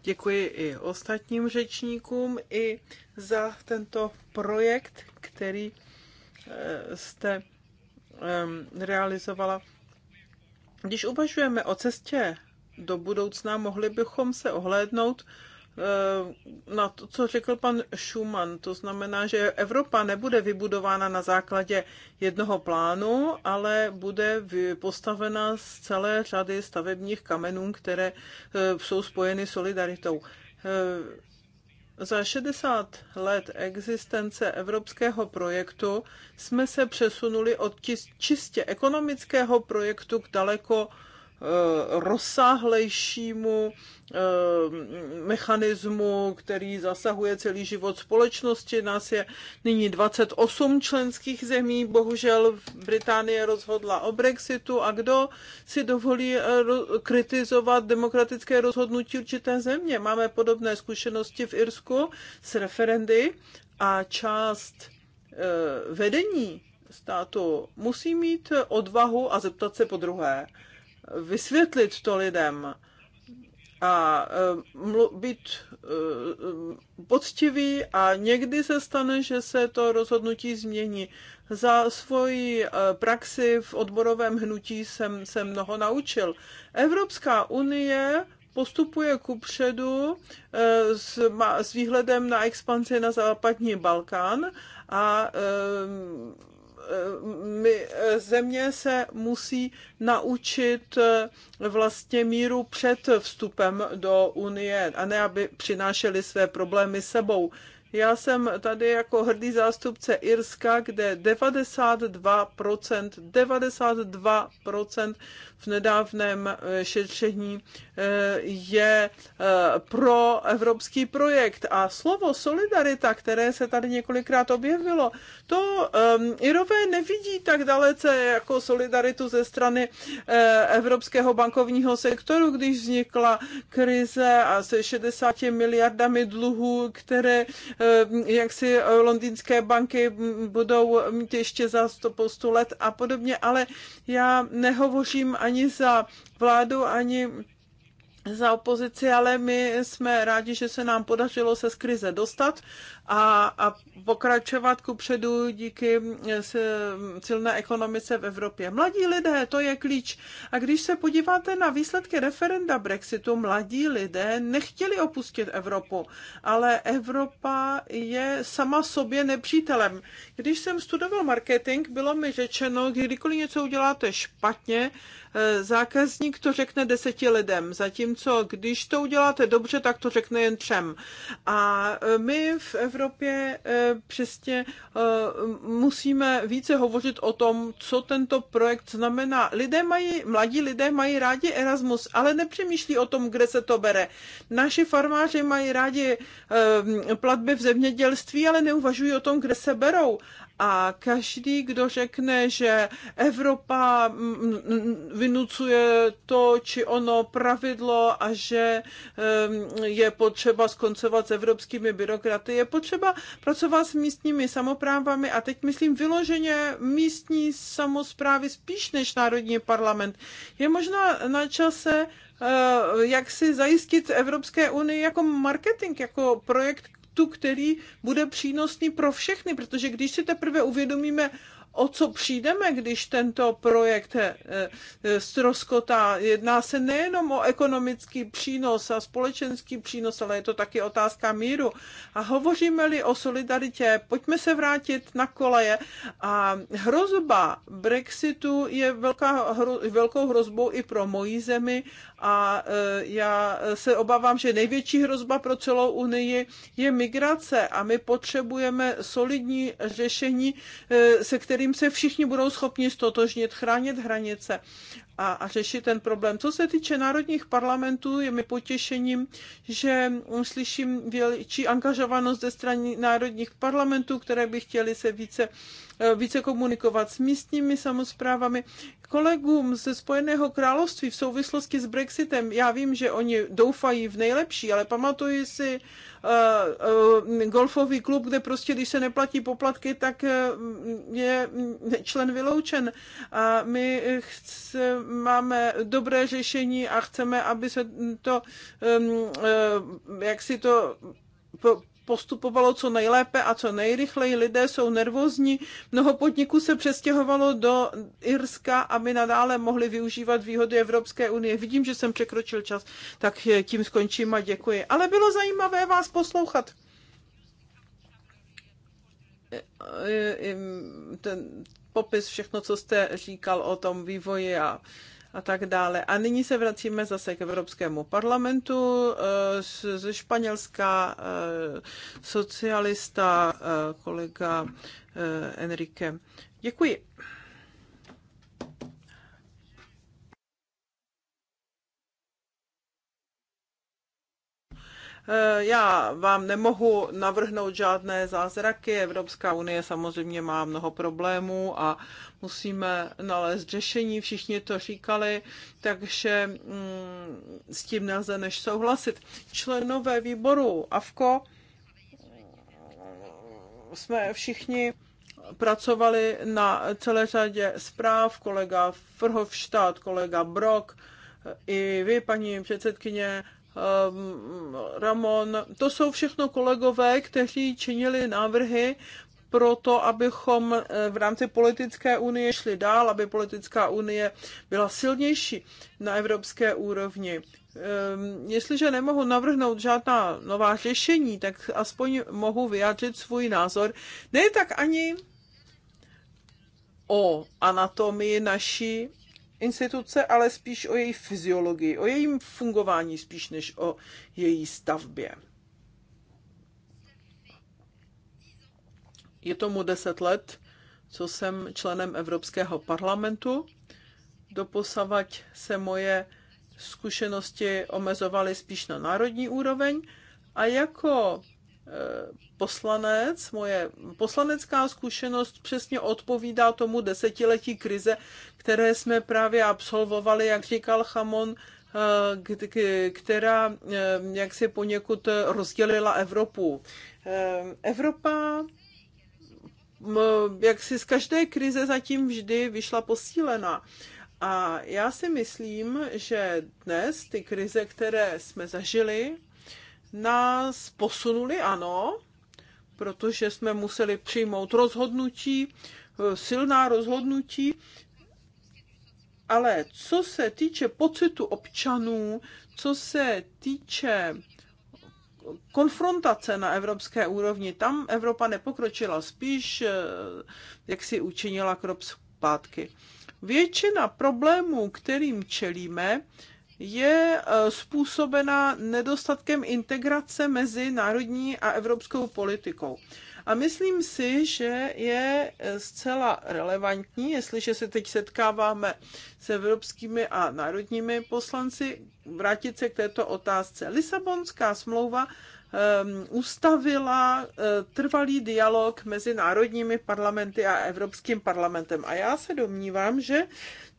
Děkuji i ostatním řečníkům, i za tento projekt, který Eh, jste realizovala. Když uvažujeme o cestě do budoucna, mohli bychom se ohlédnout eh, na to, co řekl pan Schumann. To znamená, že Evropa nebude vybudována na základě jednoho plánu, ale bude postavena z celé řady stavebních kamenů, které eh, jsou spojeny solidaritou. Za 60 let existence evropského projektu jsme se přesunuli od čistě ekonomického projektu k daleko Eh, rozsáhlejšímu eh, mechanismu, který zasahuje celý život společnosti. Nás je nyní 28 členských zemí, bohužel Británie rozhodla o Brexitu a kdo si dovolí eh, kritizovat demokratické rozhodnutí určité země. Máme podobné zkušenosti v Irsku s referendy a část vedení státu musí mít odvahu a zeptat se po druhé vysvětlit to lidem a e, být e, poctivý a někdy se stane, že se to rozhodnutí změní. Za svoji e, praxi v odborovém hnutí jsem se mnoho naučil. Evropská unie postupuje ku předu s, s výhledem na expanzi na západní Balkán a Eh, my, eh, země se musí naučit eh, vlastně míru před vstupem do Unie a ne, aby přinášeli své problémy sebou. Já jsem tady jako hrdý zástupce Irska, kde 92%, 92% v nedávném šetření je eh, pro evropský projekt. A slovo solidarita, které se tady několikrát objevilo, to ehm, Irové nevidí tak dalece jako solidaritu ze strany eh, evropského bankovního sektoru, když vznikla krize a se 60 miliardami dluhů, které ehm, jak si eh, londýnské banky budou mít ještě za 100 let a podobně, ale já nehovořím ani za vládu, ani za opozici, ale my jsme rádi, že se nám podařilo se z krize dostat a, a pokračovat ku předu díky eh, silné ekonomice v Evropě. Mladí lidé, to je klíč. A když se podíváte na výsledky referenda Brexitu, mladí lidé nechtěli opustit Evropu, ale Evropa je sama sobě nepřítelem. Když jsem studoval marketing, bylo mi řečeno, kdykoliv něco uděláte špatně, eh, zákazník to řekne deseti lidem, zatímco když to uděláte dobře, tak to řekne jen třem. A eh, my v Evropě Evropě eh, přesně eh, musíme více hovořit o tom, co tento projekt znamená. Lidé mají, mladí lidé mají rádi Erasmus, ale nepřemýšlí o tom, kde se to bere. Naši farmáři mají rádi eh, platby v zemědělství, ale neuvažují o tom, kde se berou. A každý, kdo řekne, že Evropa mm, mm, mm, vynucuje to či ono pravidlo a že je potřeba skoncovat s evropskými byrokraty, je potřeba pracovat s místními samoprávami. a teď myslím vyloženě místní samozprávy spíš než národní parlament. Je možná na čase eh, jak si zajistit Evropské unii jako marketing, jako projekt produktu, který bude přínosný pro všechny, protože když si teprve uvědomíme, o co přijdeme, když tento projekt stroskotá. Eh, eh, jedná se nejenom o ekonomický přínos a společenský přínos, ale je to taky otázka míru. A hovoříme-li o solidaritě, pojďme se vrátit na koleje. A hrozba Brexitu je velká, hro, velkou hrozbou i pro moji zemi a e, já se obávám, že největší hrozba pro celou Unii je migrace a my potřebujeme solidní řešení, e, se kterým se všichni budou schopni stotožnit, chránit hranice a, a řešit ten problém. Co se týče národních parlamentů, je mi potěšením, že slyším větší angažovanost ze strany národních parlamentů, které by chtěly se více eh, více komunikovat s místními samozprávami. Kolegům ze Spojeného království v souvislosti s Brexitem, já vím, že oni doufají v nejlepší, ale pamatuji si golfový klub, kde prostě, když se neplatí poplatky, tak e, je člen vyloučen. A my chce, máme dobré řešení a chceme, aby se to, e, e, jak si to postupovalo co nejlépe a co nejrychleji. Lidé jsou nervózní. Mnoho podniků se přestěhovalo do Irska, aby nadále mohli využívat výhody Evropské unie. Vidím, že jsem překročil čas, tak tím skončím a děkuji. Ale bylo zajímavé vás poslouchat e, e, e, ten popis, všechno, co jste říkal o tom vývoji a a tak dále. A nyní se vracíme zase k Evropskému parlamentu. Eh, ze Španělska eh, socialista eh, kolega Enrique. Děkuji. Eh, já vám nemohu navrhnout žádné zázraky. Evropská unie samozřejmě má mnoho problémů a musíme nalézt řešení. Všichni to říkali, takže mm, s tím nelze než souhlasit. Členové výboru AFKO mm, jsme všichni pracovali na celé řadě zpráv, kolega Frhovštát, kolega Brok, i vy, paní předsedkyně, Ehm, Ramon, to jsou všechno kolegové, kteří činili návrhy pro to, abychom eh, v rámci politické unie šli dál, aby politická unie byla silnější na evropské úrovni. Ehm, jestliže nemohu navrhnout žádná nová řešení, tak aspoň mohu vyjádřit svůj názor. Ne tak ani o anatomii naší instituce, ale spíš o její fyziologii, o jejím fungování spíš než o její stavbě. Je tomu deset let, co jsem členem Evropského parlamentu. Doposavať se moje zkušenosti omezovaly spíš na národní úroveň a jako poslanec, moje poslanecká zkušenost přesně odpovídá tomu desetiletí krize, které jsme právě absolvovali, jak říkal Chamon, eh, která eh, jak se poněkud rozdělila Evropu. Eh, Evropa jak si z každé krize zatím vždy vyšla posílena. A já si myslím, že dnes ty krize, které jsme zažili, nás posunuli, ano, protože jsme museli přijmout rozhodnutí, eh, silná rozhodnutí, ale co se týče pocitu občanů, co se týče konfrontace na evropské úrovni, tam Evropa nepokročila, spíš eh, jak si učinila krop zpátky. Většina problémů, kterým čelíme, je eh, způsobena nedostatkem integrace mezi národní a evropskou politikou. A myslím si, že je eh, zcela relevantní, jestliže se teď setkáváme s evropskými a národními poslanci, vrátit se k této otázce. Lisabonská smlouva um, ustavila uh, trvalý dialog mezi národními parlamenty a Evropským parlamentem. A já se domnívám, že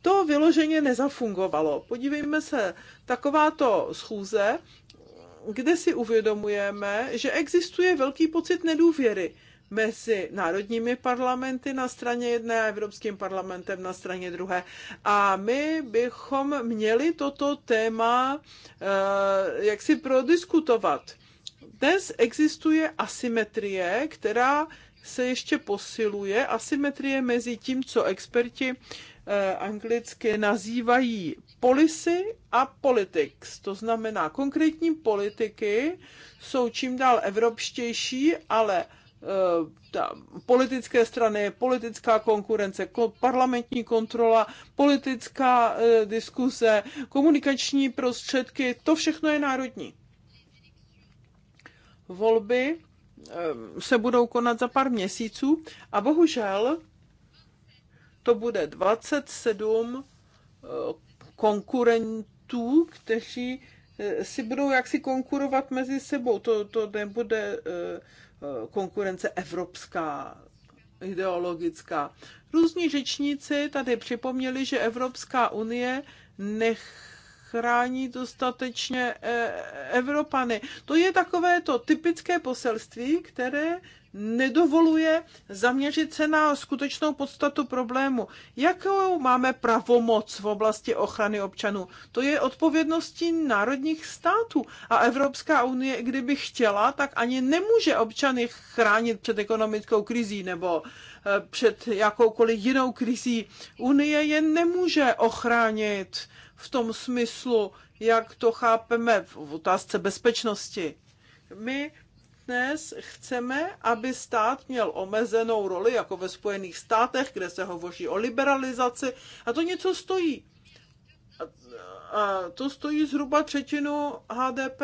to vyloženě nezafungovalo. Podívejme se, takováto schůze, kde si uvědomujeme, že existuje velký pocit nedůvěry mezi národními parlamenty na straně jedné a Evropským parlamentem na straně druhé. A my bychom měli toto téma eh, jak si prodiskutovat. Dnes existuje asymetrie, která se ještě posiluje, asymetrie mezi tím, co experti Eh, anglicky nazývají policy a politics. To znamená, konkrétní politiky jsou čím dál evropštější, ale eh, ta politické strany, politická konkurence, parlamentní kontrola, politická eh, diskuse, komunikační prostředky, to všechno je národní. Volby se budou konat za pár měsíců a bohužel to bude 27 eh, konkurentů, kteří eh, si budou jaksi konkurovat mezi sebou. To, to nebude eh, konkurence evropská, ideologická. Různí řečníci tady připomněli, že Evropská unie nechrání dostatečně Evropany. To je takové to typické poselství, které nedovoluje zaměřit se na skutečnou podstatu problému. Jakou máme pravomoc v oblasti ochrany občanů? To je odpovědností národních států. A Evropská unie, kdyby chtěla, tak ani nemůže občany chránit před ekonomickou krizí nebo eh, před jakoukoliv jinou krizí. Unie je nemůže ochránit v tom smyslu, jak to chápeme v otázce bezpečnosti. My dnes chceme, aby stát měl omezenou roli, jako ve Spojených státech, kde se hovoří o liberalizaci, a to něco stojí. A to stojí zhruba třetinu HDP.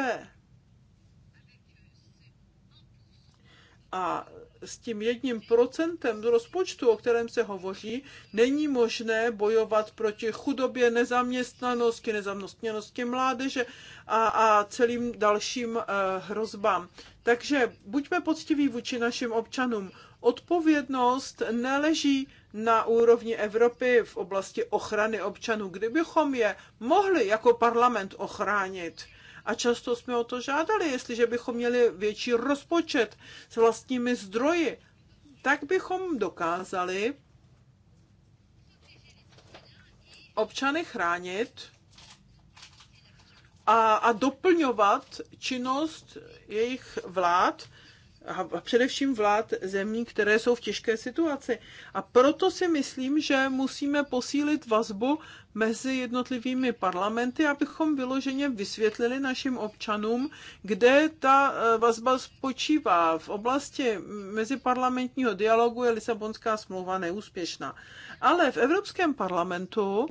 A s tím jedním procentem rozpočtu, o kterém se hovoří, není možné bojovat proti chudobě, nezaměstnanosti, nezaměstnanosti mládeže a, a celým dalším eh, hrozbám. Takže buďme poctiví vůči našim občanům. Odpovědnost neleží na úrovni Evropy v oblasti ochrany občanů. Kdybychom je mohli jako parlament ochránit, a často jsme o to žádali, jestliže bychom měli větší rozpočet s vlastními zdroji, tak bychom dokázali občany chránit a, a doplňovat činnost jejich vlád a především vlád zemí, které jsou v těžké situaci. A proto si myslím, že musíme posílit vazbu mezi jednotlivými parlamenty, abychom vyloženě vysvětlili našim občanům, kde ta e, vazba spočívá. V oblasti meziparlamentního dialogu je Lisabonská smlouva neúspěšná. Ale v Evropském parlamentu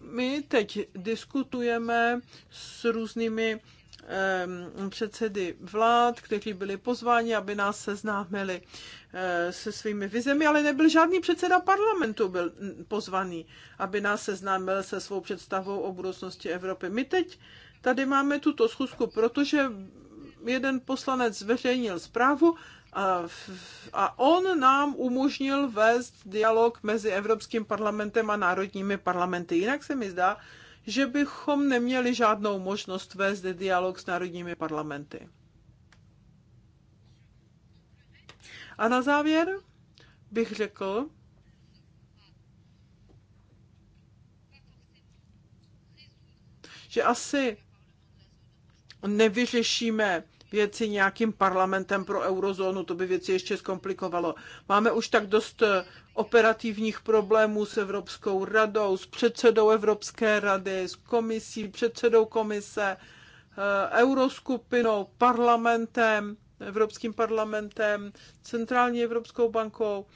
my teď diskutujeme s různými předsedy vlád, kteří byli pozváni, aby nás seznámili eh, se svými vizemi, ale nebyl žádný předseda parlamentu byl pozvaný, aby nás seznámil se svou představou o budoucnosti Evropy. My teď tady máme tuto schůzku, protože jeden poslanec zveřejnil zprávu a, a on nám umožnil vést dialog mezi Evropským parlamentem a národními parlamenty. Jinak se mi zdá, že bychom neměli žádnou možnost vést dialog s národními parlamenty. A na závěr bych řekl, že asi nevyřešíme věci nějakým parlamentem pro eurozónu, to by věci ještě zkomplikovalo. Máme už tak dost operativních problémů s Evropskou radou, s předsedou Evropské rady, s komisí, předsedou komise, eh, euroskupinou, parlamentem, Evropským parlamentem, Centrální Evropskou bankou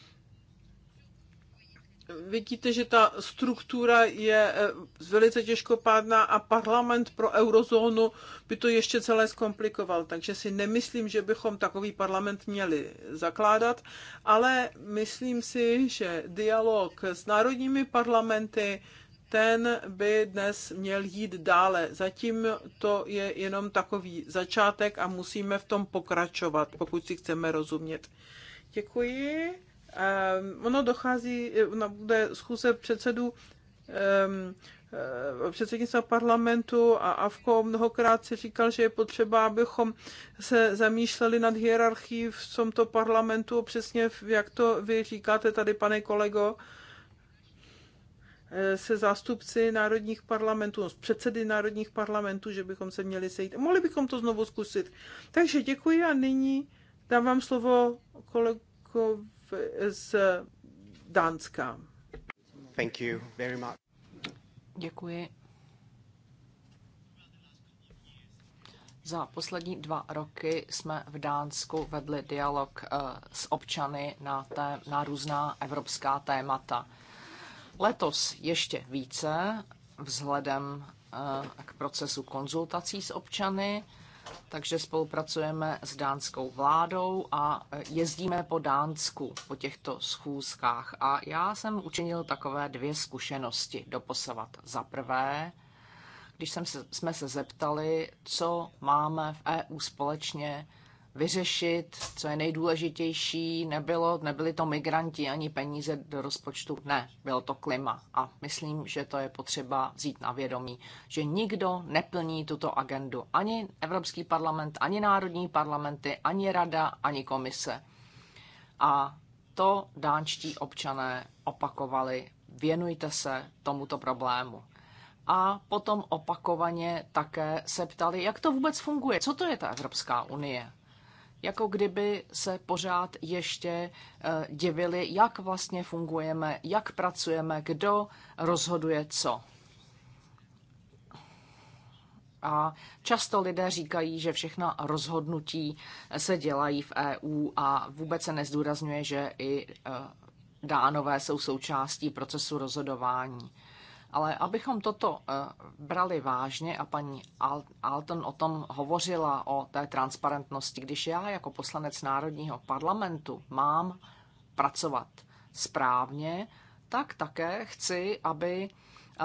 vidíte, že ta struktura je eh, velice těžkopádná a parlament pro eurozónu by to ještě celé zkomplikoval. Takže si nemyslím, že bychom takový parlament měli zakládat, ale myslím si, že dialog s národními parlamenty, ten by dnes měl jít dále. Zatím to je jenom takový začátek a musíme v tom pokračovat, pokud si chceme rozumět. Děkuji. Ehm, ono dochází, ono eh, bude schůze předsedu ehm, eh, předsednictva parlamentu a AVKO mnohokrát si říkal, že je potřeba, abychom se zamýšleli nad hierarchií v tomto parlamentu, přesně jak to vy říkáte tady, pane kolego, eh, se zástupci národních parlamentů, s předsedy národních parlamentů, že bychom se měli sejít. Mohli bychom to znovu zkusit. Takže děkuji a nyní dávám slovo kolegovi z Dánska. Thank you very much. Děkuji. Za poslední dva roky jsme v Dánsku vedli dialog eh, s občany na, té, na různá evropská témata. Letos ještě více vzhledem eh, k procesu konzultací s občany takže spolupracujeme s dánskou vládou a jezdíme po Dánsku po těchto schůzkách. A já jsem učinil takové dvě zkušenosti doposavat. Za prvé, když jsem se, jsme se zeptali, co máme v EU společně vyřešit, co je nejdůležitější. Nebylo, nebyli to migranti ani peníze do rozpočtu, ne, bylo to klima. A myslím, že to je potřeba vzít na vědomí, že nikdo neplní tuto agendu. Ani Evropský parlament, ani národní parlamenty, ani rada, ani komise. A to dánčtí občané opakovali, věnujte se tomuto problému a potom opakovaně také se ptali, jak to vůbec funguje, co to je ta Evropská unie jako kdyby se pořád ještě eh, divili, jak vlastně fungujeme, jak pracujeme, kdo rozhoduje co. A často lidé říkají, že všechna rozhodnutí se dělají v EU a vůbec se nezdůrazňuje, že i eh, dánové jsou součástí procesu rozhodování. Ale abychom toto eh, brali vážně, a paní Alton o tom hovořila, o té transparentnosti, když já jako poslanec Národního parlamentu mám pracovat správně, tak také chci, aby eh,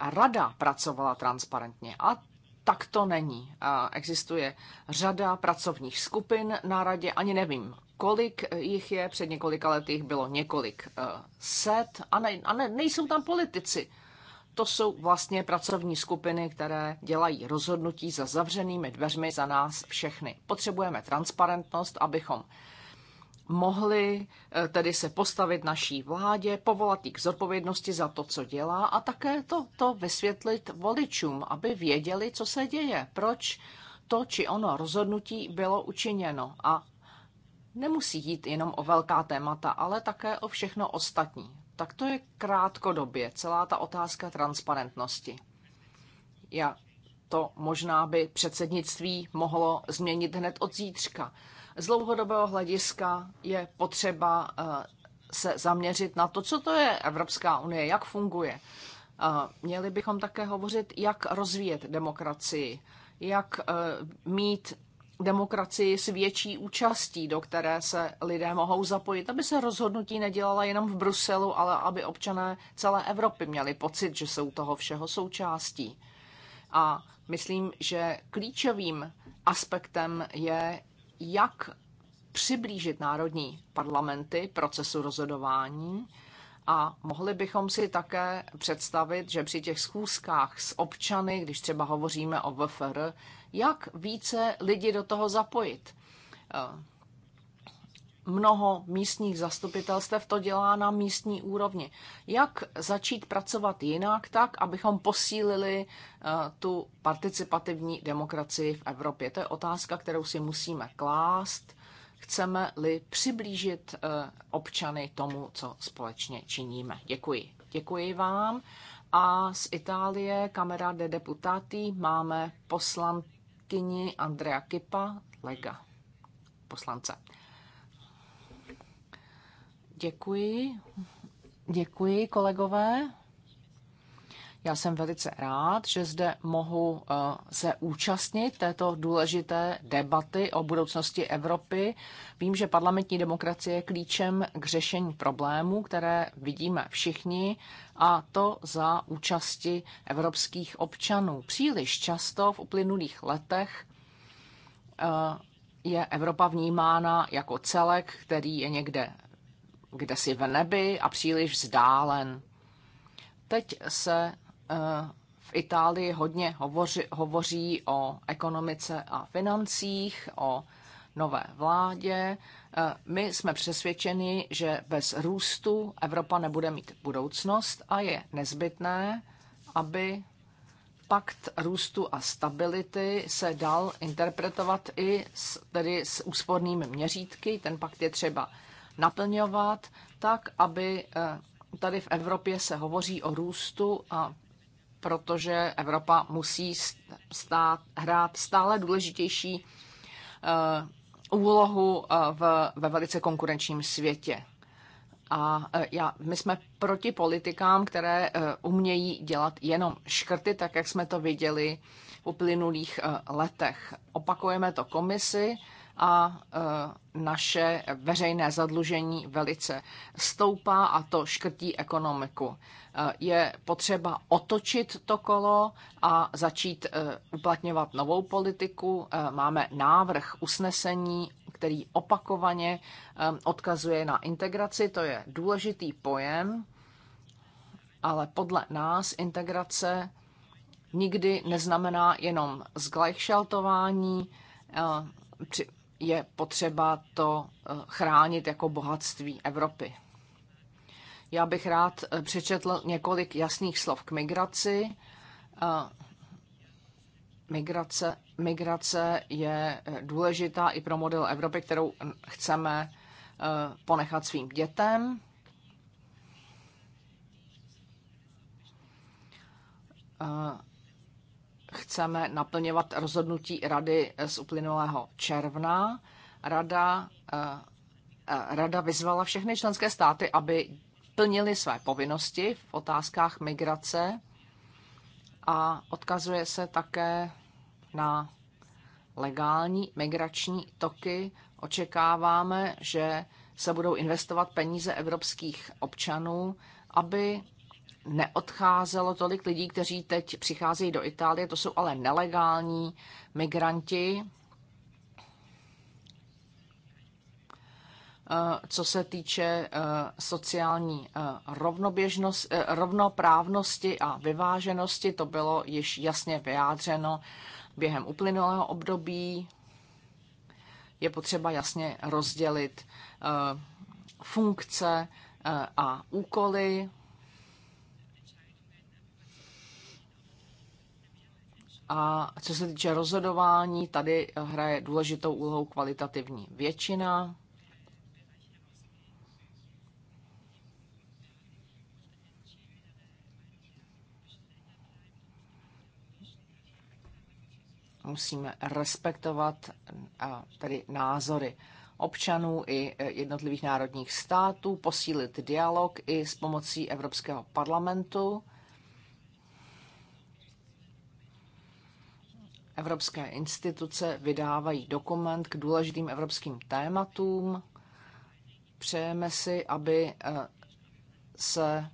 rada pracovala transparentně. A tak to není. Eh, existuje řada pracovních skupin na radě, ani nevím, kolik jich je, před několika lety jich bylo několik eh, set a, ne, a ne, nejsou tam politici. To jsou vlastně pracovní skupiny, které dělají rozhodnutí za zavřenými dveřmi za nás všechny. Potřebujeme transparentnost, abychom mohli eh, tedy se postavit naší vládě, povolat jí k zodpovědnosti za to, co dělá a také to, to vysvětlit voličům, aby věděli, co se děje, proč to či ono rozhodnutí bylo učiněno a nemusí jít jenom o velká témata, ale také o všechno ostatní. Tak to je krátkodobě celá ta otázka transparentnosti. Já to možná by předsednictví mohlo změnit hned od zítřka. Z dlouhodobého hlediska je potřeba eh, se zaměřit na to, co to je Evropská unie, jak funguje. Eh, měli bychom také hovořit, jak rozvíjet demokracii, jak eh, mít demokracii s větší účastí, do které se lidé mohou zapojit, aby se rozhodnutí nedělala jenom v Bruselu, ale aby občané celé Evropy měli pocit, že jsou toho všeho součástí. A myslím, že klíčovým aspektem je, jak přiblížit národní parlamenty procesu rozhodování a mohli bychom si také představit, že při těch schůzkách s občany, když třeba hovoříme o VFR, jak více lidi do toho zapojit. Eh, mnoho místních zastupitelstev to dělá na místní úrovni. Jak začít pracovat jinak tak, abychom posílili eh, tu participativní demokracii v Evropě? To je otázka, kterou si musíme klást chceme-li přiblížit eh, občany tomu, co společně činíme. Děkuji. Děkuji vám. A z Itálie, kamera de deputati, máme poslan, poslankyni Andrea Kipa Lega, poslance. Děkuji. Děkuji, kolegové. Já jsem velice rád, že zde mohu eh, se účastnit této důležité debaty o budoucnosti Evropy. Vím, že parlamentní demokracie je klíčem k řešení problémů, které vidíme všichni, a to za účasti evropských občanů. Příliš často v uplynulých letech eh, je Evropa vnímána jako celek, který je někde kde si v nebi a příliš vzdálen. Teď se Eh, v Itálii hodně hovoři, hovoří o ekonomice a financích, o nové vládě. Eh, my jsme přesvědčeni, že bez růstu Evropa nebude mít budoucnost a je nezbytné, aby pakt růstu a stability se dal interpretovat i s, tedy s úspornými měřítky. Ten pakt je třeba naplňovat tak, aby eh, tady v Evropě se hovoří o růstu a protože Evropa musí stát, hrát stále důležitější eh, úlohu eh, v, ve velice konkurenčním světě. A eh, já, my jsme proti politikám, které umějí dělat jenom škrty, tak jak jsme to viděli v uplynulých letech. Opakujeme to komisi, a e, naše veřejné zadlužení velice stoupá a to škrtí ekonomiku. E, je potřeba otočit to kolo a začít e, uplatňovat novou politiku. Máme návrh usnesení, který opakovaně odkazuje na integraci. To je důležitý pojem, ale podle nás integrace nikdy neznamená jenom zglajšaltování, je potřeba to eh, chránit jako bohatství Evropy. Já bych rád eh, přečetl několik jasných slov k migraci. Eh, migrace, migrace je důležitá i pro model Evropy, kterou chceme ponechat svým dětem chceme naplňovat rozhodnutí rady z uplynulého června. Rada, eh, rada vyzvala všechny členské státy, aby plnili své povinnosti v otázkách migrace a odkazuje se také na legální migrační toky. Očekáváme, že se budou investovat peníze evropských občanů, aby neodcházelo tolik lidí, kteří teď přicházejí do Itálie. To jsou ale nelegální migranti. Eh, co se týče eh, sociální eh, rovnoprávnosti a vyváženosti, to bylo již jasně vyjádřeno během uplynulého období. Je potřeba jasně rozdělit funkce a úkoly A co se týče rozhodování, tady hraje důležitou úlohou kvalitativní většina. Musíme respektovat tedy názory občanů i e, jednotlivých národních států, posílit dialog i s pomocí Evropského parlamentu. Evropské instituce vydávají dokument k důležitým evropským tématům. Přejeme si, aby eh, se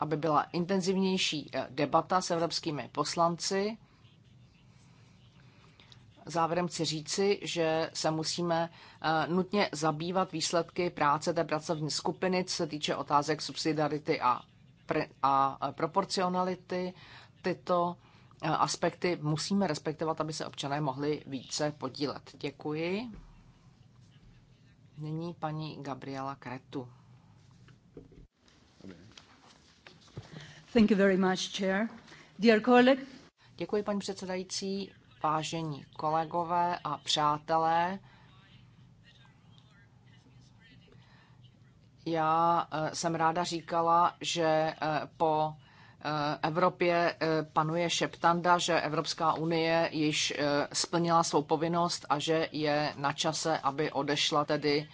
aby byla intenzivnější eh, debata s evropskými poslanci. Závěrem chci říci, že se musíme eh, nutně zabývat výsledky práce té pracovní skupiny, co se týče otázek subsidiarity a, a proporcionality. Tyto Eh, aspekty musíme respektovat, aby se občané mohli více podílet. Děkuji. Nyní paní Gabriela Kretu. Thank you very much, Chair. Dear colleague. Děkuji, paní předsedající, vážení kolegové a přátelé. Já eh, jsem ráda říkala, že eh, po Eh, Evropě eh, panuje šeptanda, že Evropská unie již eh, splnila svou povinnost a že je na čase, aby odešla tedy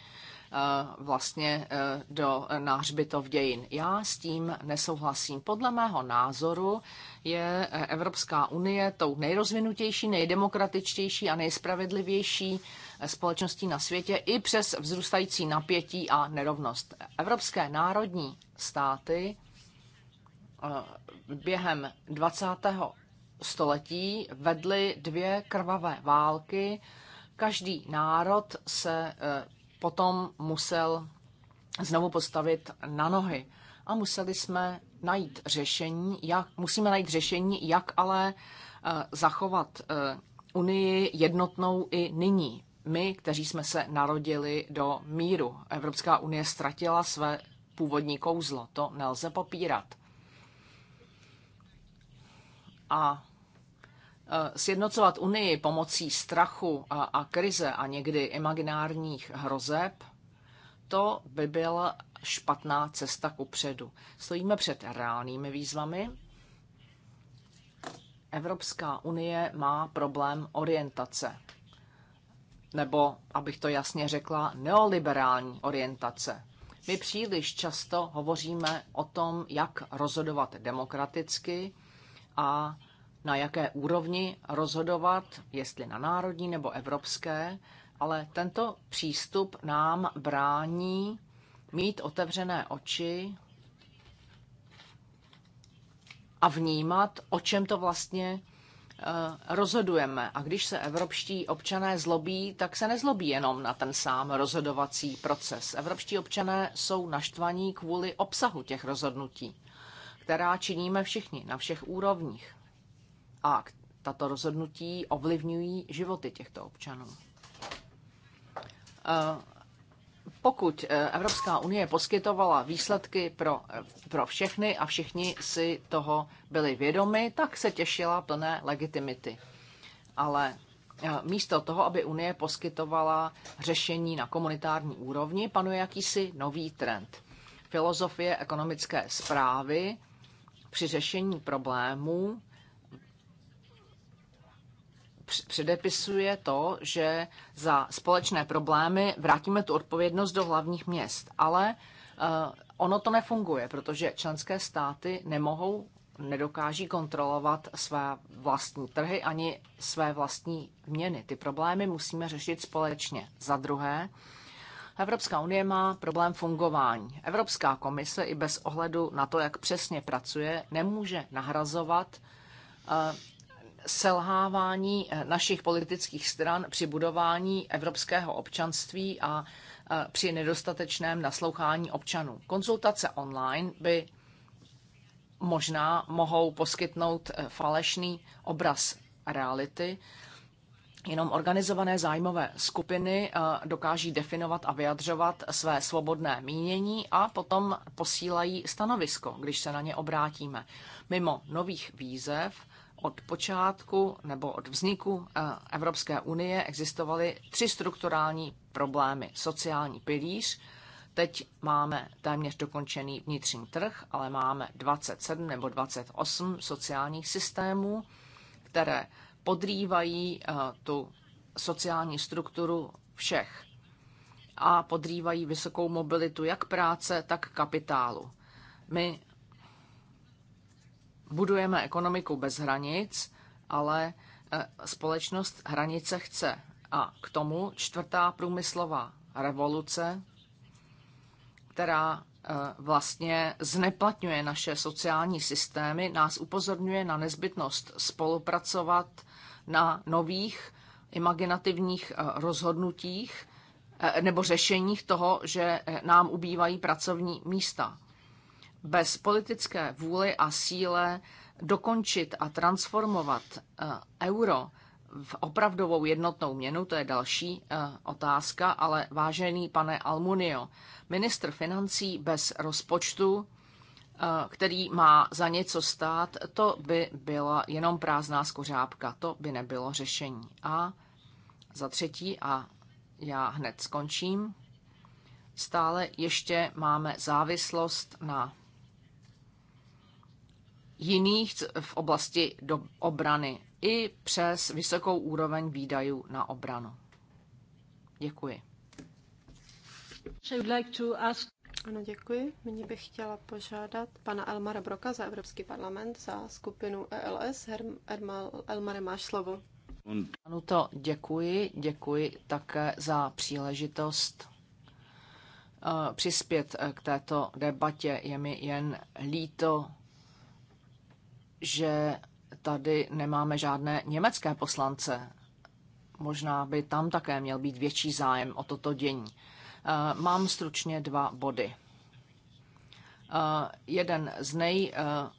vlastně do nářbitov dějin. Já s tím nesouhlasím. Podle mého názoru je Evropská unie tou nejrozvinutější, nejdemokratičtější a nejspravedlivější společností na světě i přes vzrůstající napětí a nerovnost. Evropské národní státy během 20. století vedly dvě krvavé války. Každý národ se e, potom musel znovu postavit na nohy a museli jsme najít řešení, jak, musíme najít řešení, jak ale e, zachovat e, Unii jednotnou i nyní. My, kteří jsme se narodili do míru, Evropská unie ztratila své původní kouzlo, to nelze popírat a e, sjednocovat Unii pomocí strachu a, a krize a někdy imaginárních hrozeb, to by byla špatná cesta ku předu. Stojíme před reálnými výzvami. Evropská unie má problém orientace, nebo, abych to jasně řekla, neoliberální orientace. My příliš často hovoříme o tom, jak rozhodovat demokraticky, a na jaké úrovni rozhodovat, jestli na národní nebo evropské, ale tento přístup nám brání mít otevřené oči a vnímat, o čem to vlastně eh, rozhodujeme. A když se evropští občané zlobí, tak se nezlobí jenom na ten sám rozhodovací proces. Evropští občané jsou naštvaní kvůli obsahu těch rozhodnutí která činíme všichni na všech úrovních. A tato rozhodnutí ovlivňují životy těchto občanů. Eh, pokud eh, Evropská unie poskytovala výsledky pro, eh, pro všechny a všichni si toho byli vědomi, tak se těšila plné legitimity. Ale místo toho, aby Unie poskytovala řešení na komunitární úrovni, panuje jakýsi nový trend. Filozofie ekonomické zprávy při řešení problémů předepisuje to, že za společné problémy vrátíme tu odpovědnost do hlavních měst. Ale eh, ono to nefunguje, protože členské státy nemohou, nedokáží kontrolovat své vlastní trhy ani své vlastní měny. Ty problémy musíme řešit společně. Za druhé, Evropská unie má problém fungování. Evropská komise i bez ohledu na to, jak přesně pracuje, nemůže nahrazovat eh, selhávání eh, našich politických stran při budování evropského občanství a eh, při nedostatečném naslouchání občanů. Konzultace online by možná mohou poskytnout falešný obraz reality, Jenom organizované zájmové skupiny eh, dokáží definovat a vyjadřovat své svobodné mínění a potom posílají stanovisko, když se na ně obrátíme. Mimo nových výzev od počátku nebo od vzniku eh, Evropské unie existovaly tři strukturální problémy. Sociální pilíř, teď máme téměř dokončený vnitřní trh, ale máme 27 nebo 28 sociálních systémů, které podrývají eh, tu sociální strukturu všech a podrývají vysokou mobilitu jak práce, tak kapitálu. My budujeme ekonomiku bez hranic, ale eh, společnost hranice chce. A k tomu čtvrtá průmyslová revoluce, která eh, vlastně zneplatňuje naše sociální systémy, nás upozorňuje na nezbytnost spolupracovat na nových imaginativních eh, rozhodnutích eh, nebo řešeních toho, že eh, nám ubývají pracovní místa. Bez politické vůli a síle dokončit a transformovat euro v opravdovou jednotnou měnu, to je další otázka, ale vážený pane Almunio, ministr financí bez rozpočtu který má za něco stát, to by byla jenom prázdná skořápka, to by nebylo řešení. A za třetí, a já hned skončím, stále ještě máme závislost na jiných v oblasti do obrany i přes vysokou úroveň výdajů na obranu. Děkuji. Ano, děkuji. Nyní bych chtěla požádat pana Elmara Broka za Evropský parlament, za skupinu ELS. Herm, Elmare, máš slovo. Ano, to děkuji. Děkuji také za příležitost eh, přispět eh, k této debatě. Je mi jen líto, že tady nemáme žádné německé poslance. Možná by tam také měl být větší zájem o toto dění. Eh, mám stručně dva body. Eh, jeden z nej eh,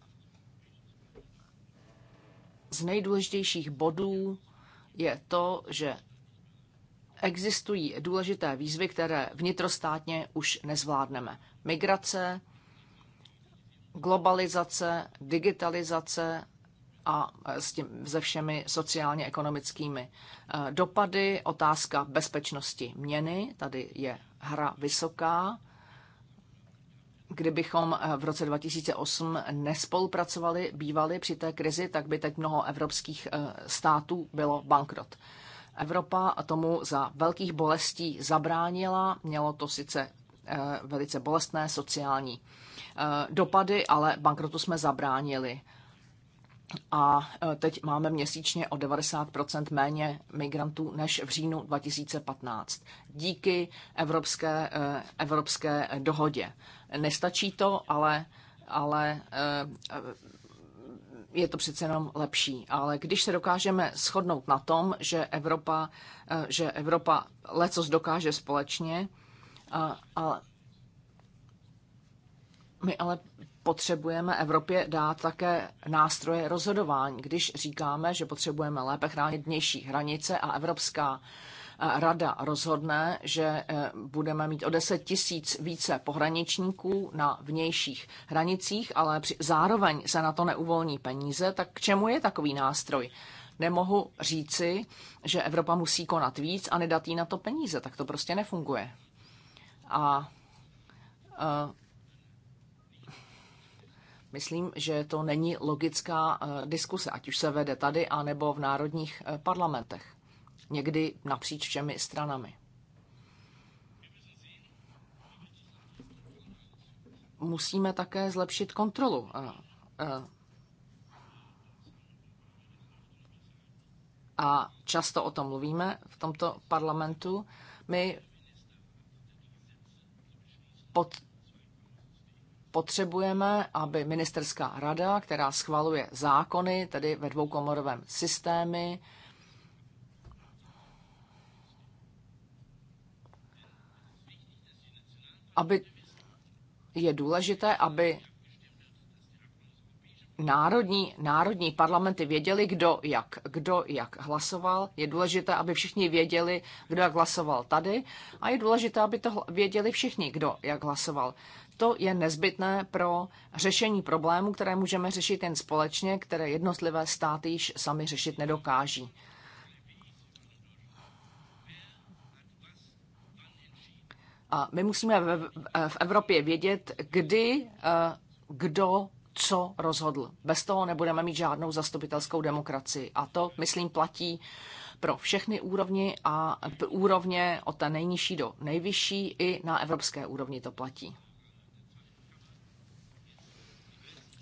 z nejdůležitějších bodů je to, že existují důležité výzvy, které vnitrostátně už nezvládneme. Migrace, globalizace, digitalizace a s tím, se všemi sociálně-ekonomickými dopady, otázka bezpečnosti měny, tady je hra vysoká. Kdybychom eh, v roce 2008 nespolupracovali, bývali při té krizi, tak by teď mnoho evropských eh, států bylo bankrot. Evropa tomu za velkých bolestí zabránila, mělo to sice eh, velice bolestné sociální dopady, ale bankrotu jsme zabránili a e, teď máme měsíčně o 90 méně migrantů než v říjnu 2015. Díky evropské, e, evropské dohodě. Nestačí to, ale, ale e, je to přece jenom lepší. Ale když se dokážeme shodnout na tom, že Evropa, že Evropa lecos dokáže společně, ale my ale potřebujeme Evropě dát také nástroje rozhodování. Když říkáme, že potřebujeme lépe chránit vnější hranice a Evropská eh, rada rozhodne, že eh, budeme mít o 10 tisíc více pohraničníků na vnějších hranicích, ale při, zároveň se na to neuvolní peníze, tak k čemu je takový nástroj? Nemohu říci, že Evropa musí konat víc a nedat jí na to peníze, tak to prostě nefunguje. A, a eh, Myslím, že to není logická eh, diskuse, ať už se vede tady, anebo v národních eh, parlamentech. Někdy napříč všemi stranami. Musíme také zlepšit kontrolu. Eh, A často o tom mluvíme v tomto parlamentu. My pod, potřebujeme, aby ministerská rada, která schvaluje zákony, tedy ve dvoukomorovém systému, aby je důležité, aby národní, národní parlamenty věděli, kdo jak, kdo jak hlasoval. Je důležité, aby všichni věděli, kdo jak hlasoval tady. A je důležité, aby to věděli všichni, kdo jak hlasoval. To je nezbytné pro řešení problémů, které můžeme řešit jen společně, které jednotlivé státy již sami řešit nedokáží. A my musíme v Evropě vědět, kdy eh, kdo co rozhodl. Bez toho nebudeme mít žádnou zastupitelskou demokracii. A to, myslím, platí pro všechny úrovni a úrovně od té nejnižší do nejvyšší i na evropské úrovni to platí.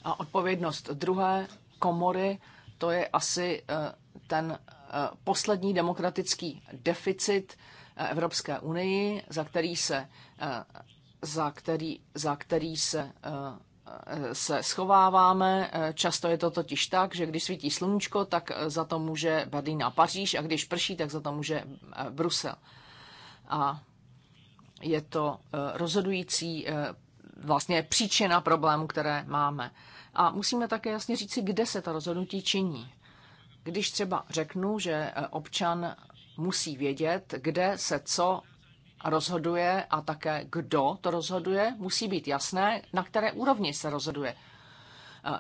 A odpovědnost druhé komory, to je asi eh, ten eh, poslední demokratický deficit eh, Evropské unii, za který se, za který, za který se se schováváme. Často je to totiž tak, že když svítí sluníčko, tak za to může Berlín a Paříž a když prší, tak za to může Brusel. A je to rozhodující vlastně příčina problému, které máme. A musíme také jasně říci, kde se ta rozhodnutí činí. Když třeba řeknu, že e, občan musí vědět, kde se co rozhoduje a také kdo to rozhoduje, musí být jasné, na které úrovni se rozhoduje. E,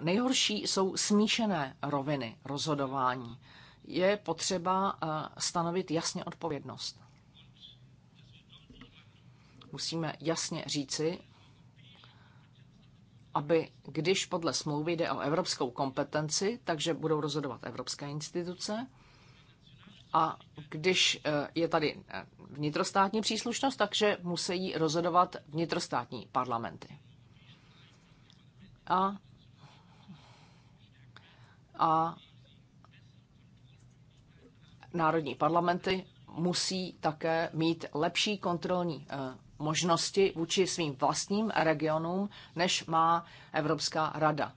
nejhorší jsou smíšené roviny rozhodování. Je potřeba e, stanovit jasně odpovědnost. Musíme jasně říci, aby když podle smlouvy jde o evropskou kompetenci, takže budou rozhodovat evropské instituce, a když eh, je tady eh, vnitrostátní příslušnost, takže musí rozhodovat vnitrostátní parlamenty. A, a národní parlamenty musí také mít lepší kontrolní eh, možnosti vůči svým vlastním regionům, než má Evropská rada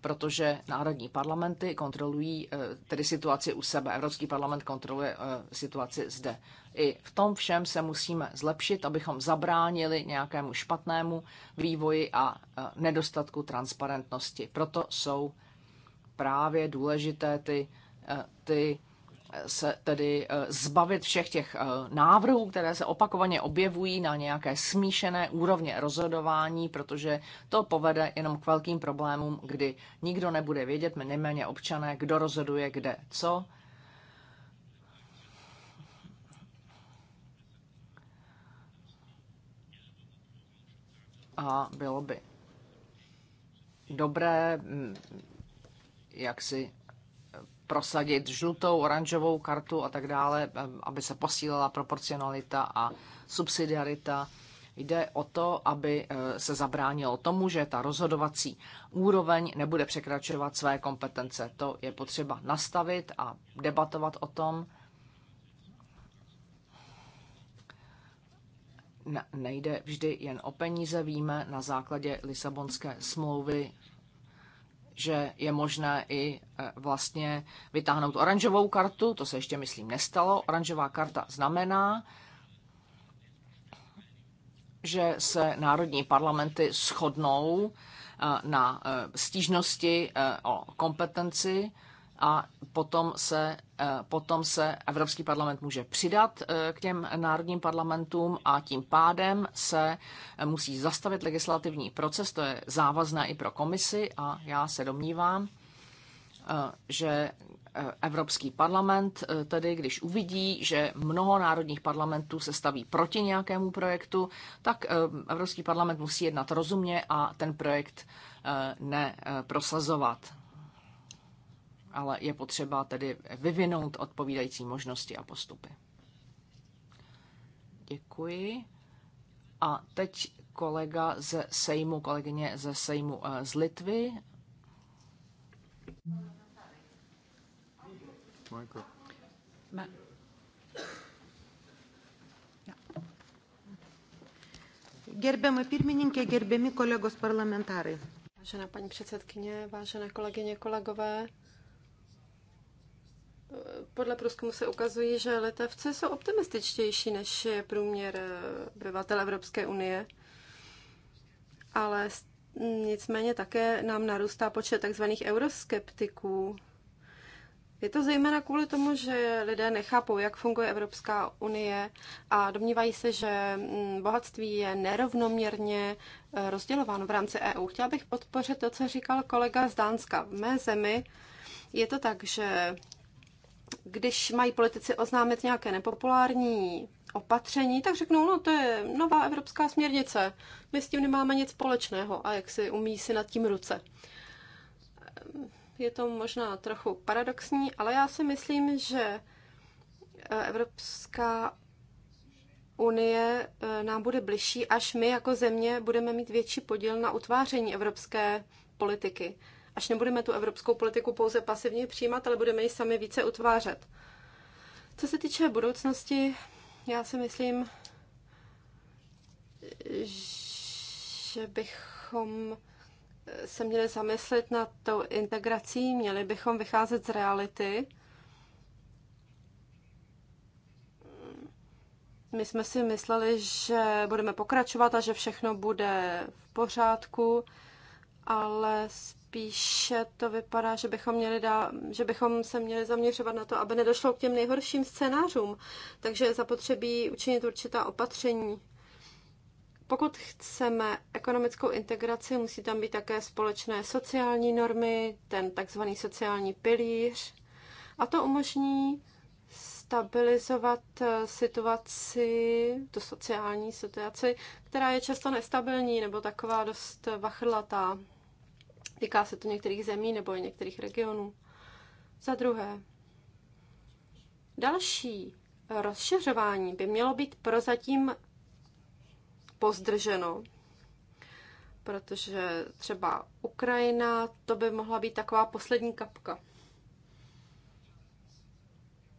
protože národní parlamenty kontrolují eh, tedy situaci u sebe. Evropský parlament kontroluje eh, situaci zde. I v tom všem se musíme zlepšit, abychom zabránili nějakému špatnému vývoji a eh, nedostatku transparentnosti. Proto jsou právě důležité ty, ty se tedy eh, zbavit všech těch eh, návrhů, které se opakovaně objevují na nějaké smíšené úrovně rozhodování, protože to povede jenom k velkým problémům, kdy nikdo nebude vědět, nejméně občané, kdo rozhoduje, kde, co. A bylo by dobré, mm, jak si prosadit žlutou, oranžovou kartu a tak dále, eh, aby se posílila proporcionalita a subsidiarita. Jde o to, aby eh, se zabránilo tomu, že ta rozhodovací úroveň nebude překračovat své kompetence. To je potřeba nastavit a debatovat o tom. Nejde vždy jen o peníze, víme na základě Lisabonské smlouvy že je možné i e, vlastně vytáhnout oranžovou kartu, to se ještě, myslím, nestalo. Oranžová karta znamená, že se národní parlamenty shodnou e, na e, stížnosti o kompetenci a potom se, eh, potom se Evropský parlament může přidat eh, k těm národním parlamentům a tím pádem se eh, musí zastavit legislativní proces, to je závazné i pro komisi a já se domnívám, že Evropský parlament, tedy když uvidí, že mnoho národních parlamentů se staví proti nějakému projektu, tak Evropský parlament musí jednat rozumně a ten projekt neprosazovat ale je potřeba tedy vyvinout odpovídající možnosti a postupy. Děkuji. A teď kolega ze Sejmu, kolegyně ze Sejmu eh, z Litvy. Michael. Ma- Gerbiamai pirmininkė, gerbiami kolegos parlamentarai. Vážená paní předsedkyně, vážené kolegyně, kolegové, podle průzkumu se ukazují, že letavci jsou optimističtější než je průměr obyvatel Evropské unie, ale nicméně také nám narůstá počet tzv. euroskeptiků. Je to zejména kvůli tomu, že lidé nechápou, jak funguje Evropská unie a domnívají se, že mm, bohatství je nerovnoměrně eh, rozdělováno v rámci EU. Chtěla bych podpořit to, co říkal kolega z Dánska. V mé zemi je to tak, že když mají politici oznámit nějaké nepopulární opatření, tak řeknou, no to je nová evropská směrnice, my s tím nemáme nic společného a jak si umí si nad tím ruce. Je to možná trochu paradoxní, ale já si myslím, že eh, Evropská unie eh, nám bude bližší, až my jako země budeme mít větší podíl na utváření evropské politiky až nebudeme tu evropskou politiku pouze pasivně přijímat, ale budeme ji sami více utvářet. Co se týče budoucnosti, já si myslím, že bychom se měli zamyslet nad tou integrací, měli bychom vycházet z reality. My jsme si mysleli, že budeme pokračovat a že všechno bude v pořádku, ale z spíše to vypadá, že bychom, měli dá, že bychom se měli zaměřovat na to, aby nedošlo k těm nejhorším scénářům. Takže je zapotřebí učinit určitá opatření. Pokud chceme ekonomickou integraci, musí tam být také společné sociální normy, ten takzvaný sociální pilíř. A to umožní stabilizovat eh, situaci, tu sociální situaci, která je často nestabilní nebo taková dost vachlatá. Týká se to některých zemí nebo některých regionů. Za druhé, další rozšiřování by mělo být prozatím pozdrženo, protože třeba Ukrajina, to by mohla být taková poslední kapka.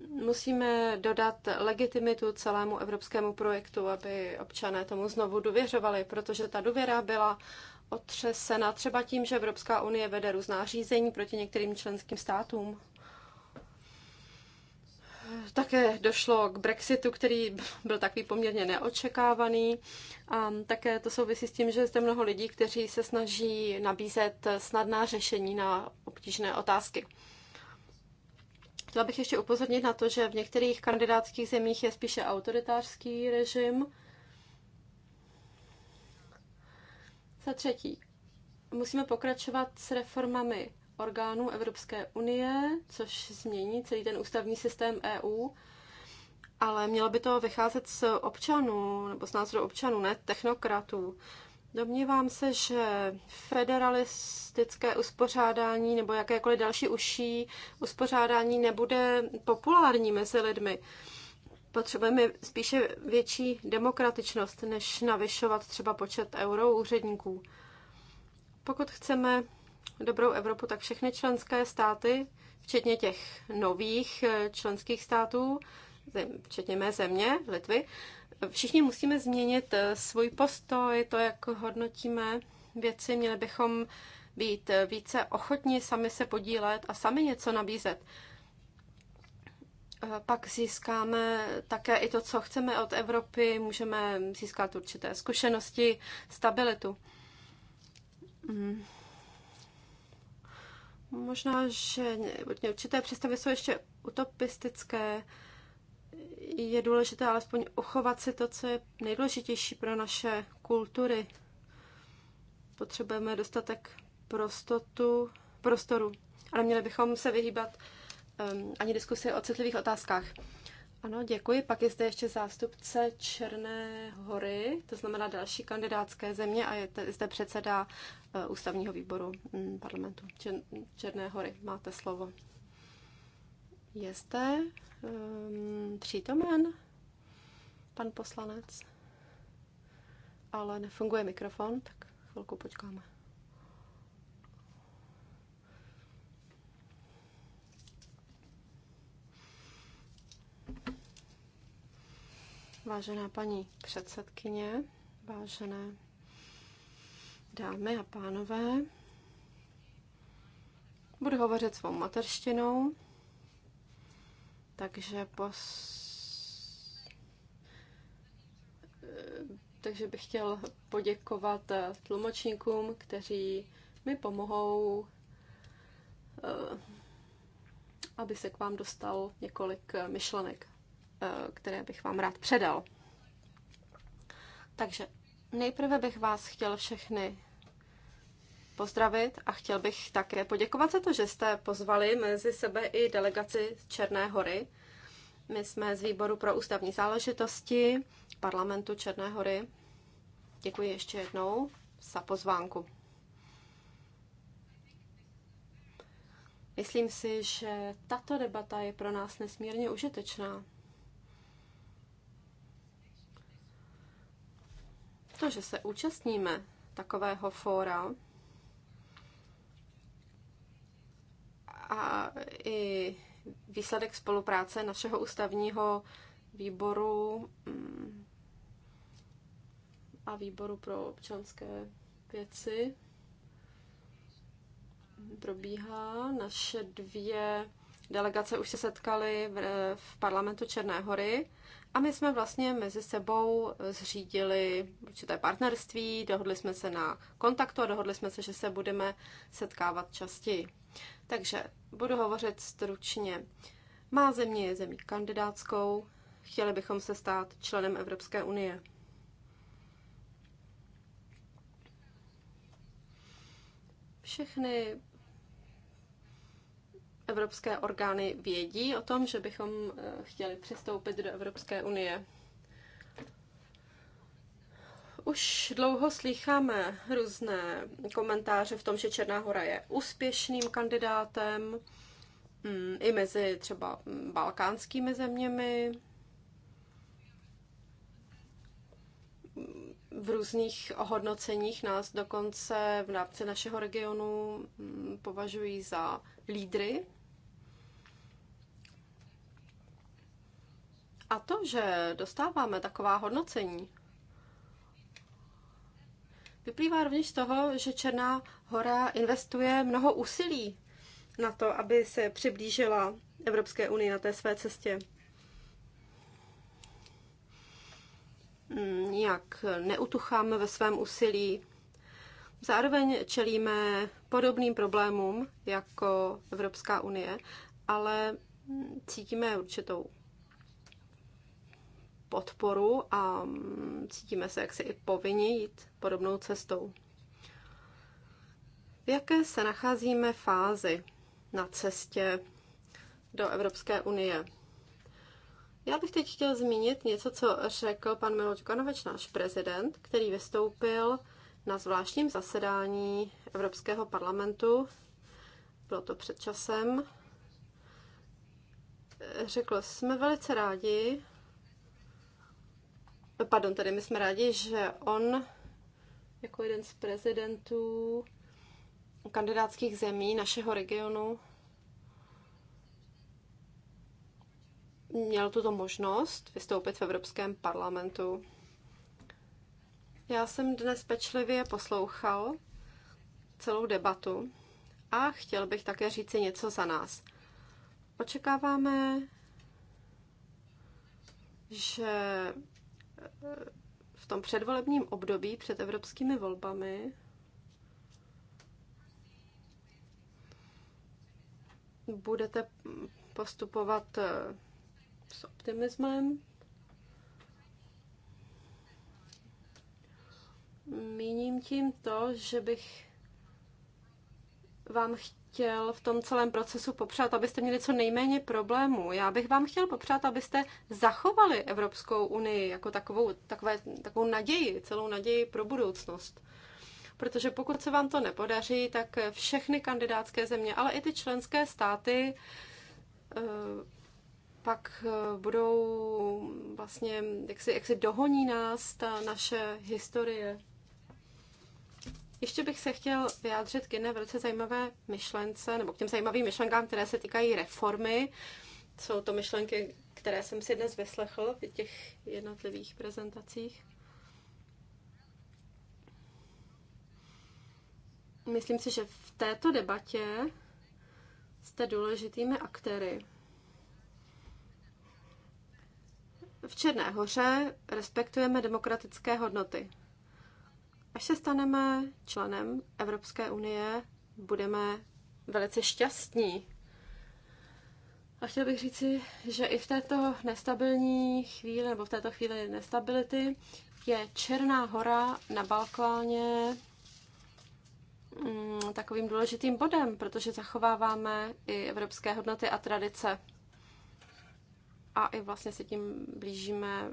Musíme dodat legitimitu celému evropskému projektu, aby občané tomu znovu důvěřovali, protože ta důvěra byla otřesena třeba tím, že Evropská unie vede různá řízení proti některým členským státům? Také došlo k Brexitu, který byl takový poměrně neočekávaný. A také to souvisí s tím, že zde mnoho lidí, kteří se snaží nabízet snadná řešení na obtížné otázky. Chtěla bych ještě upozornit na to, že v některých kandidátských zemích je spíše autoritářský režim, Za třetí, musíme pokračovat s reformami orgánů Evropské unie, což změní celý ten ústavní systém EU, ale mělo by to vycházet z občanů, nebo z názoru občanů, ne technokratů. Domnívám se, že federalistické uspořádání nebo jakékoliv další užší uspořádání nebude populární mezi lidmi potřebujeme spíše větší demokratičnost, než navyšovat třeba počet euro úředníků. Pokud chceme dobrou Evropu, tak všechny členské státy, včetně těch nových eh, členských států, včetně mé země, Litvy, všichni musíme změnit eh, svůj postoj, to, jak hodnotíme věci. Měli bychom být eh, více ochotní sami se podílet a sami něco nabízet pak získáme také i to, co chceme od Evropy, můžeme získat určité zkušenosti, stabilitu. Mm. Možná, že určité představy jsou ještě utopistické. Je důležité alespoň uchovat si to, co je nejdůležitější pro naše kultury. Potřebujeme dostatek prostotu, prostoru, ale měli bychom se vyhýbat Um, ani diskusi o citlivých otázkách. Ano, děkuji. Pak je zde ještě zástupce Černé hory, to znamená další kandidátské země a je zde předseda uh, ústavního výboru mm, parlamentu Černé hory. Máte slovo. Je zde um, přítomen pan poslanec, ale nefunguje mikrofon, tak chvilku počkáme. Vážená paní předsedkyně, vážené dámy a pánové, budu hovořit svou materštinou, takže pos... takže bych chtěl poděkovat tlumočníkům, kteří mi pomohou, eh, aby se k vám dostal několik myšlenek. Eh, které bych vám rád předal. Takže nejprve bych vás chtěl všechny pozdravit a chtěl bych také poděkovat za to, že jste pozvali mezi sebe i delegaci z Černé hory. My jsme z výboru pro ústavní záležitosti parlamentu Černé hory. Děkuji ještě jednou za pozvánku. Myslím si, že tato debata je pro nás nesmírně užitečná. to, že se účastníme takového fóra a i výsledek spolupráce našeho ústavního výboru mm, a výboru pro občanské věci probíhá. Naše dvě delegace už se setkaly v, v parlamentu Černé hory a my jsme vlastně mezi sebou zřídili určité partnerství, dohodli jsme se na kontaktu a dohodli jsme se, že se budeme setkávat častěji. Takže budu hovořit stručně. Má země je zemí kandidátskou, chtěli bychom se stát členem Evropské unie. Všechny evropské orgány vědí o tom, že bychom eh, chtěli přistoupit do Evropské unie. Už dlouho slýcháme různé komentáře v tom, že Černá hora je úspěšným kandidátem hmm, i mezi třeba balkánskými zeměmi, v různých ohodnoceních nás dokonce v rámci našeho regionu hmm, považují za lídry A to, že dostáváme taková hodnocení, vyplývá rovněž z toho, že Černá hora investuje mnoho úsilí na to, aby se přiblížila Evropské unii na té své cestě. Hmm, nijak neutucháme ve svém úsilí. Zároveň čelíme podobným problémům jako Evropská unie, ale cítíme určitou podporu a mm, cítíme se jaksi i povinni jít podobnou cestou. V jaké se nacházíme fázi na cestě do Evropské unie? Já bych teď chtěl zmínit něco, co řekl pan Miloš Kanoveč, náš prezident, který vystoupil na zvláštním zasedání Evropského parlamentu. Bylo to před časem. Řekl, jsme velice rádi, Pardon, tady my jsme rádi, že on jako jeden z prezidentů kandidátských zemí našeho regionu měl tuto možnost vystoupit v Evropském parlamentu. Já jsem dnes pečlivě poslouchal celou debatu a chtěl bych také říci něco za nás. Očekáváme, že v tom předvolebním období před evropskými volbami budete postupovat eh, s optimismem. Míním tím to, že bych vám chtěl v tom celém procesu popřát, abyste měli co nejméně problémů. Já bych vám chtěl popřát, abyste zachovali Evropskou unii jako takovou, takové, takovou naději, celou naději pro budoucnost. Protože pokud se vám to nepodaří, tak všechny kandidátské země, ale i ty členské státy eh, pak eh, budou vlastně, jak si, jak si dohoní nás ta naše historie. Ještě bych se chtěl vyjádřit k jedné velice zajímavé myšlence, nebo k těm zajímavým myšlenkám, které se týkají reformy. Jsou to myšlenky, které jsem si dnes vyslechl v těch jednotlivých prezentacích. Myslím si, že v této debatě jste důležitými aktéry. V Černé hoře respektujeme demokratické hodnoty. Až se staneme členem Evropské unie, budeme velice šťastní. A chtěl bych říci, že i v této nestabilní chvíli, nebo v této chvíli nestability, je Černá hora na Balkáně mm, takovým důležitým bodem, protože zachováváme i evropské hodnoty a tradice. A i vlastně se tím blížíme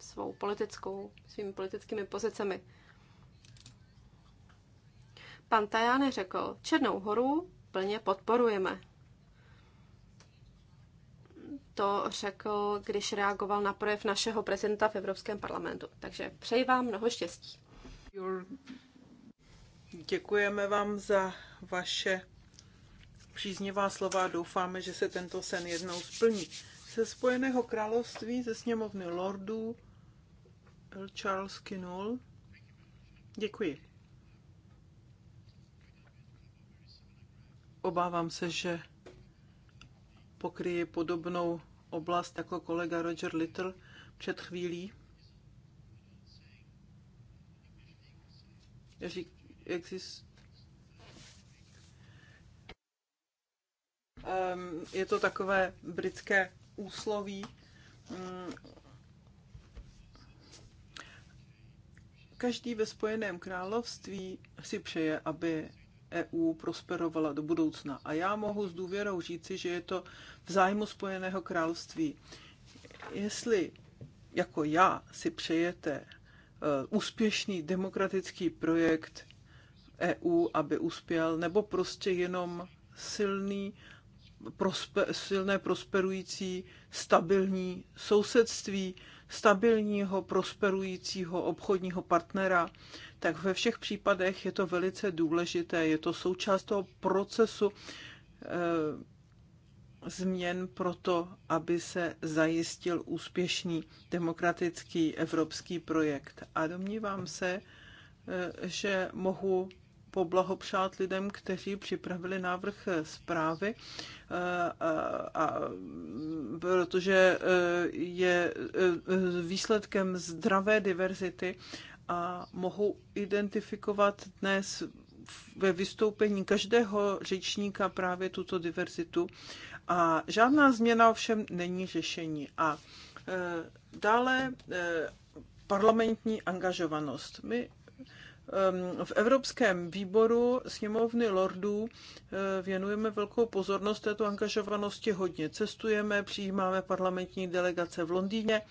svou politickou, svými politickými pozicemi. Pan Tajány řekl, Černou horu plně podporujeme. To řekl, když reagoval na projev našeho prezidenta v Evropském parlamentu. Takže přeji vám mnoho štěstí. Děkujeme vám za vaše příznivá slova a doufáme, že se tento sen jednou splní. Ze Spojeného království, ze sněmovny lordů, Charles Kinul. Děkuji. obávám se, že pokryje podobnou oblast jako kolega Roger Little před chvílí. Ehm, je to takové britské úsloví. Každý ve Spojeném království si přeje, aby EU prosperovala do budoucna. A já mohu s důvěrou říci, že je to v zájmu Spojeného království. Jestli jako já si přejete e, úspěšný demokratický projekt EU, aby uspěl, nebo prostě jenom silný, prospe, silné prosperující, stabilní sousedství, stabilního prosperujícího obchodního partnera, tak ve všech případech je to velice důležité. Je to součást toho procesu eh, změn proto, aby se zajistil úspěšný demokratický evropský projekt. A domnívám se, eh, že mohu poblahopřát lidem, kteří připravili návrh eh, zprávy, a, a, protože je výsledkem zdravé diverzity a mohu identifikovat dnes ve vystoupení každého řečníka právě tuto diverzitu. A žádná změna ovšem není řešení. A e, dále e, parlamentní angažovanost. My e, v Evropském výboru sněmovny lordů e, věnujeme velkou pozornost této angažovanosti, hodně cestujeme, přijímáme parlamentní delegace v Londýně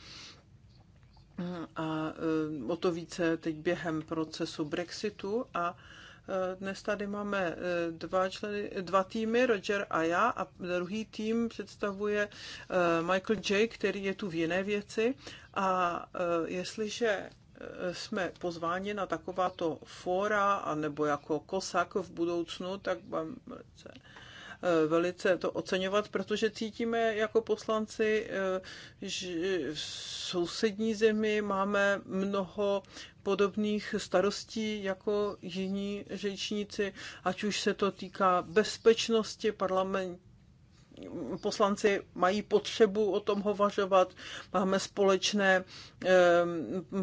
a e, o to více teď během procesu Brexitu a e, dnes tady máme e, dva, členy, dva týmy, Roger a já, a druhý tým představuje Michael J., který je tu v jiné věci. A jestliže jsme pozváni na takováto fóra, anebo jako kosak v budoucnu, tak vám Eh, velice to oceňovat, protože cítíme jako poslanci, eh, že v sousední zemi máme mnoho podobných starostí jako jiní řečníci, ať už se to týká bezpečnosti parlament, poslanci mají potřebu o tom hovařovat, máme společné eh,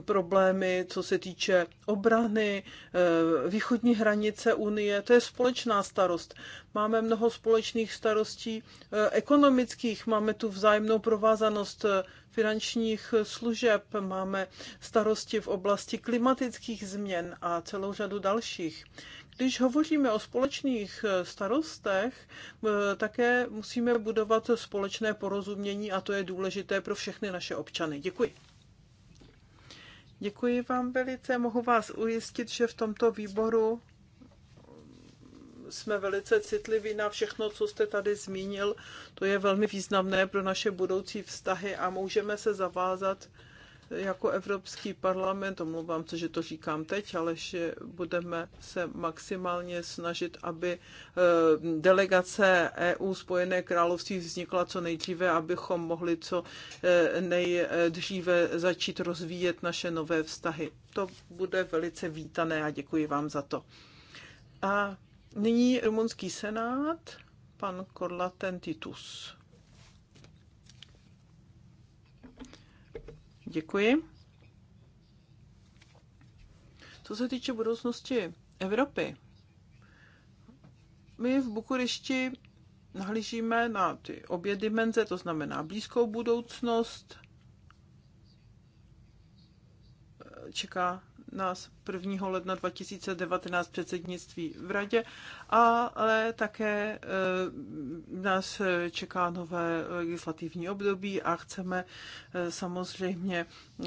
problémy, co se týče obrany, eh, východní hranice Unie, to je společná starost. Máme mnoho společných starostí eh, ekonomických, máme tu vzájemnou provázanost finančních služeb, máme starosti v oblasti klimatických změn a celou řadu dalších. Když hovoříme o společných eh, starostech, eh, také musíme budovat společné porozumění a to je důležité pro všechny naše občany. Děkuji. Děkuji vám velice. Mohu vás ujistit, že v tomto výboru jsme velice citliví na všechno, co jste tady zmínil. To je velmi významné pro naše budoucí vztahy a můžeme se zavázat jako Evropský parlament, omlouvám se, že to říkám teď, ale že budeme se maximálně snažit, aby eh, delegace EU Spojené království vznikla co nejdříve, abychom mohli co eh, nejdříve začít rozvíjet naše nové vztahy. To bude velice vítané a děkuji vám za to. A nyní rumunský senát, pan Korlaten Titus. Děkuji. Co se týče budoucnosti Evropy, my v Bukurešti nahlížíme na ty obě dimenze, to znamená blízkou budoucnost, čeká nás 1. ledna 2019 předsednictví v radě, ale také eh, nás čeká nové legislativní období a chceme eh, samozřejmě eh,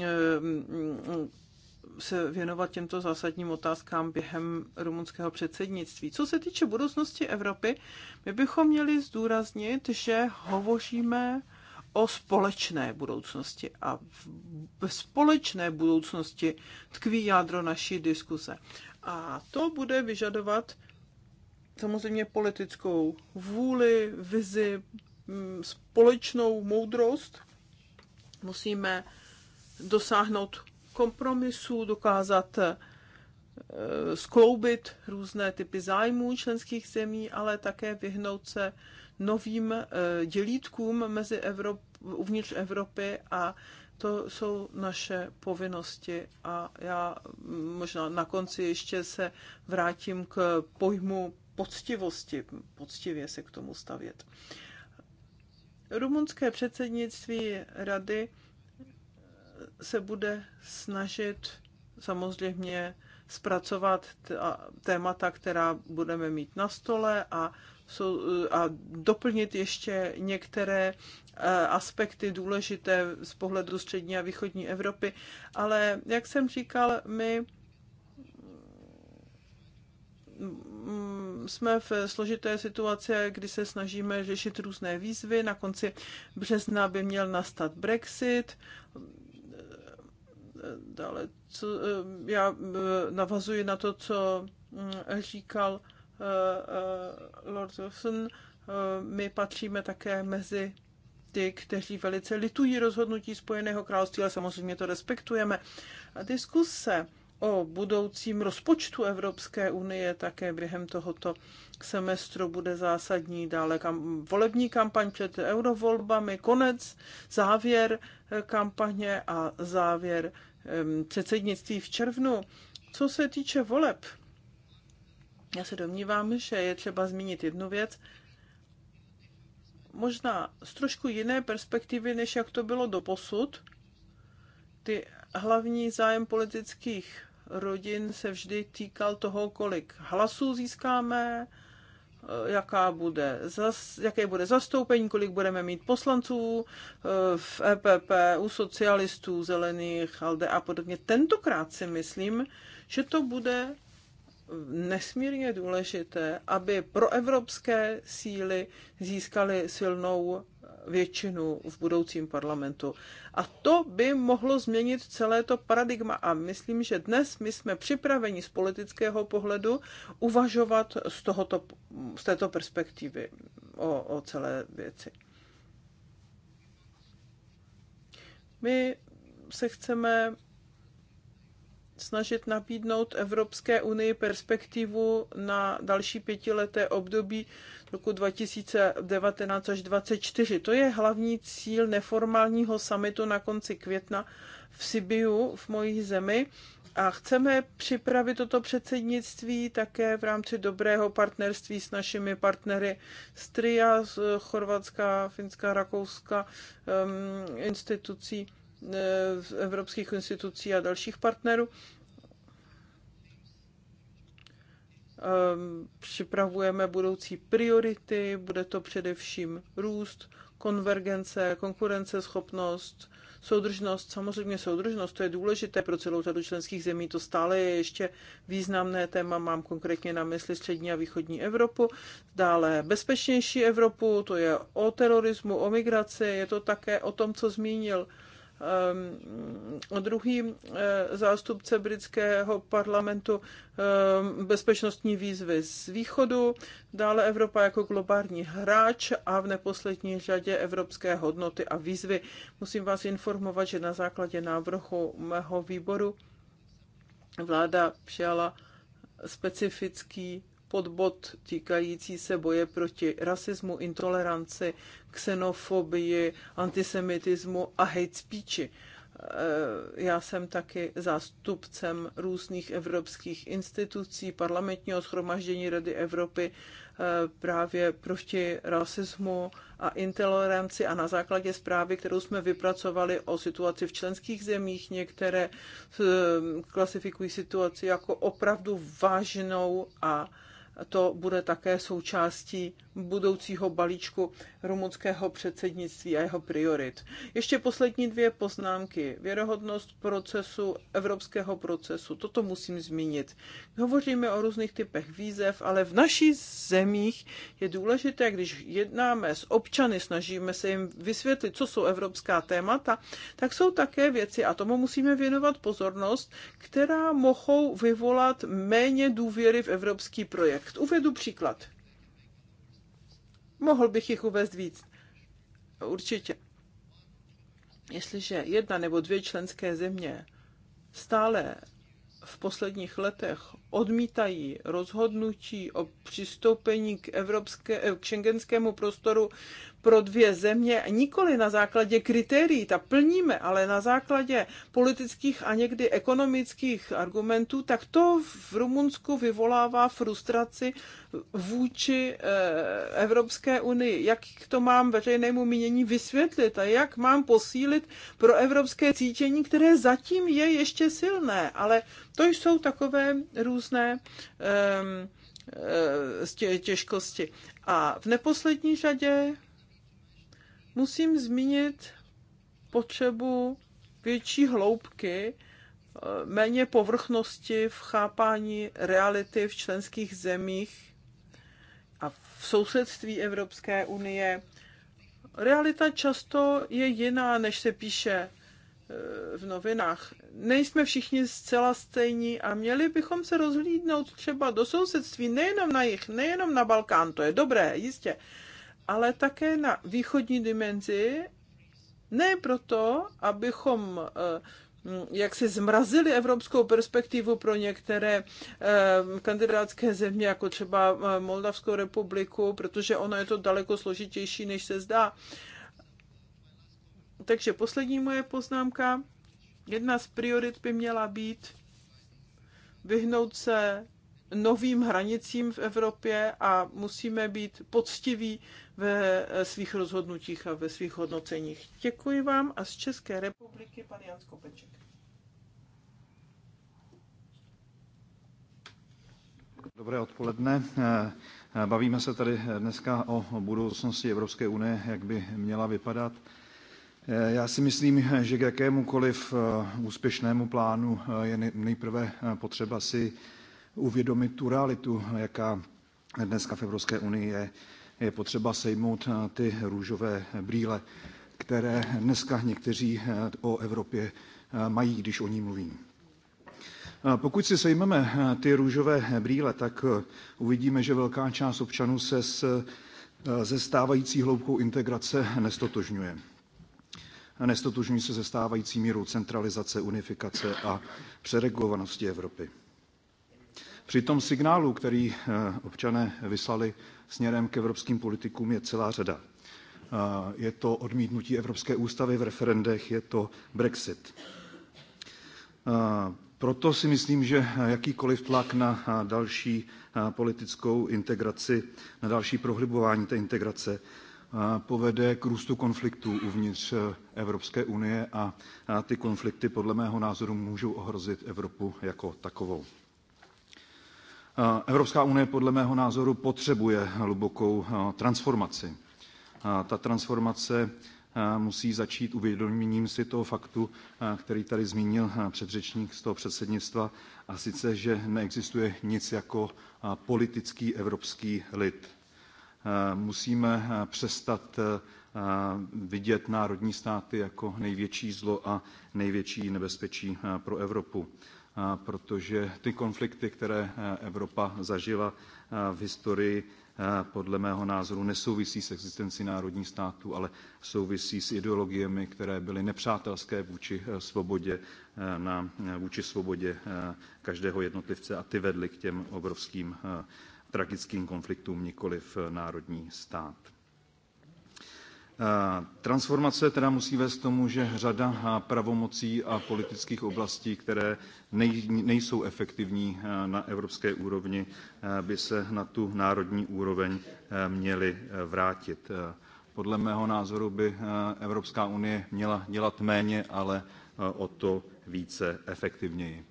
se věnovat těmto zásadním otázkám během rumunského předsednictví. Co se týče budoucnosti Evropy, my bychom měli zdůraznit, že hovoříme o společné budoucnosti. A ve společné budoucnosti tkví jádro naší diskuse. A to bude vyžadovat samozřejmě politickou vůli, vizi, mm, společnou moudrost. Musíme dosáhnout kompromisu, dokázat eh, skloubit různé typy zájmů členských zemí, ale také vyhnout se novým eh, dělítkům mezi Evrop, uvnitř Evropy a to jsou naše povinnosti a já mm, možná na konci ještě se vrátím k pojmu poctivosti, poctivě se k tomu stavět. Rumunské předsednictví rady eh, se bude snažit samozřejmě zpracovat témata, která budeme mít na stole a Eh, a doplnit ještě některé eh, aspekty důležité z pohledu střední a východní Evropy. Ale jak jsem říkal, my mm, jsme v složité situaci, kdy se snažíme řešit různé výzvy. Na konci března by měl nastat Brexit. Dále, co, eh, já navazuji na to, co mm, říkal Eh, eh, Lord Wilson. Eh, my patříme také mezi ty, kteří velice litují rozhodnutí Spojeného království, ale samozřejmě to respektujeme. A diskuse o budoucím rozpočtu Evropské unie také během tohoto semestru bude zásadní. Dále kam, volební kampaň před eurovolbami, konec, závěr kampaně a závěr předsednictví v červnu. Co se týče voleb, já se domnívám, že je třeba zmínit jednu věc, možná z trošku jiné perspektivy, než jak to bylo doposud. Ty hlavní zájem politických rodin se vždy týkal toho, kolik hlasů získáme, eh, jaká bude, zas, jaké bude zastoupení, kolik budeme mít poslanců eh, v EPP, u socialistů, zelených, ALDE a podobně. Tentokrát si myslím, že to bude nesmírně důležité, aby proevropské síly získaly silnou většinu v budoucím parlamentu. A to by mohlo změnit celé to paradigma. A myslím, že dnes my jsme připraveni z politického pohledu uvažovat z, tohoto, z této perspektivy o, o celé věci. My se chceme snažit nabídnout Evropské unii perspektivu na další pětileté období roku 2019 až 2024. To je hlavní cíl neformálního samitu na konci května v Sibiu, v mojí zemi. A chceme připravit toto předsednictví také v rámci dobrého partnerství s našimi partnery z TRIA, z Chorvatska, Finska, Rakouska, um, institucí evropských institucí a dalších partnerů. Ehm, připravujeme budoucí priority, bude to především růst, konvergence, konkurenceschopnost, soudržnost. Samozřejmě soudržnost, to je důležité pro celou řadu členských zemí, to stále je ještě významné téma, mám konkrétně na mysli střední a východní Evropu. Dále bezpečnější Evropu, to je o terorismu, o migraci, je to také o tom, co zmínil Ehm, druhý eh, zástupce britského parlamentu ehm, bezpečnostní výzvy z východu, dále Evropa jako globální hráč a v neposlední řadě evropské hodnoty a výzvy. Musím vás informovat, že na základě návrhu mého výboru vláda přijala specifický pod bod týkající se boje proti rasismu, intoleranci, xenofobii, antisemitismu a hate speechi. Eh, já jsem taky zástupcem různých evropských institucí, parlamentního schromaždění Rady Evropy eh, právě proti rasismu a intoleranci a na základě zprávy, kterou jsme vypracovali o situaci v členských zemích, některé eh, klasifikují situaci jako opravdu vážnou a to bude také součástí budoucího balíčku rumunského předsednictví a jeho priorit. Ještě poslední dvě poznámky. Věrohodnost procesu, evropského procesu, toto musím zmínit. Hovoříme o různých typech výzev, ale v našich zemích je důležité, když jednáme s občany, snažíme se jim vysvětlit, co jsou evropská témata, tak jsou také věci, a tomu musíme věnovat pozornost, která mohou vyvolat méně důvěry v evropský projekt. Uvedu příklad. Mohl bych jich uvést víc. Určitě. Jestliže jedna nebo dvě členské země stále v posledních letech odmítají rozhodnutí o přistoupení k, evropské, k šengenskému prostoru pro dvě země, nikoli na základě kritérií, ta plníme, ale na základě politických a někdy ekonomických argumentů, tak to v Rumunsku vyvolává frustraci vůči eh, Evropské unii. Jak to mám veřejnému mínění vysvětlit a jak mám posílit pro evropské cítění, které zatím je ještě silné, ale to jsou takové různé ehm, eh, těžkosti. A v neposlední řadě musím zmínit potřebu větší hloubky, eh, méně povrchnosti v chápání reality v členských zemích a v sousedství Evropské unie. Realita často je jiná, než se píše eh, v novinách. Nejsme všichni zcela stejní a měli bychom se rozhlídnout třeba do sousedství, nejenom na jich, nejenom na Balkán, to je dobré, jistě, ale také na východní dimenzi, ne proto, abychom eh, jak si zmrazili evropskou perspektivu pro některé eh, kandidátské země, jako třeba eh, Moldavskou republiku, protože ono je to daleko složitější, než se zdá. Takže poslední moje poznámka. Jedna z priorit by měla být vyhnout se novým hranicím v Evropě a musíme být poctiví ve svých rozhodnutích a ve svých hodnoceních. Děkuji vám a z České republiky pan Jan Skopeček. Dobré odpoledne. Bavíme se tady dneska o budoucnosti Evropské unie, jak by měla vypadat. Já si myslím, že k jakémukoliv úspěšnému plánu je nejprve potřeba si uvědomit tu realitu, jaká dneska v Evropské unii je. Je potřeba sejmout eh, ty růžové brýle, které dneska někteří eh, o Evropě eh, mají, když o ní mluví. Pokud si sejmeme ty růžové brýle, tak uvidíme, že velká část občanů se s, ze stávající hloubkou integrace nestotožňuje. Nestotožňují se ze stávající mírou centralizace, unifikace a přeregulovanosti Evropy. Při tom signálu, který eh, občané vyslali směrem k evropským politikům, je celá řada. Eh, je to odmítnutí Evropské ústavy v referendech, je to Brexit. Eh, proto si myslím, že jakýkoliv tlak na další politickou integraci, na další prohlibování té integrace povede k růstu konfliktů uvnitř Evropské unie a ty konflikty podle mého názoru můžou ohrozit Evropu jako takovou. Eh, Evropská unie podle mého názoru potřebuje hlubokou eh, transformaci. Eh, ta transformace musí začít uvědoměním si toho faktu, který tady zmínil předřečník z toho předsednictva, a sice, že neexistuje nic jako politický evropský lid. Musíme přestat vidět národní státy jako největší zlo a největší nebezpečí pro Evropu protože ty konflikty, které e, Evropa zažila e, v historii, e, podle mého názoru nesouvisí s existencí národních států, ale souvisí s ideologiemi, které byly nepřátelské vůči svobodě, na, vůči svobodě každého jednotlivce a ty vedly k těm obrovským tragickým konfliktům, nikoli v národní stát. Eh, transformace teda musí vést k tomu, že řada eh, pravomocí a politických oblastí, které nejsou efektivní eh, na evropské úrovni, by se na tu národní úroveň měly vrátit. Podle mého názoru by Evropská unie měla dělat méně, ale o to více efektivněji.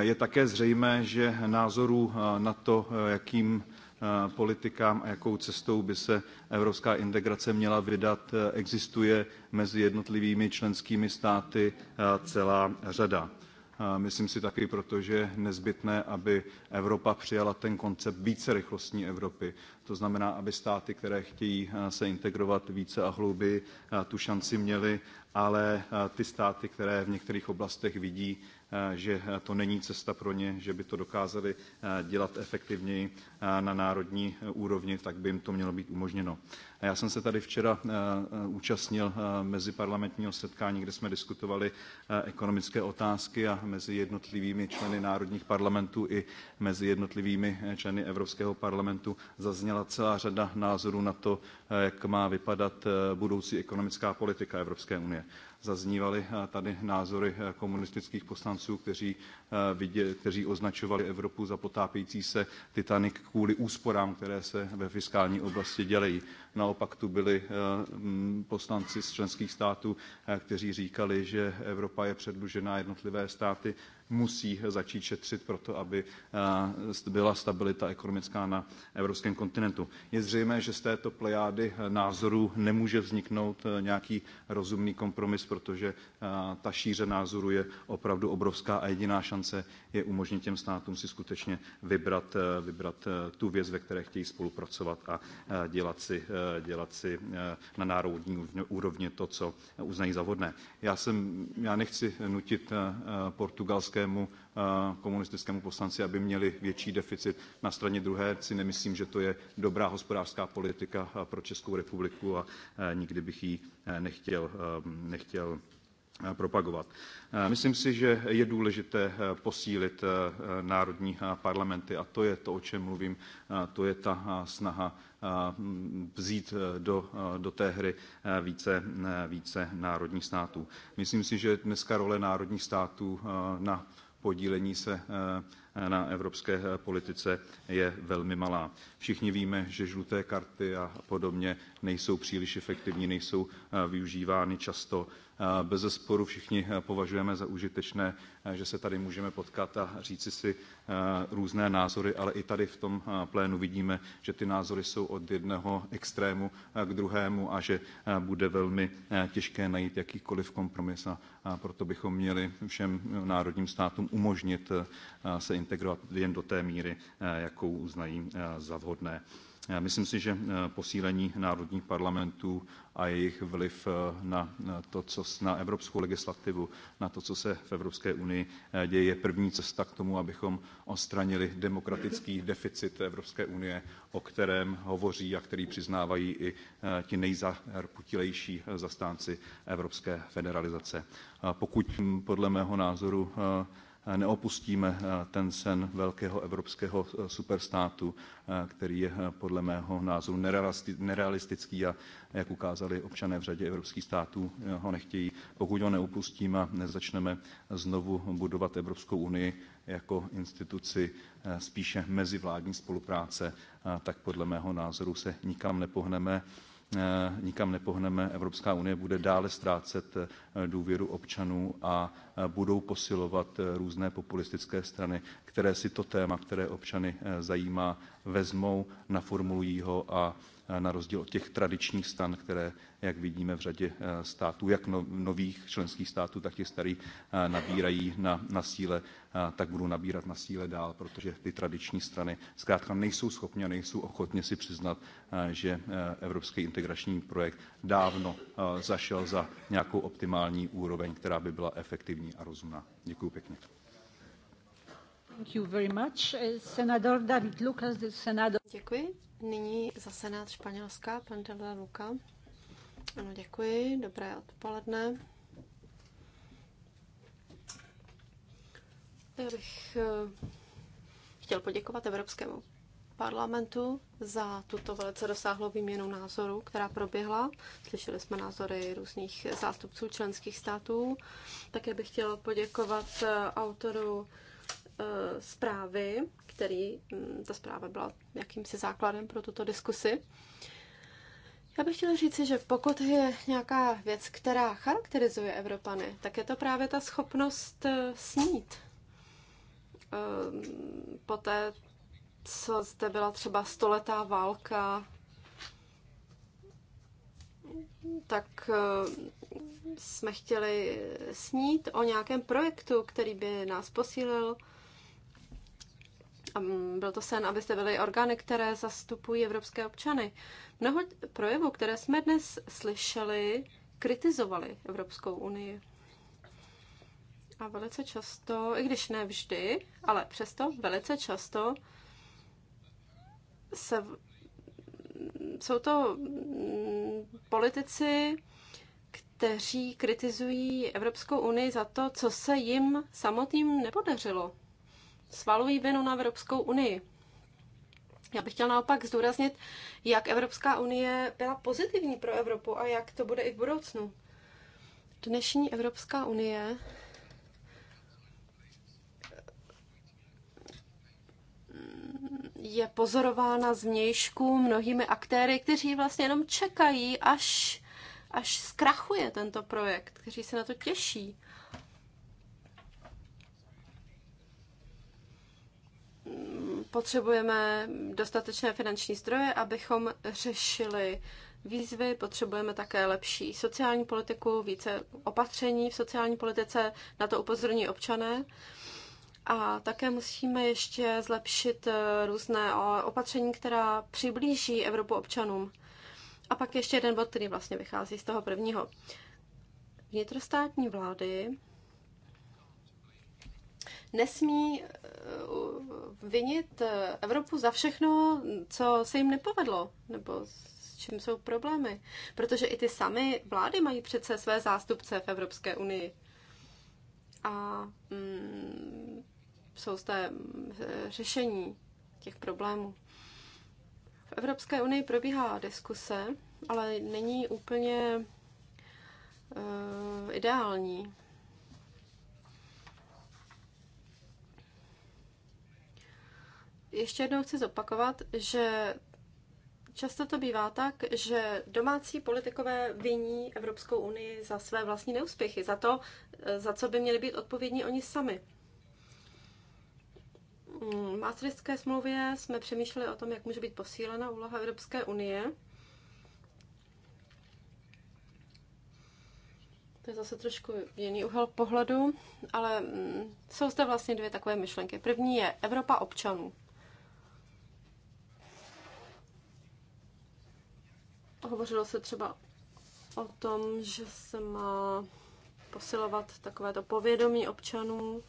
Je také zřejmé, že názorů na to, jakým Eh, politikám a jakou cestou by se evropská integrace měla vydat, eh, existuje mezi jednotlivými členskými státy eh, celá řada. Myslím si taky proto, že je nezbytné, aby Evropa přijala ten koncept vícerychlostní Evropy. To znamená, aby státy, které chtějí se integrovat více a hlouběji, tu šanci měly, ale ty státy, které v některých oblastech vidí, že to není cesta pro ně, že by to dokázali dělat efektivněji, na národní e, úrovni, tak by jim to mělo být umožněno. A já jsem se tady včera e, e, účastnil meziparlamentního setkání, kde jsme diskutovali ekonomické otázky a mezi jednotlivými členy národních parlamentů i mezi jednotlivými členy Evropského parlamentu zazněla celá řada názorů na to, jak má vypadat budoucí ekonomická politika Evropské unie zaznívaly tady názory komunistických poslanců, kteří, vidě, kteří označovali Evropu za potápějící se Titanic kvůli úsporám, které se ve fiskální oblasti dělají. Naopak tu byli eh, mm, poslanci z členských států, eh, kteří říkali, že Evropa je předlužená, jednotlivé státy musí začít šetřit proto, aby eh, byla stabilita ekonomická na evropském kontinentu. Je zřejmé, že z této plejády eh, názorů nemůže vzniknout eh, nějaký rozumný kompromis, protože ta šíře názorů je opravdu obrovská a jediná šance je umožnit těm státům si skutečně vybrat, vybrat tu věc, ve které chtějí spolupracovat a dělat si, dělat si na národní úrovni to, co uznají za vodné. Já, jsem, já nechci nutit portugalské českému eh, komunistickému poslanci, aby měli větší deficit. Na straně druhé si nemyslím, že to je dobrá hospodářská politika eh, pro Českou republiku a eh, nikdy bych ji nechtěl, nechtěl propagovat. Myslím si, že je důležité posílit národní parlamenty a to je to, o čem mluvím, to je ta snaha Mm, vzít e, do, e, do té hry e, více, více národních států. Myslím si, že dneska role národních států na podílení se na evropské eh, politice je velmi malá. Všichni víme, že žluté karty a podobně nejsou příliš efektivní, nejsou eh, využívány často. Eh, bez zesporu všichni považujeme za užitečné, že se tady můžeme potkat a říci si různé názory, ale i tady v tom plénu vidíme, že ty názory jsou od jednoho extrému k druhému a že bude velmi těžké najít jakýkoliv kompromis a proto bychom měli všem národním státům umožnit se integrovat integrovat jen do té míry, eh, jakou uznají eh, za vhodné. Myslím si, že eh, posílení národních parlamentů a jejich vliv na to, co na evropskou legislativu, na to, co se v Evropské unii děje, je první cesta k tomu, abychom odstranili demokratický deficit Evropské unie, o kterém hovoří a který přiznávají i ti nejzaputilejší zastánci evropské federalizace. Pokud hm, podle mého názoru Eh, neopustíme eh, ten sen velkého evropského eh, superstátu, který je podle mého názoru nerealistický a jak ukázali občané v řadě evropských států, ho nechtějí. Pokud ho neopustíme a nezačneme znovu budovat Evropskou unii jako instituci spíše mezivládní spolupráce, tak podle mého názoru se nikam nepohneme. Eh, nikam nepohneme. Evropská unie bude dále ztrácet eh, důvěru občanů a eh, budou posilovat různé populistické strany, které si to téma, které občany zajímá, vezmou, naformulují ho a Eh, na rozdíl od těch tradičních stan, které, jak vidíme v řadě eh, států, jak no, nových členských států, tak těch starých, eh, nabírají na, na síle, tak budou nabírat na síle dál, protože ty tradiční strany zkrátka nejsou schopni a nejsou ochotně si přiznat, že evropský integrační projekt dávno zašel za nějakou optimální úroveň, která by byla efektivní a rozumná. Děkuji pěkně. Eh, děkuji. Nyní za Senát Španělská, pan David Luka. Ano, děkuji. Dobré odpoledne. Já bych eh, chtěl poděkovat Evropskému parlamentu za tuto velice rozsáhlou výměnu názorů, která proběhla. Slyšeli jsme názory různých zástupců členských států. Také bych chtěl poděkovat eh, autoru Eh, zprávy, který, hm, ta zpráva byla jakýmsi základem pro tuto diskusi. Já bych chtěla říci, že pokud je nějaká věc, která charakterizuje Evropany, tak je to právě ta schopnost eh, snít. Ehm, poté, co zde byla třeba stoletá válka, tak eh, jsme chtěli snít o nějakém projektu, který by nás posílil, byl to sen, abyste byli orgány, které zastupují evropské občany. Mnoho projevů, které jsme dnes slyšeli, kritizovali Evropskou unii. A velice často, i když ne vždy, ale přesto velice často se, jsou to mm, politici, kteří kritizují Evropskou unii za to, co se jim samotným nepodařilo svalují vinu na Evropskou unii. Já bych chtěla naopak zdůraznit, jak Evropská unie byla pozitivní pro Evropu a jak to bude i v budoucnu. Dnešní Evropská unie je pozorována zvnějšku mnohými aktéry, kteří vlastně jenom čekají, až, až zkrachuje tento projekt, kteří se na to těší. potřebujeme dostatečné finanční zdroje, abychom řešili výzvy, potřebujeme také lepší sociální politiku, více opatření v sociální politice, na to upozorní občané. A také musíme ještě zlepšit eh, různé opatření, která přiblíží Evropu občanům. A pak ještě jeden bod, který vlastně vychází z toho prvního. Vnitrostátní vlády nesmí eh, vinit eh, Evropu za všechno, co se jim nepovedlo, nebo s čím jsou problémy. Protože i ty samé vlády mají přece své zástupce v Evropské unii. A mm, jsou zde eh, řešení těch problémů. V Evropské unii probíhá diskuse, ale není úplně uh, ideální. ještě jednou chci zopakovat, že často to bývá tak, že domácí politikové viní Evropskou unii za své vlastní neúspěchy, za to, za co by měli být odpovědní oni sami. V Maastrichtské smlouvě jsme přemýšleli o tom, jak může být posílena úloha Evropské unie. To je zase trošku jiný úhel pohledu, ale mm, jsou zde vlastně dvě takové myšlenky. První je Evropa občanů. Hovořilo se třeba o tom, že se má posilovat takovéto povědomí občanů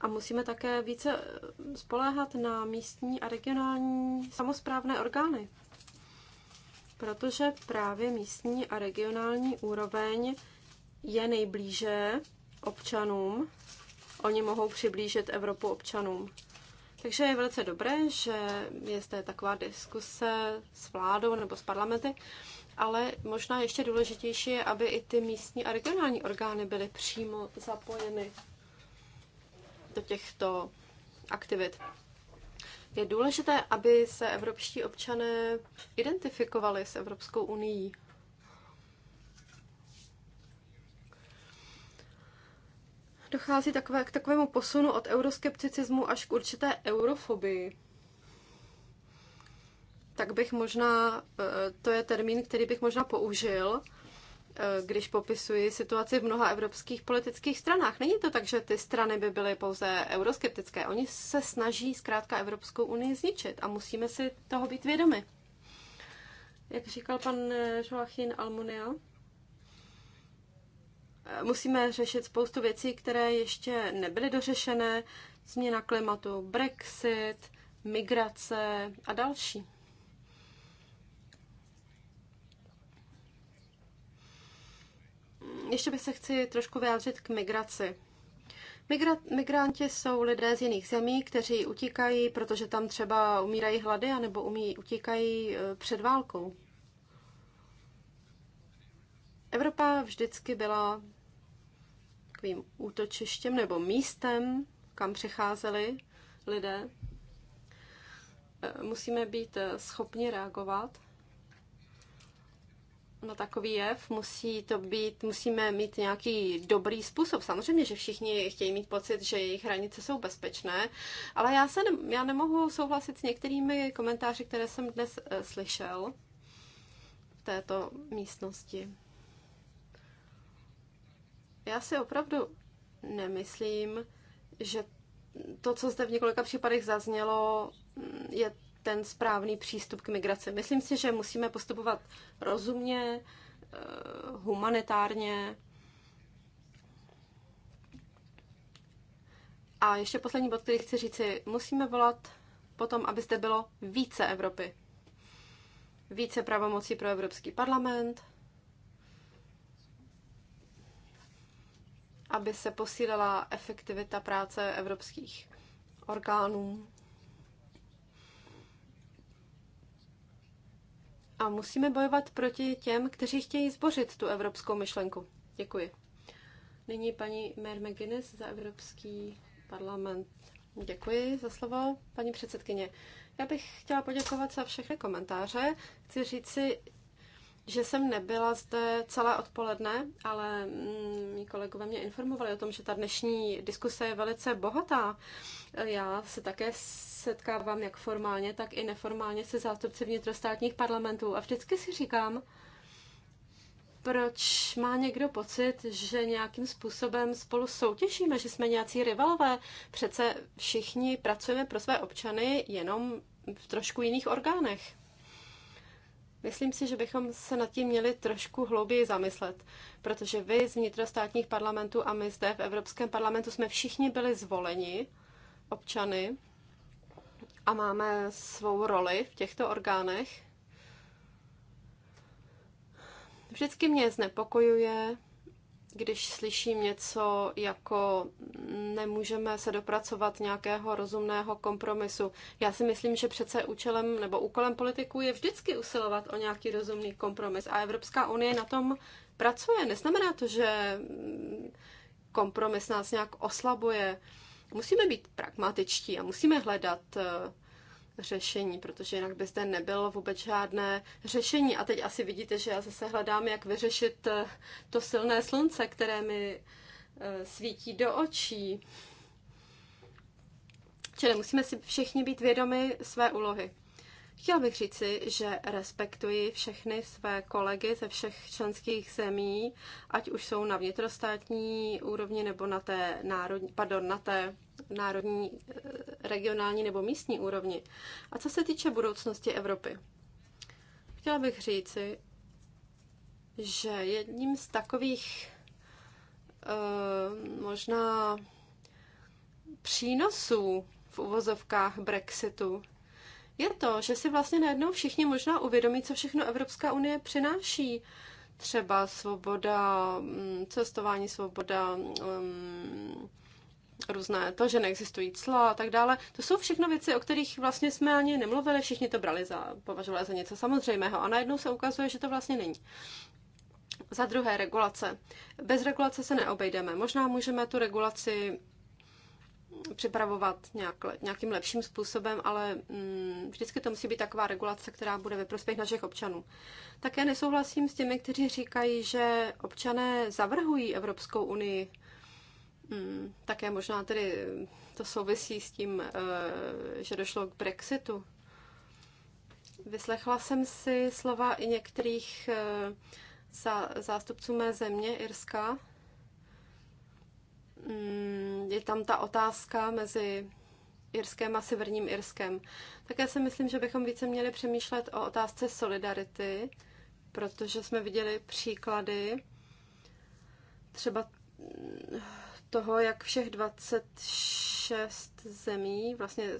a musíme také více eh, spoléhat na místní a regionální samozprávné orgány, protože právě místní a regionální úroveň je nejblíže občanům. Oni mohou přiblížit Evropu občanům. Takže je velice dobré, že je zde taková diskuse s vládou nebo s parlamenty, ale možná ještě důležitější je, aby i ty místní a regionální orgány byly přímo zapojeny do těchto aktivit. Je důležité, aby se evropští občané identifikovali s Evropskou unii, dochází takové, k takovému posunu od euroskepticismu až k určité eurofobii. Tak bych možná, e, to je termín, který bych možná použil, e, když popisuji situaci v mnoha evropských politických stranách. Není to tak, že ty strany by byly pouze euroskeptické. Oni se snaží zkrátka Evropskou unii zničit a musíme si toho být vědomi. Jak říkal pan e, Joachim Almunia, musíme řešit spoustu věcí, které ještě nebyly dořešené. Změna klimatu, Brexit, migrace a další. Ještě bych se chci trošku vyjádřit k migraci. Migra- migranti jsou lidé z jiných zemí, kteří utíkají, protože tam třeba umírají hlady, anebo umí, utíkají e, před válkou. Evropa vždycky byla takovým útočištěm nebo místem, kam přecházeli lidé. Eh, musíme být eh, schopni reagovat na takový jev. Musí to být, musíme mít nějaký dobrý způsob. Samozřejmě, že všichni chtějí mít pocit, že jejich hranice jsou bezpečné, ale já, se ne, já nemohu souhlasit s některými komentáři, které jsem dnes eh, slyšel v této místnosti. Já si opravdu nemyslím, že to, co zde v několika případech zaznělo, je ten správný přístup k migraci. Myslím si, že musíme postupovat rozumně, eh, humanitárně. A ještě poslední bod, který chci říci. Musíme volat potom, aby zde bylo více Evropy. Více pravomocí pro Evropský parlament, aby se posílila efektivita práce evropských orgánů. A musíme bojovat proti těm, kteří chtějí zbořit tu evropskou myšlenku. Děkuji. Nyní paní Mary McGuinness za Evropský parlament. Děkuji za slovo, paní předsedkyně. Já bych chtěla poděkovat za všechny komentáře. Chci říci, že jsem nebyla zde celé odpoledne, ale mm, mý kolegové mě informovali o tom, že ta dnešní diskuse je velice bohatá. Já se také setkávám jak formálně, tak i neformálně se zástupci vnitrostátních parlamentů a vždycky si říkám, proč má někdo pocit, že nějakým způsobem spolu soutěžíme, že jsme nějací rivalové. Přece všichni pracujeme pro své občany jenom v trošku jiných orgánech. Myslím si, že bychom se nad tím měli trošku hlouběji zamyslet, protože vy z vnitrostátních parlamentů a my zde v Evropském parlamentu jsme všichni byli zvoleni občany a máme svou roli v těchto orgánech. Vždycky mě znepokojuje když slyším něco jako nemůžeme se dopracovat nějakého rozumného kompromisu. Já si myslím, že přece účelem nebo úkolem politiků je vždycky usilovat o nějaký rozumný kompromis a Evropská unie na tom pracuje. Neznamená to, že kompromis nás nějak oslabuje. Musíme být pragmatičtí a musíme hledat eh, řešení, protože jinak by zde nebylo vůbec žádné řešení. A teď asi vidíte, že já zase hledám, jak vyřešit eh, to silné slunce, které mi eh, svítí do očí. Čili musíme si všichni být vědomi své úlohy. Chtěla bych říci, že respektuji všechny své kolegy ze všech členských zemí, ať už jsou na vnitrostátní úrovni nebo na té národní, pardon, na té národní, eh, regionální nebo místní úrovni. A co se týče budoucnosti Evropy, chtěla bych říci, že jedním z takových eh, možná přínosů v uvozovkách Brexitu je to, že si vlastně najednou všichni možná uvědomí, co všechno Evropská unie přináší. Třeba svoboda mm, cestování, svoboda um, různé, to, že neexistují cla a tak dále. To jsou všechno věci, o kterých vlastně jsme ani nemluvili, všichni to brali za, považovali za něco samozřejmého a najednou se ukazuje, že to vlastně není. Za druhé, regulace. Bez regulace se neobejdeme. Možná můžeme tu regulaci připravovat nějak, nějakým lepším způsobem, ale mm, vždycky to musí být taková regulace, která bude ve prospěch našich občanů. Také nesouhlasím s těmi, kteří říkají, že občané zavrhují Evropskou unii. Mm, také možná tedy to souvisí s tím, eh, že došlo k Brexitu. Vyslechla jsem si slova i některých eh, zástupců mé země, Irska, Mm, je tam ta otázka mezi Irském a Severním Irskem. Také si myslím, že bychom více měli přemýšlet o otázce solidarity, protože jsme viděli příklady třeba mm, toho, jak všech 26 zemí vlastně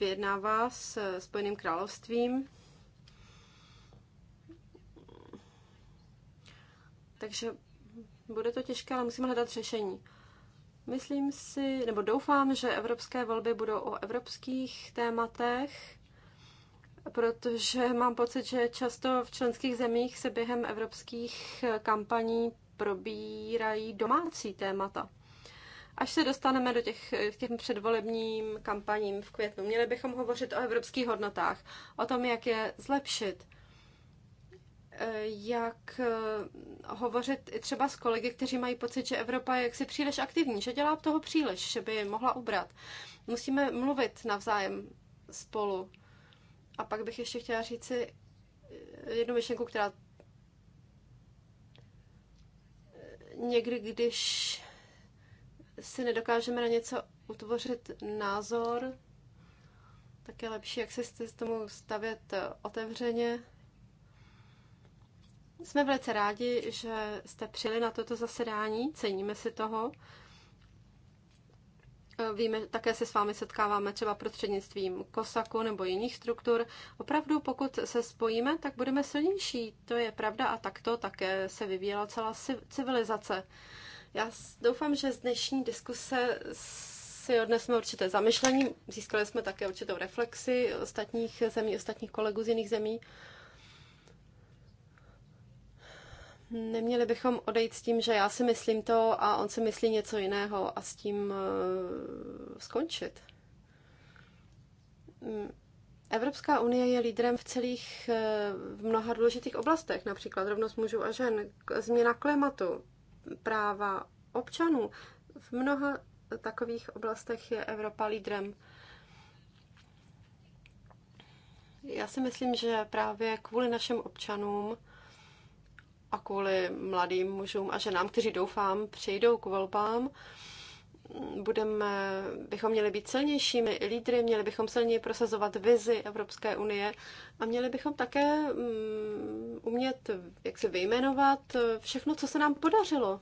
vyjednává s Spojeným královstvím. Takže bude to těžké, ale musíme hledat řešení. Myslím si, nebo doufám, že evropské volby budou o evropských tématech, protože mám pocit, že často v členských zemích se během evropských kampaní probírají domácí témata. Až se dostaneme do těch, k těm předvolebním kampaním v květnu, měli bychom hovořit o evropských hodnotách, o tom, jak je zlepšit jak eh, hovořit i třeba s kolegy, kteří mají pocit, že Evropa je jaksi příliš aktivní, že dělá toho příliš, že by mohla ubrat. Musíme mluvit navzájem spolu. A pak bych ještě chtěla říci eh, jednu myšlenku, která někdy, když si nedokážeme na něco utvořit názor, tak je lepší, jak se s tomu stavět eh, otevřeně jsme velice rádi, že jste přijeli na toto zasedání, ceníme si toho. Víme, také se s vámi setkáváme třeba prostřednictvím kosaku nebo jiných struktur. Opravdu, pokud se spojíme, tak budeme silnější. To je pravda a takto také se vyvíjela celá civilizace. Já doufám, že z dnešní diskuse si odnesme určité zamyšlení. Získali jsme také určitou reflexi ostatních zemí, ostatních kolegů z jiných zemí. Neměli bychom odejít s tím, že já si myslím to a on si myslí něco jiného a s tím eh, skončit. Mm, Evropská unie je lídrem v celých, eh, v mnoha důležitých oblastech, například rovnost mužů a žen, změna klimatu, práva občanů. V mnoha takových oblastech je Evropa lídrem. Já si myslím, že právě kvůli našim občanům a kvůli mladým mužům a ženám, kteří doufám přijdou k volbám, budeme, bychom měli být silnějšími lídry, měli bychom silněji prosazovat vizi Evropské unie a měli bychom také mm, umět, jak se vyjmenovat všechno, co se nám podařilo.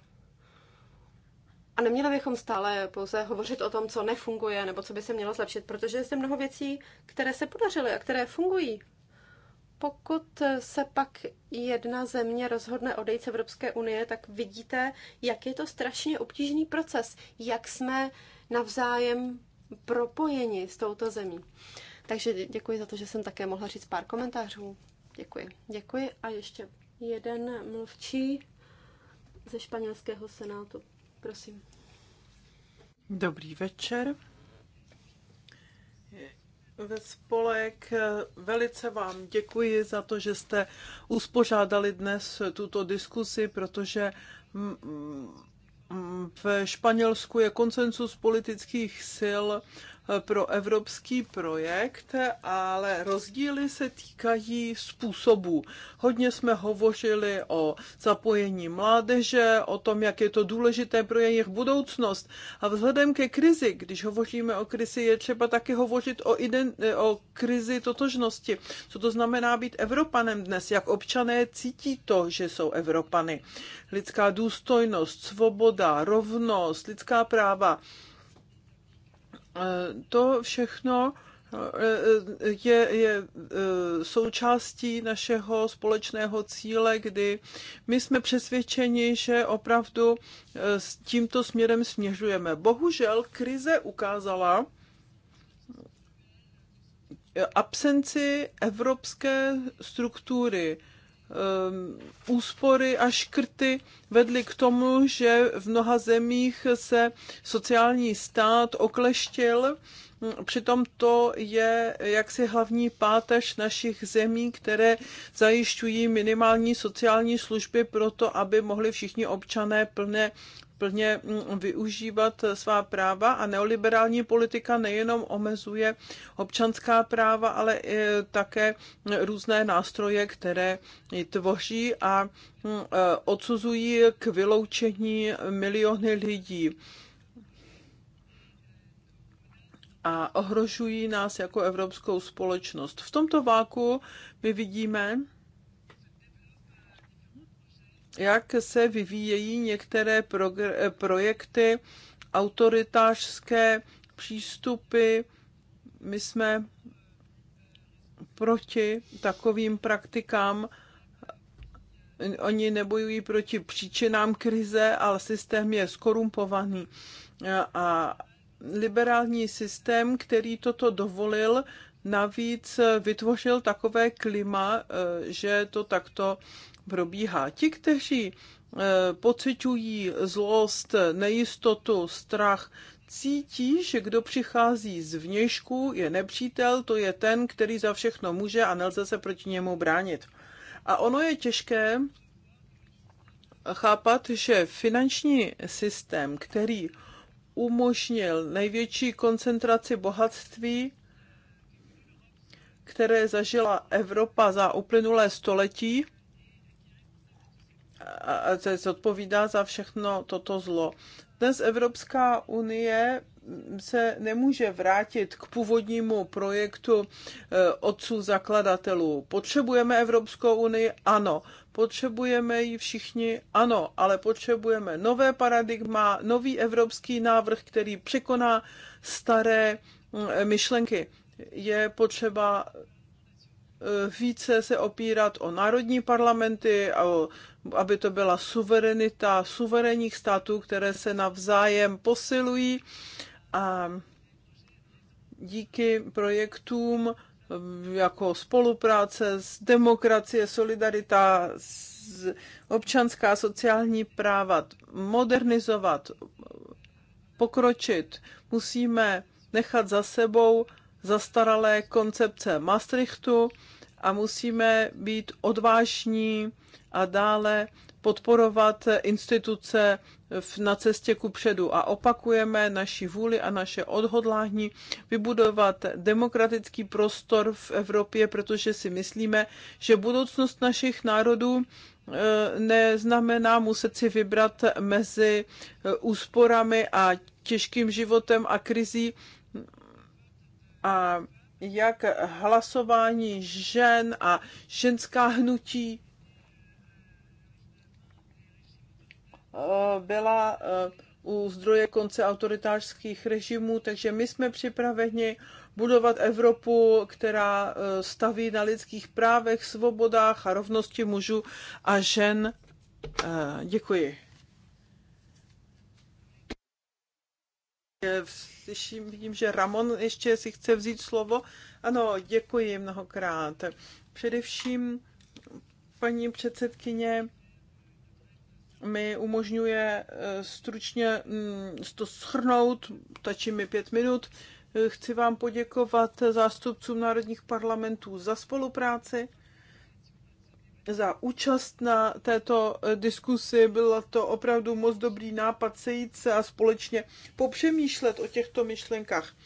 A neměli bychom stále pouze hovořit o tom, co nefunguje nebo co by se mělo zlepšit, protože je zde mnoho věcí, které se podařily a které fungují pokud se pak jedna země rozhodne odejít z Evropské unie, tak vidíte, jak je to strašně obtížný proces, jak jsme navzájem propojeni s touto zemí. Takže děkuji za to, že jsem také mohla říct pár komentářů. Děkuji. Děkuji. A ještě jeden mluvčí ze španělského senátu. Prosím. Dobrý večer ve spolek. Velice vám děkuji za to, že jste uspořádali dnes tuto diskusi, protože v Španělsku je konsensus politických sil pro evropský projekt, ale rozdíly se týkají způsobů. Hodně jsme hovořili o zapojení mládeže, o tom, jak je to důležité pro jejich budoucnost. A vzhledem ke krizi, když hovoříme o krizi, je třeba taky hovořit o, ident, o krizi totožnosti. Co to znamená být Evropanem dnes? Jak občané cítí to, že jsou Evropany? Lidská důstojnost, svoboda, rovnost, lidská práva E, to všechno e, je, je e, součástí našeho společného cíle, kdy my jsme přesvědčeni, že opravdu s tímto směrem směřujeme. Bohužel krize ukázala absenci evropské struktury Um, úspory a škrty vedly k tomu, že v mnoha zemích se sociální stát okleštil. Přitom to je jaksi hlavní páteř našich zemí, které zajišťují minimální sociální služby pro to, aby mohli všichni občané plně plně mm, využívat svá práva a neoliberální politika nejenom omezuje občanská práva, ale i také různé nástroje, které tvoří a mm, e, odsuzují k vyloučení miliony lidí a ohrožují nás jako evropskou společnost. V tomto váku my vidíme, jak se vyvíjejí některé eh, projekty, autoritářské přístupy. My jsme proti takovým praktikám. Oni nebojují proti příčinám krize, ale systém je skorumpovaný. A liberální systém, který toto dovolil, navíc vytvořil takové klima, eh, že to takto probíhá. Ti, kteří eh, pociťují zlost, nejistotu, strach, cítí, že kdo přichází z vnějšku je nepřítel, to je ten, který za všechno může a nelze se proti němu bránit. A ono je těžké chápat, že finanční systém, který umožnil největší koncentraci bohatství, které zažila Evropa za uplynulé století, se zodpovídá za všechno toto zlo. Dnes Evropská unie se nemůže vrátit k původnímu projektu e, otců zakladatelů. Potřebujeme Evropskou unii? Ano. Potřebujeme ji všichni? Ano. Ale potřebujeme nové paradigma, nový evropský návrh, který překoná staré mm, myšlenky. Je potřeba Eh, více se opírat o národní parlamenty, aby to byla suverenita suverénních států, které se navzájem posilují. A díky projektům eh, jako spolupráce s demokracie, solidarita, s občanská sociální práva, modernizovat, pokročit. Musíme nechat za sebou zastaralé koncepce Maastrichtu a musíme být odvážní a dále podporovat instituce na cestě ku předu a opakujeme naši vůli a naše odhodlání vybudovat demokratický prostor v Evropě, protože si myslíme, že budoucnost našich národů eh, neznamená muset si vybrat mezi eh, úsporami a těžkým životem a krizí, a jak hlasování žen a ženská hnutí eh, byla eh, u zdroje konce autoritářských režimů, takže my jsme připraveni budovat Evropu, která eh, staví na lidských právech, svobodách a rovnosti mužů a žen. Děkuji. Slyším, vidím, že Ramon ještě si chce vzít slovo. Ano, děkuji mnohokrát. Především paní předsedkyně mi umožňuje eh, stručně mm, to schrnout, tačí mi pět minut. Chci vám poděkovat zástupcům národních parlamentů za spolupráci za účast na této eh, diskusi. Byl to opravdu moc dobrý nápad sejít se a společně popřemýšlet o těchto myšlenkách.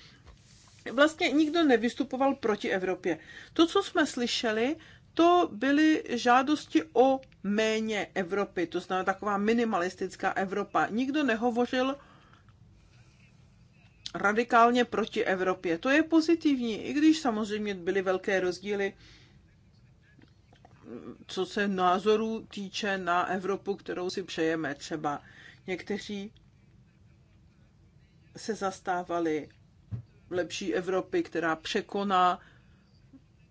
Vlastně nikdo nevystupoval proti Evropě. To, co jsme slyšeli, to byly žádosti o méně Evropy, to znamená taková minimalistická Evropa. Nikdo nehovořil radikálně proti Evropě. To je pozitivní, i když samozřejmě byly velké rozdíly co se názoru týče na Evropu, kterou si přejeme. Třeba někteří se zastávali lepší Evropy, která překoná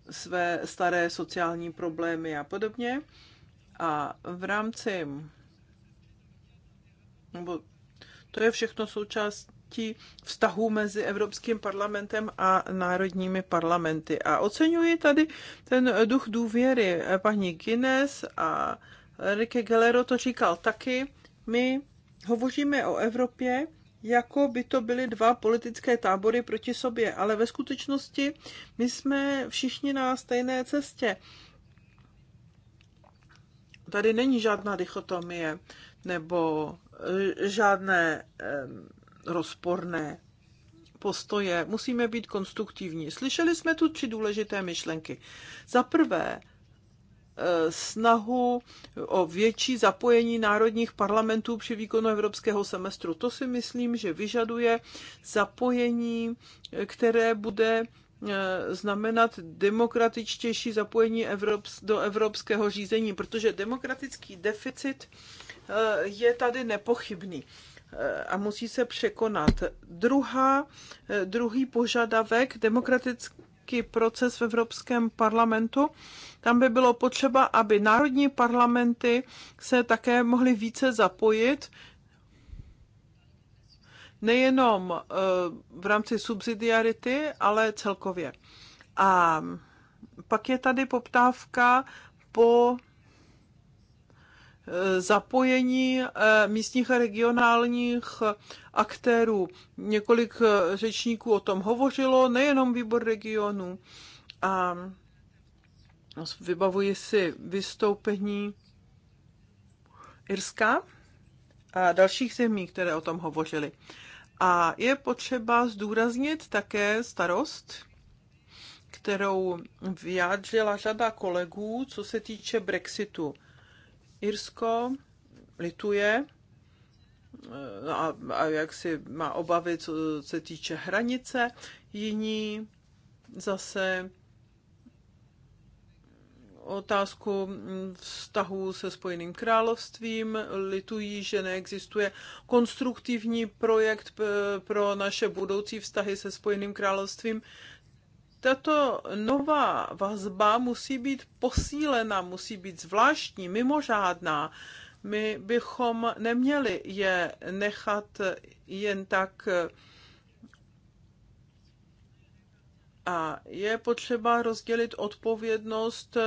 své staré sociální problémy a podobně. A v rámci, nebo to je všechno součást oblasti vztahů mezi Evropským parlamentem a národními parlamenty. A oceňuji tady ten duch důvěry. Paní Guinness a Rike Guerrero to říkal taky. My hovoříme o Evropě, jako by to byly dva politické tábory proti sobě, ale ve skutečnosti my jsme všichni na stejné cestě. Tady není žádná dichotomie nebo eh, žádné rozporné postoje, musíme být konstruktivní. Slyšeli jsme tu tři důležité myšlenky. Za prvé, e, snahu o větší zapojení národních parlamentů při výkonu evropského semestru. To si myslím, že vyžaduje zapojení, které bude e, znamenat demokratičtější zapojení do evropského řízení, protože demokratický deficit e, je tady nepochybný. Eh, a musí se překonat. Druhá, eh, druhý požadavek, demokratický proces v Evropském parlamentu, tam by bylo potřeba, aby národní parlamenty se také mohly více zapojit, nejenom eh, v rámci subsidiarity, ale celkově. A pak je tady poptávka po zapojení eh, místních a regionálních aktérů. Několik eh, řečníků o tom hovořilo, nejenom výbor regionů. A vybavuji si vystoupení Irska a dalších zemí, které o tom hovořili. A je potřeba zdůraznit také starost, kterou vyjádřila řada kolegů, co se týče Brexitu. Irsko lituje eh, a, a jak si má obavy, co se týče hranice, jiní zase otázku vztahu se Spojeným královstvím, litují, že neexistuje konstruktivní projekt eh, pro naše budoucí vztahy se Spojeným královstvím tato nová vazba musí být posílena, musí být zvláštní, mimořádná. My bychom neměli je nechat jen tak a je potřeba rozdělit odpovědnost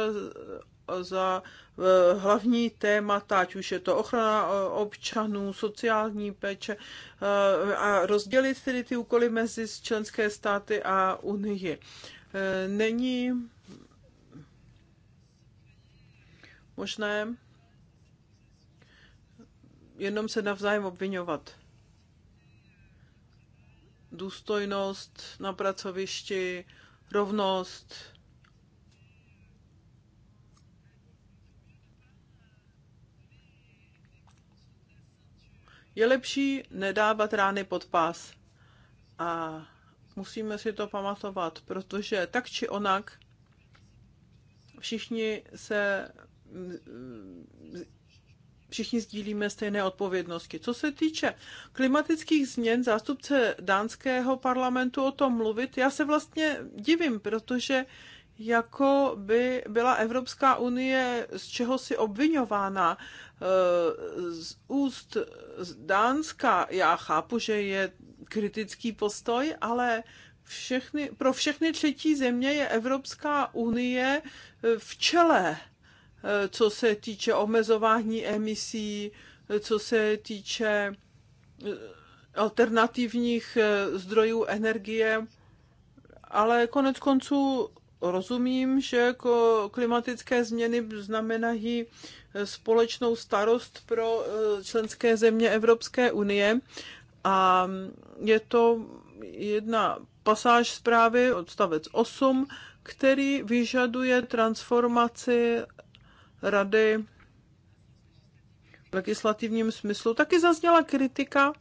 za eh, hlavní témata, ať už je to ochrana eh, občanů, sociální péče eh, a rozdělit tedy ty úkoly mezi členské státy a Unii. Není možné jenom se navzájem obvinovat. Důstojnost na pracovišti, rovnost, Je lepší nedávat rány pod pás. A musíme si to pamatovat, protože tak či onak všichni se všichni sdílíme stejné odpovědnosti. Co se týče klimatických změn, zástupce dánského parlamentu o tom mluvit, já se vlastně divím, protože jako by byla Evropská unie z čeho si obvinována. Eh, z úst z Dánska, já chápu, že je kritický postoj, ale všechny, pro všechny třetí země je Evropská unie eh, v čele, eh, co se týče omezování emisí, co se týče alternativních zdrojů energie, ale konec konců rozumím, že jako klimatické změny znamenají eh, společnou starost pro eh, členské země Evropské unie a mm, je to jedna pasáž zprávy, odstavec 8, který vyžaduje transformaci rady v legislativním smyslu. Taky zazněla kritika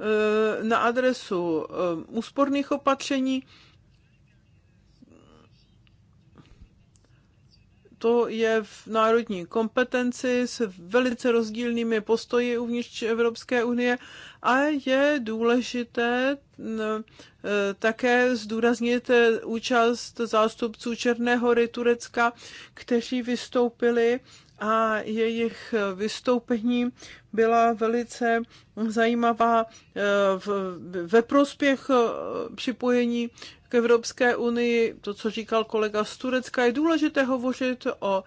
eh, na adresu úsporných opatření, to je v národní kompetenci s velice rozdílnými postoji uvnitř Evropské unie a je důležité mm, eh, také zdůraznit eh, účast zástupců Černé hory Turecka, kteří vystoupili a jejich vystoupení byla velice zajímavá eh, ve prospěch eh, připojení k Evropské unii. To, co říkal kolega z Turecka, je důležité hovořit o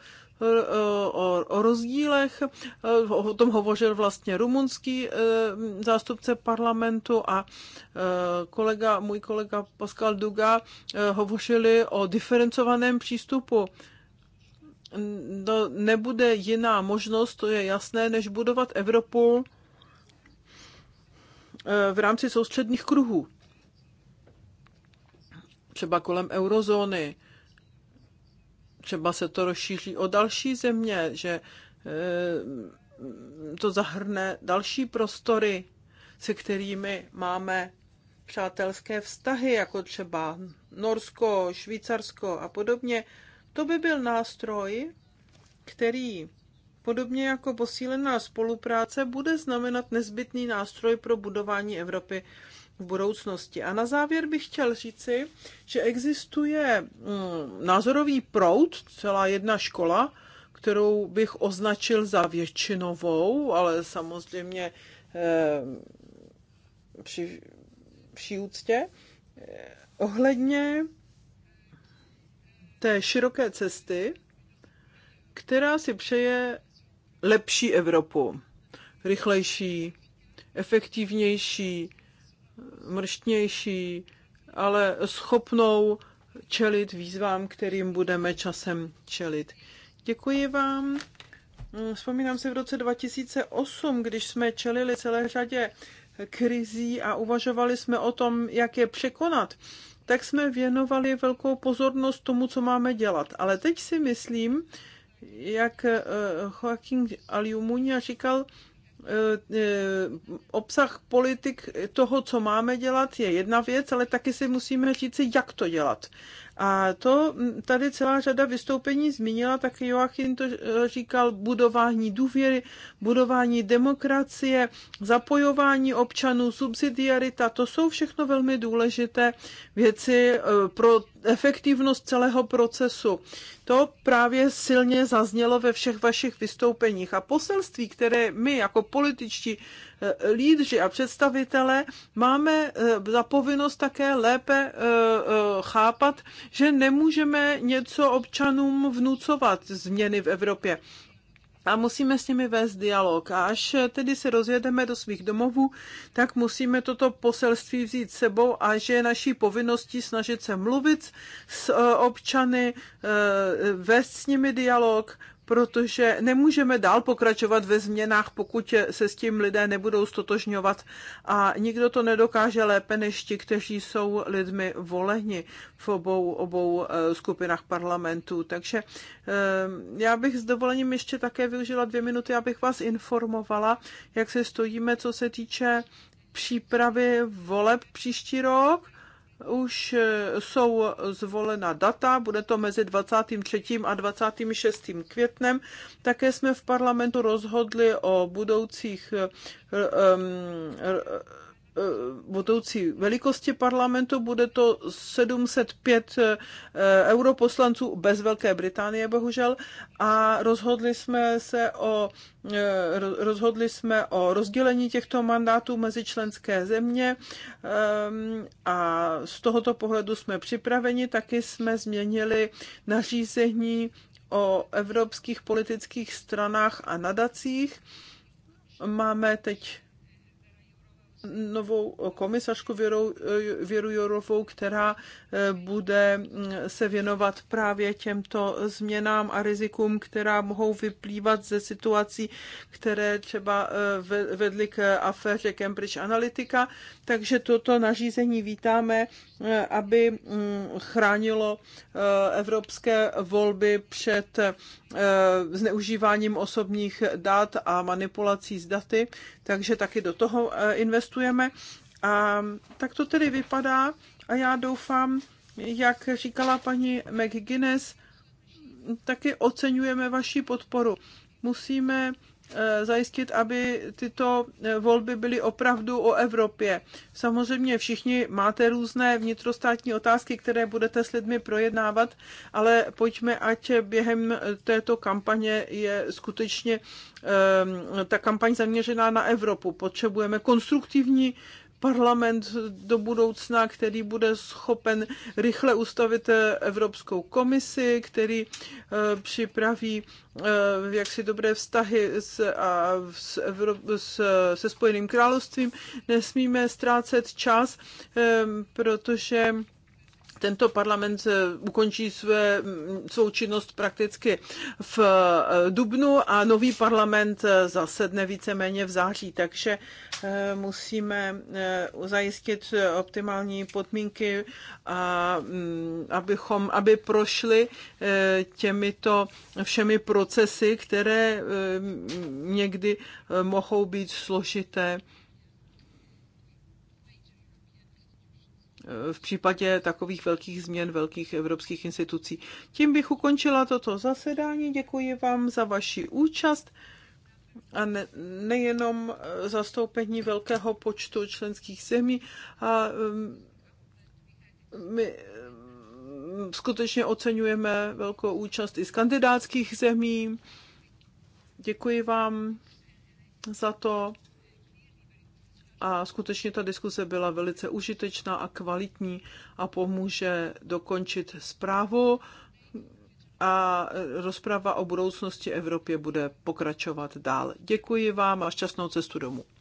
o, o rozdílech. Eh, o tom hovořil vlastně rumunský zástupce parlamentu a kolega, můj kolega Pascal Duga hovořili o diferencovaném přístupu no, nebude jiná možnost, to je jasné, než budovat Evropu eh, v rámci soustředních kruhů. Třeba kolem eurozóny, třeba se to rozšíří o další země, že eh, to zahrne další prostory, se kterými máme přátelské vztahy, jako třeba Norsko, Švýcarsko a podobně. To by byl nástroj, který podobně jako posílená spolupráce bude znamenat nezbytný nástroj pro budování Evropy v budoucnosti. A na závěr bych chtěl říci, že existuje mm, názorový proud, celá jedna škola, kterou bych označil za většinovou, ale samozřejmě eh, při vší úctě, eh, ohledně té široké cesty, která si přeje lepší Evropu, rychlejší, efektivnější, mrštnější, ale schopnou čelit výzvám, kterým budeme časem čelit. Děkuji vám. Vzpomínám si v roce 2008, když jsme čelili celé řadě krizí a uvažovali jsme o tom, jak je překonat tak jsme věnovali velkou pozornost tomu, co máme dělat. Ale teď si myslím, jak eh, Joaquín Aliumunia říkal, eh, eh, obsah politik toho, co máme dělat, je jedna věc, ale taky si musíme říct, jak to dělat. A to tady celá řada vystoupení zmínila, tak Joachim to e, říkal, budování důvěry, budování demokracie, zapojování občanů, subsidiarita, to jsou všechno velmi důležité věci e, pro efektivnost celého procesu. To právě silně zaznělo ve všech vašich vystoupeních. A poselství, které my jako političtí eh, lídři a představitelé máme eh, za povinnost také lépe eh, chápat, že nemůžeme něco občanům vnucovat změny v Evropě a musíme s nimi vést dialog. A až tedy se rozjedeme do svých domovů, tak musíme toto poselství vzít sebou a že je naší povinností snažit se mluvit s eh, občany, eh, vést s nimi dialog, protože nemůžeme dál pokračovat ve změnách, pokud se s tím lidé nebudou stotožňovat a nikdo to nedokáže lépe než ti, kteří jsou lidmi voleni v obou, obou eh, skupinách parlamentů. Takže eh, já bych s dovolením ještě také využila dvě minuty, abych vás informovala, jak se stojíme, co se týče přípravy voleb příští rok už e, jsou zvolena data, bude to mezi 23. a 26. květnem. Také jsme v parlamentu rozhodli o budoucích um, Eh, budoucí velikosti parlamentu, bude to 705 eh, europoslanců bez Velké Británie, bohužel, a rozhodli jsme se o eh, rozhodli jsme o rozdělení těchto mandátů mezi členské země ehm, a z tohoto pohledu jsme připraveni, taky jsme změnili nařízení o evropských politických stranách a nadacích. Máme teď novou komisařku Věru, Věru Jorovou, která eh, bude mm, se věnovat právě těmto změnám a rizikům, která mohou vyplývat ze situací, které třeba eh, vedly k eh, aféře Cambridge Analytica. Takže toto nařízení vítáme, aby mm, chránilo evropské volby před zneužíváním osobních dat a manipulací s daty, takže taky do toho investujeme testujeme. A tak to tedy vypadá a já doufám, jak říkala paní McGuinness, taky oceňujeme vaši podporu. Musíme Eh, zajistit, aby tyto eh, volby byly opravdu o Evropě. Samozřejmě všichni máte různé vnitrostátní otázky, které budete s lidmi projednávat, ale pojďme, ať během eh, této kampaně je skutečně ta kampaň zaměřená na Evropu. Potřebujeme konstruktivní parlament do budoucna, který bude schopen rychle ustavit eh, Evropskou komisi, který eh, připraví eh, jaksi dobré vztahy s, a, s Evro- s, se Spojeným královstvím. Nesmíme ztrácet čas, protože tento parlament eh, ukončí své, mm, svou činnost prakticky v eh, dubnu a nový parlament eh, zasedne víceméně v září, takže musíme zajistit optimální podmínky, a, mm, abychom, aby prošli těmito všemi procesy, které někdy mohou být složité v případě takových velkých změn velkých evropských institucí. Tím bych ukončila toto zasedání. Děkuji vám za vaši účast a ne, nejenom zastoupení velkého počtu členských zemí. A um, my um, skutečně oceňujeme velkou účast i z kandidátských zemí. Děkuji vám za to a skutečně ta diskuse byla velice užitečná a kvalitní a pomůže dokončit zprávu a rozprava o budoucnosti Evropě bude pokračovat dál. Děkuji vám a šťastnou cestu domů.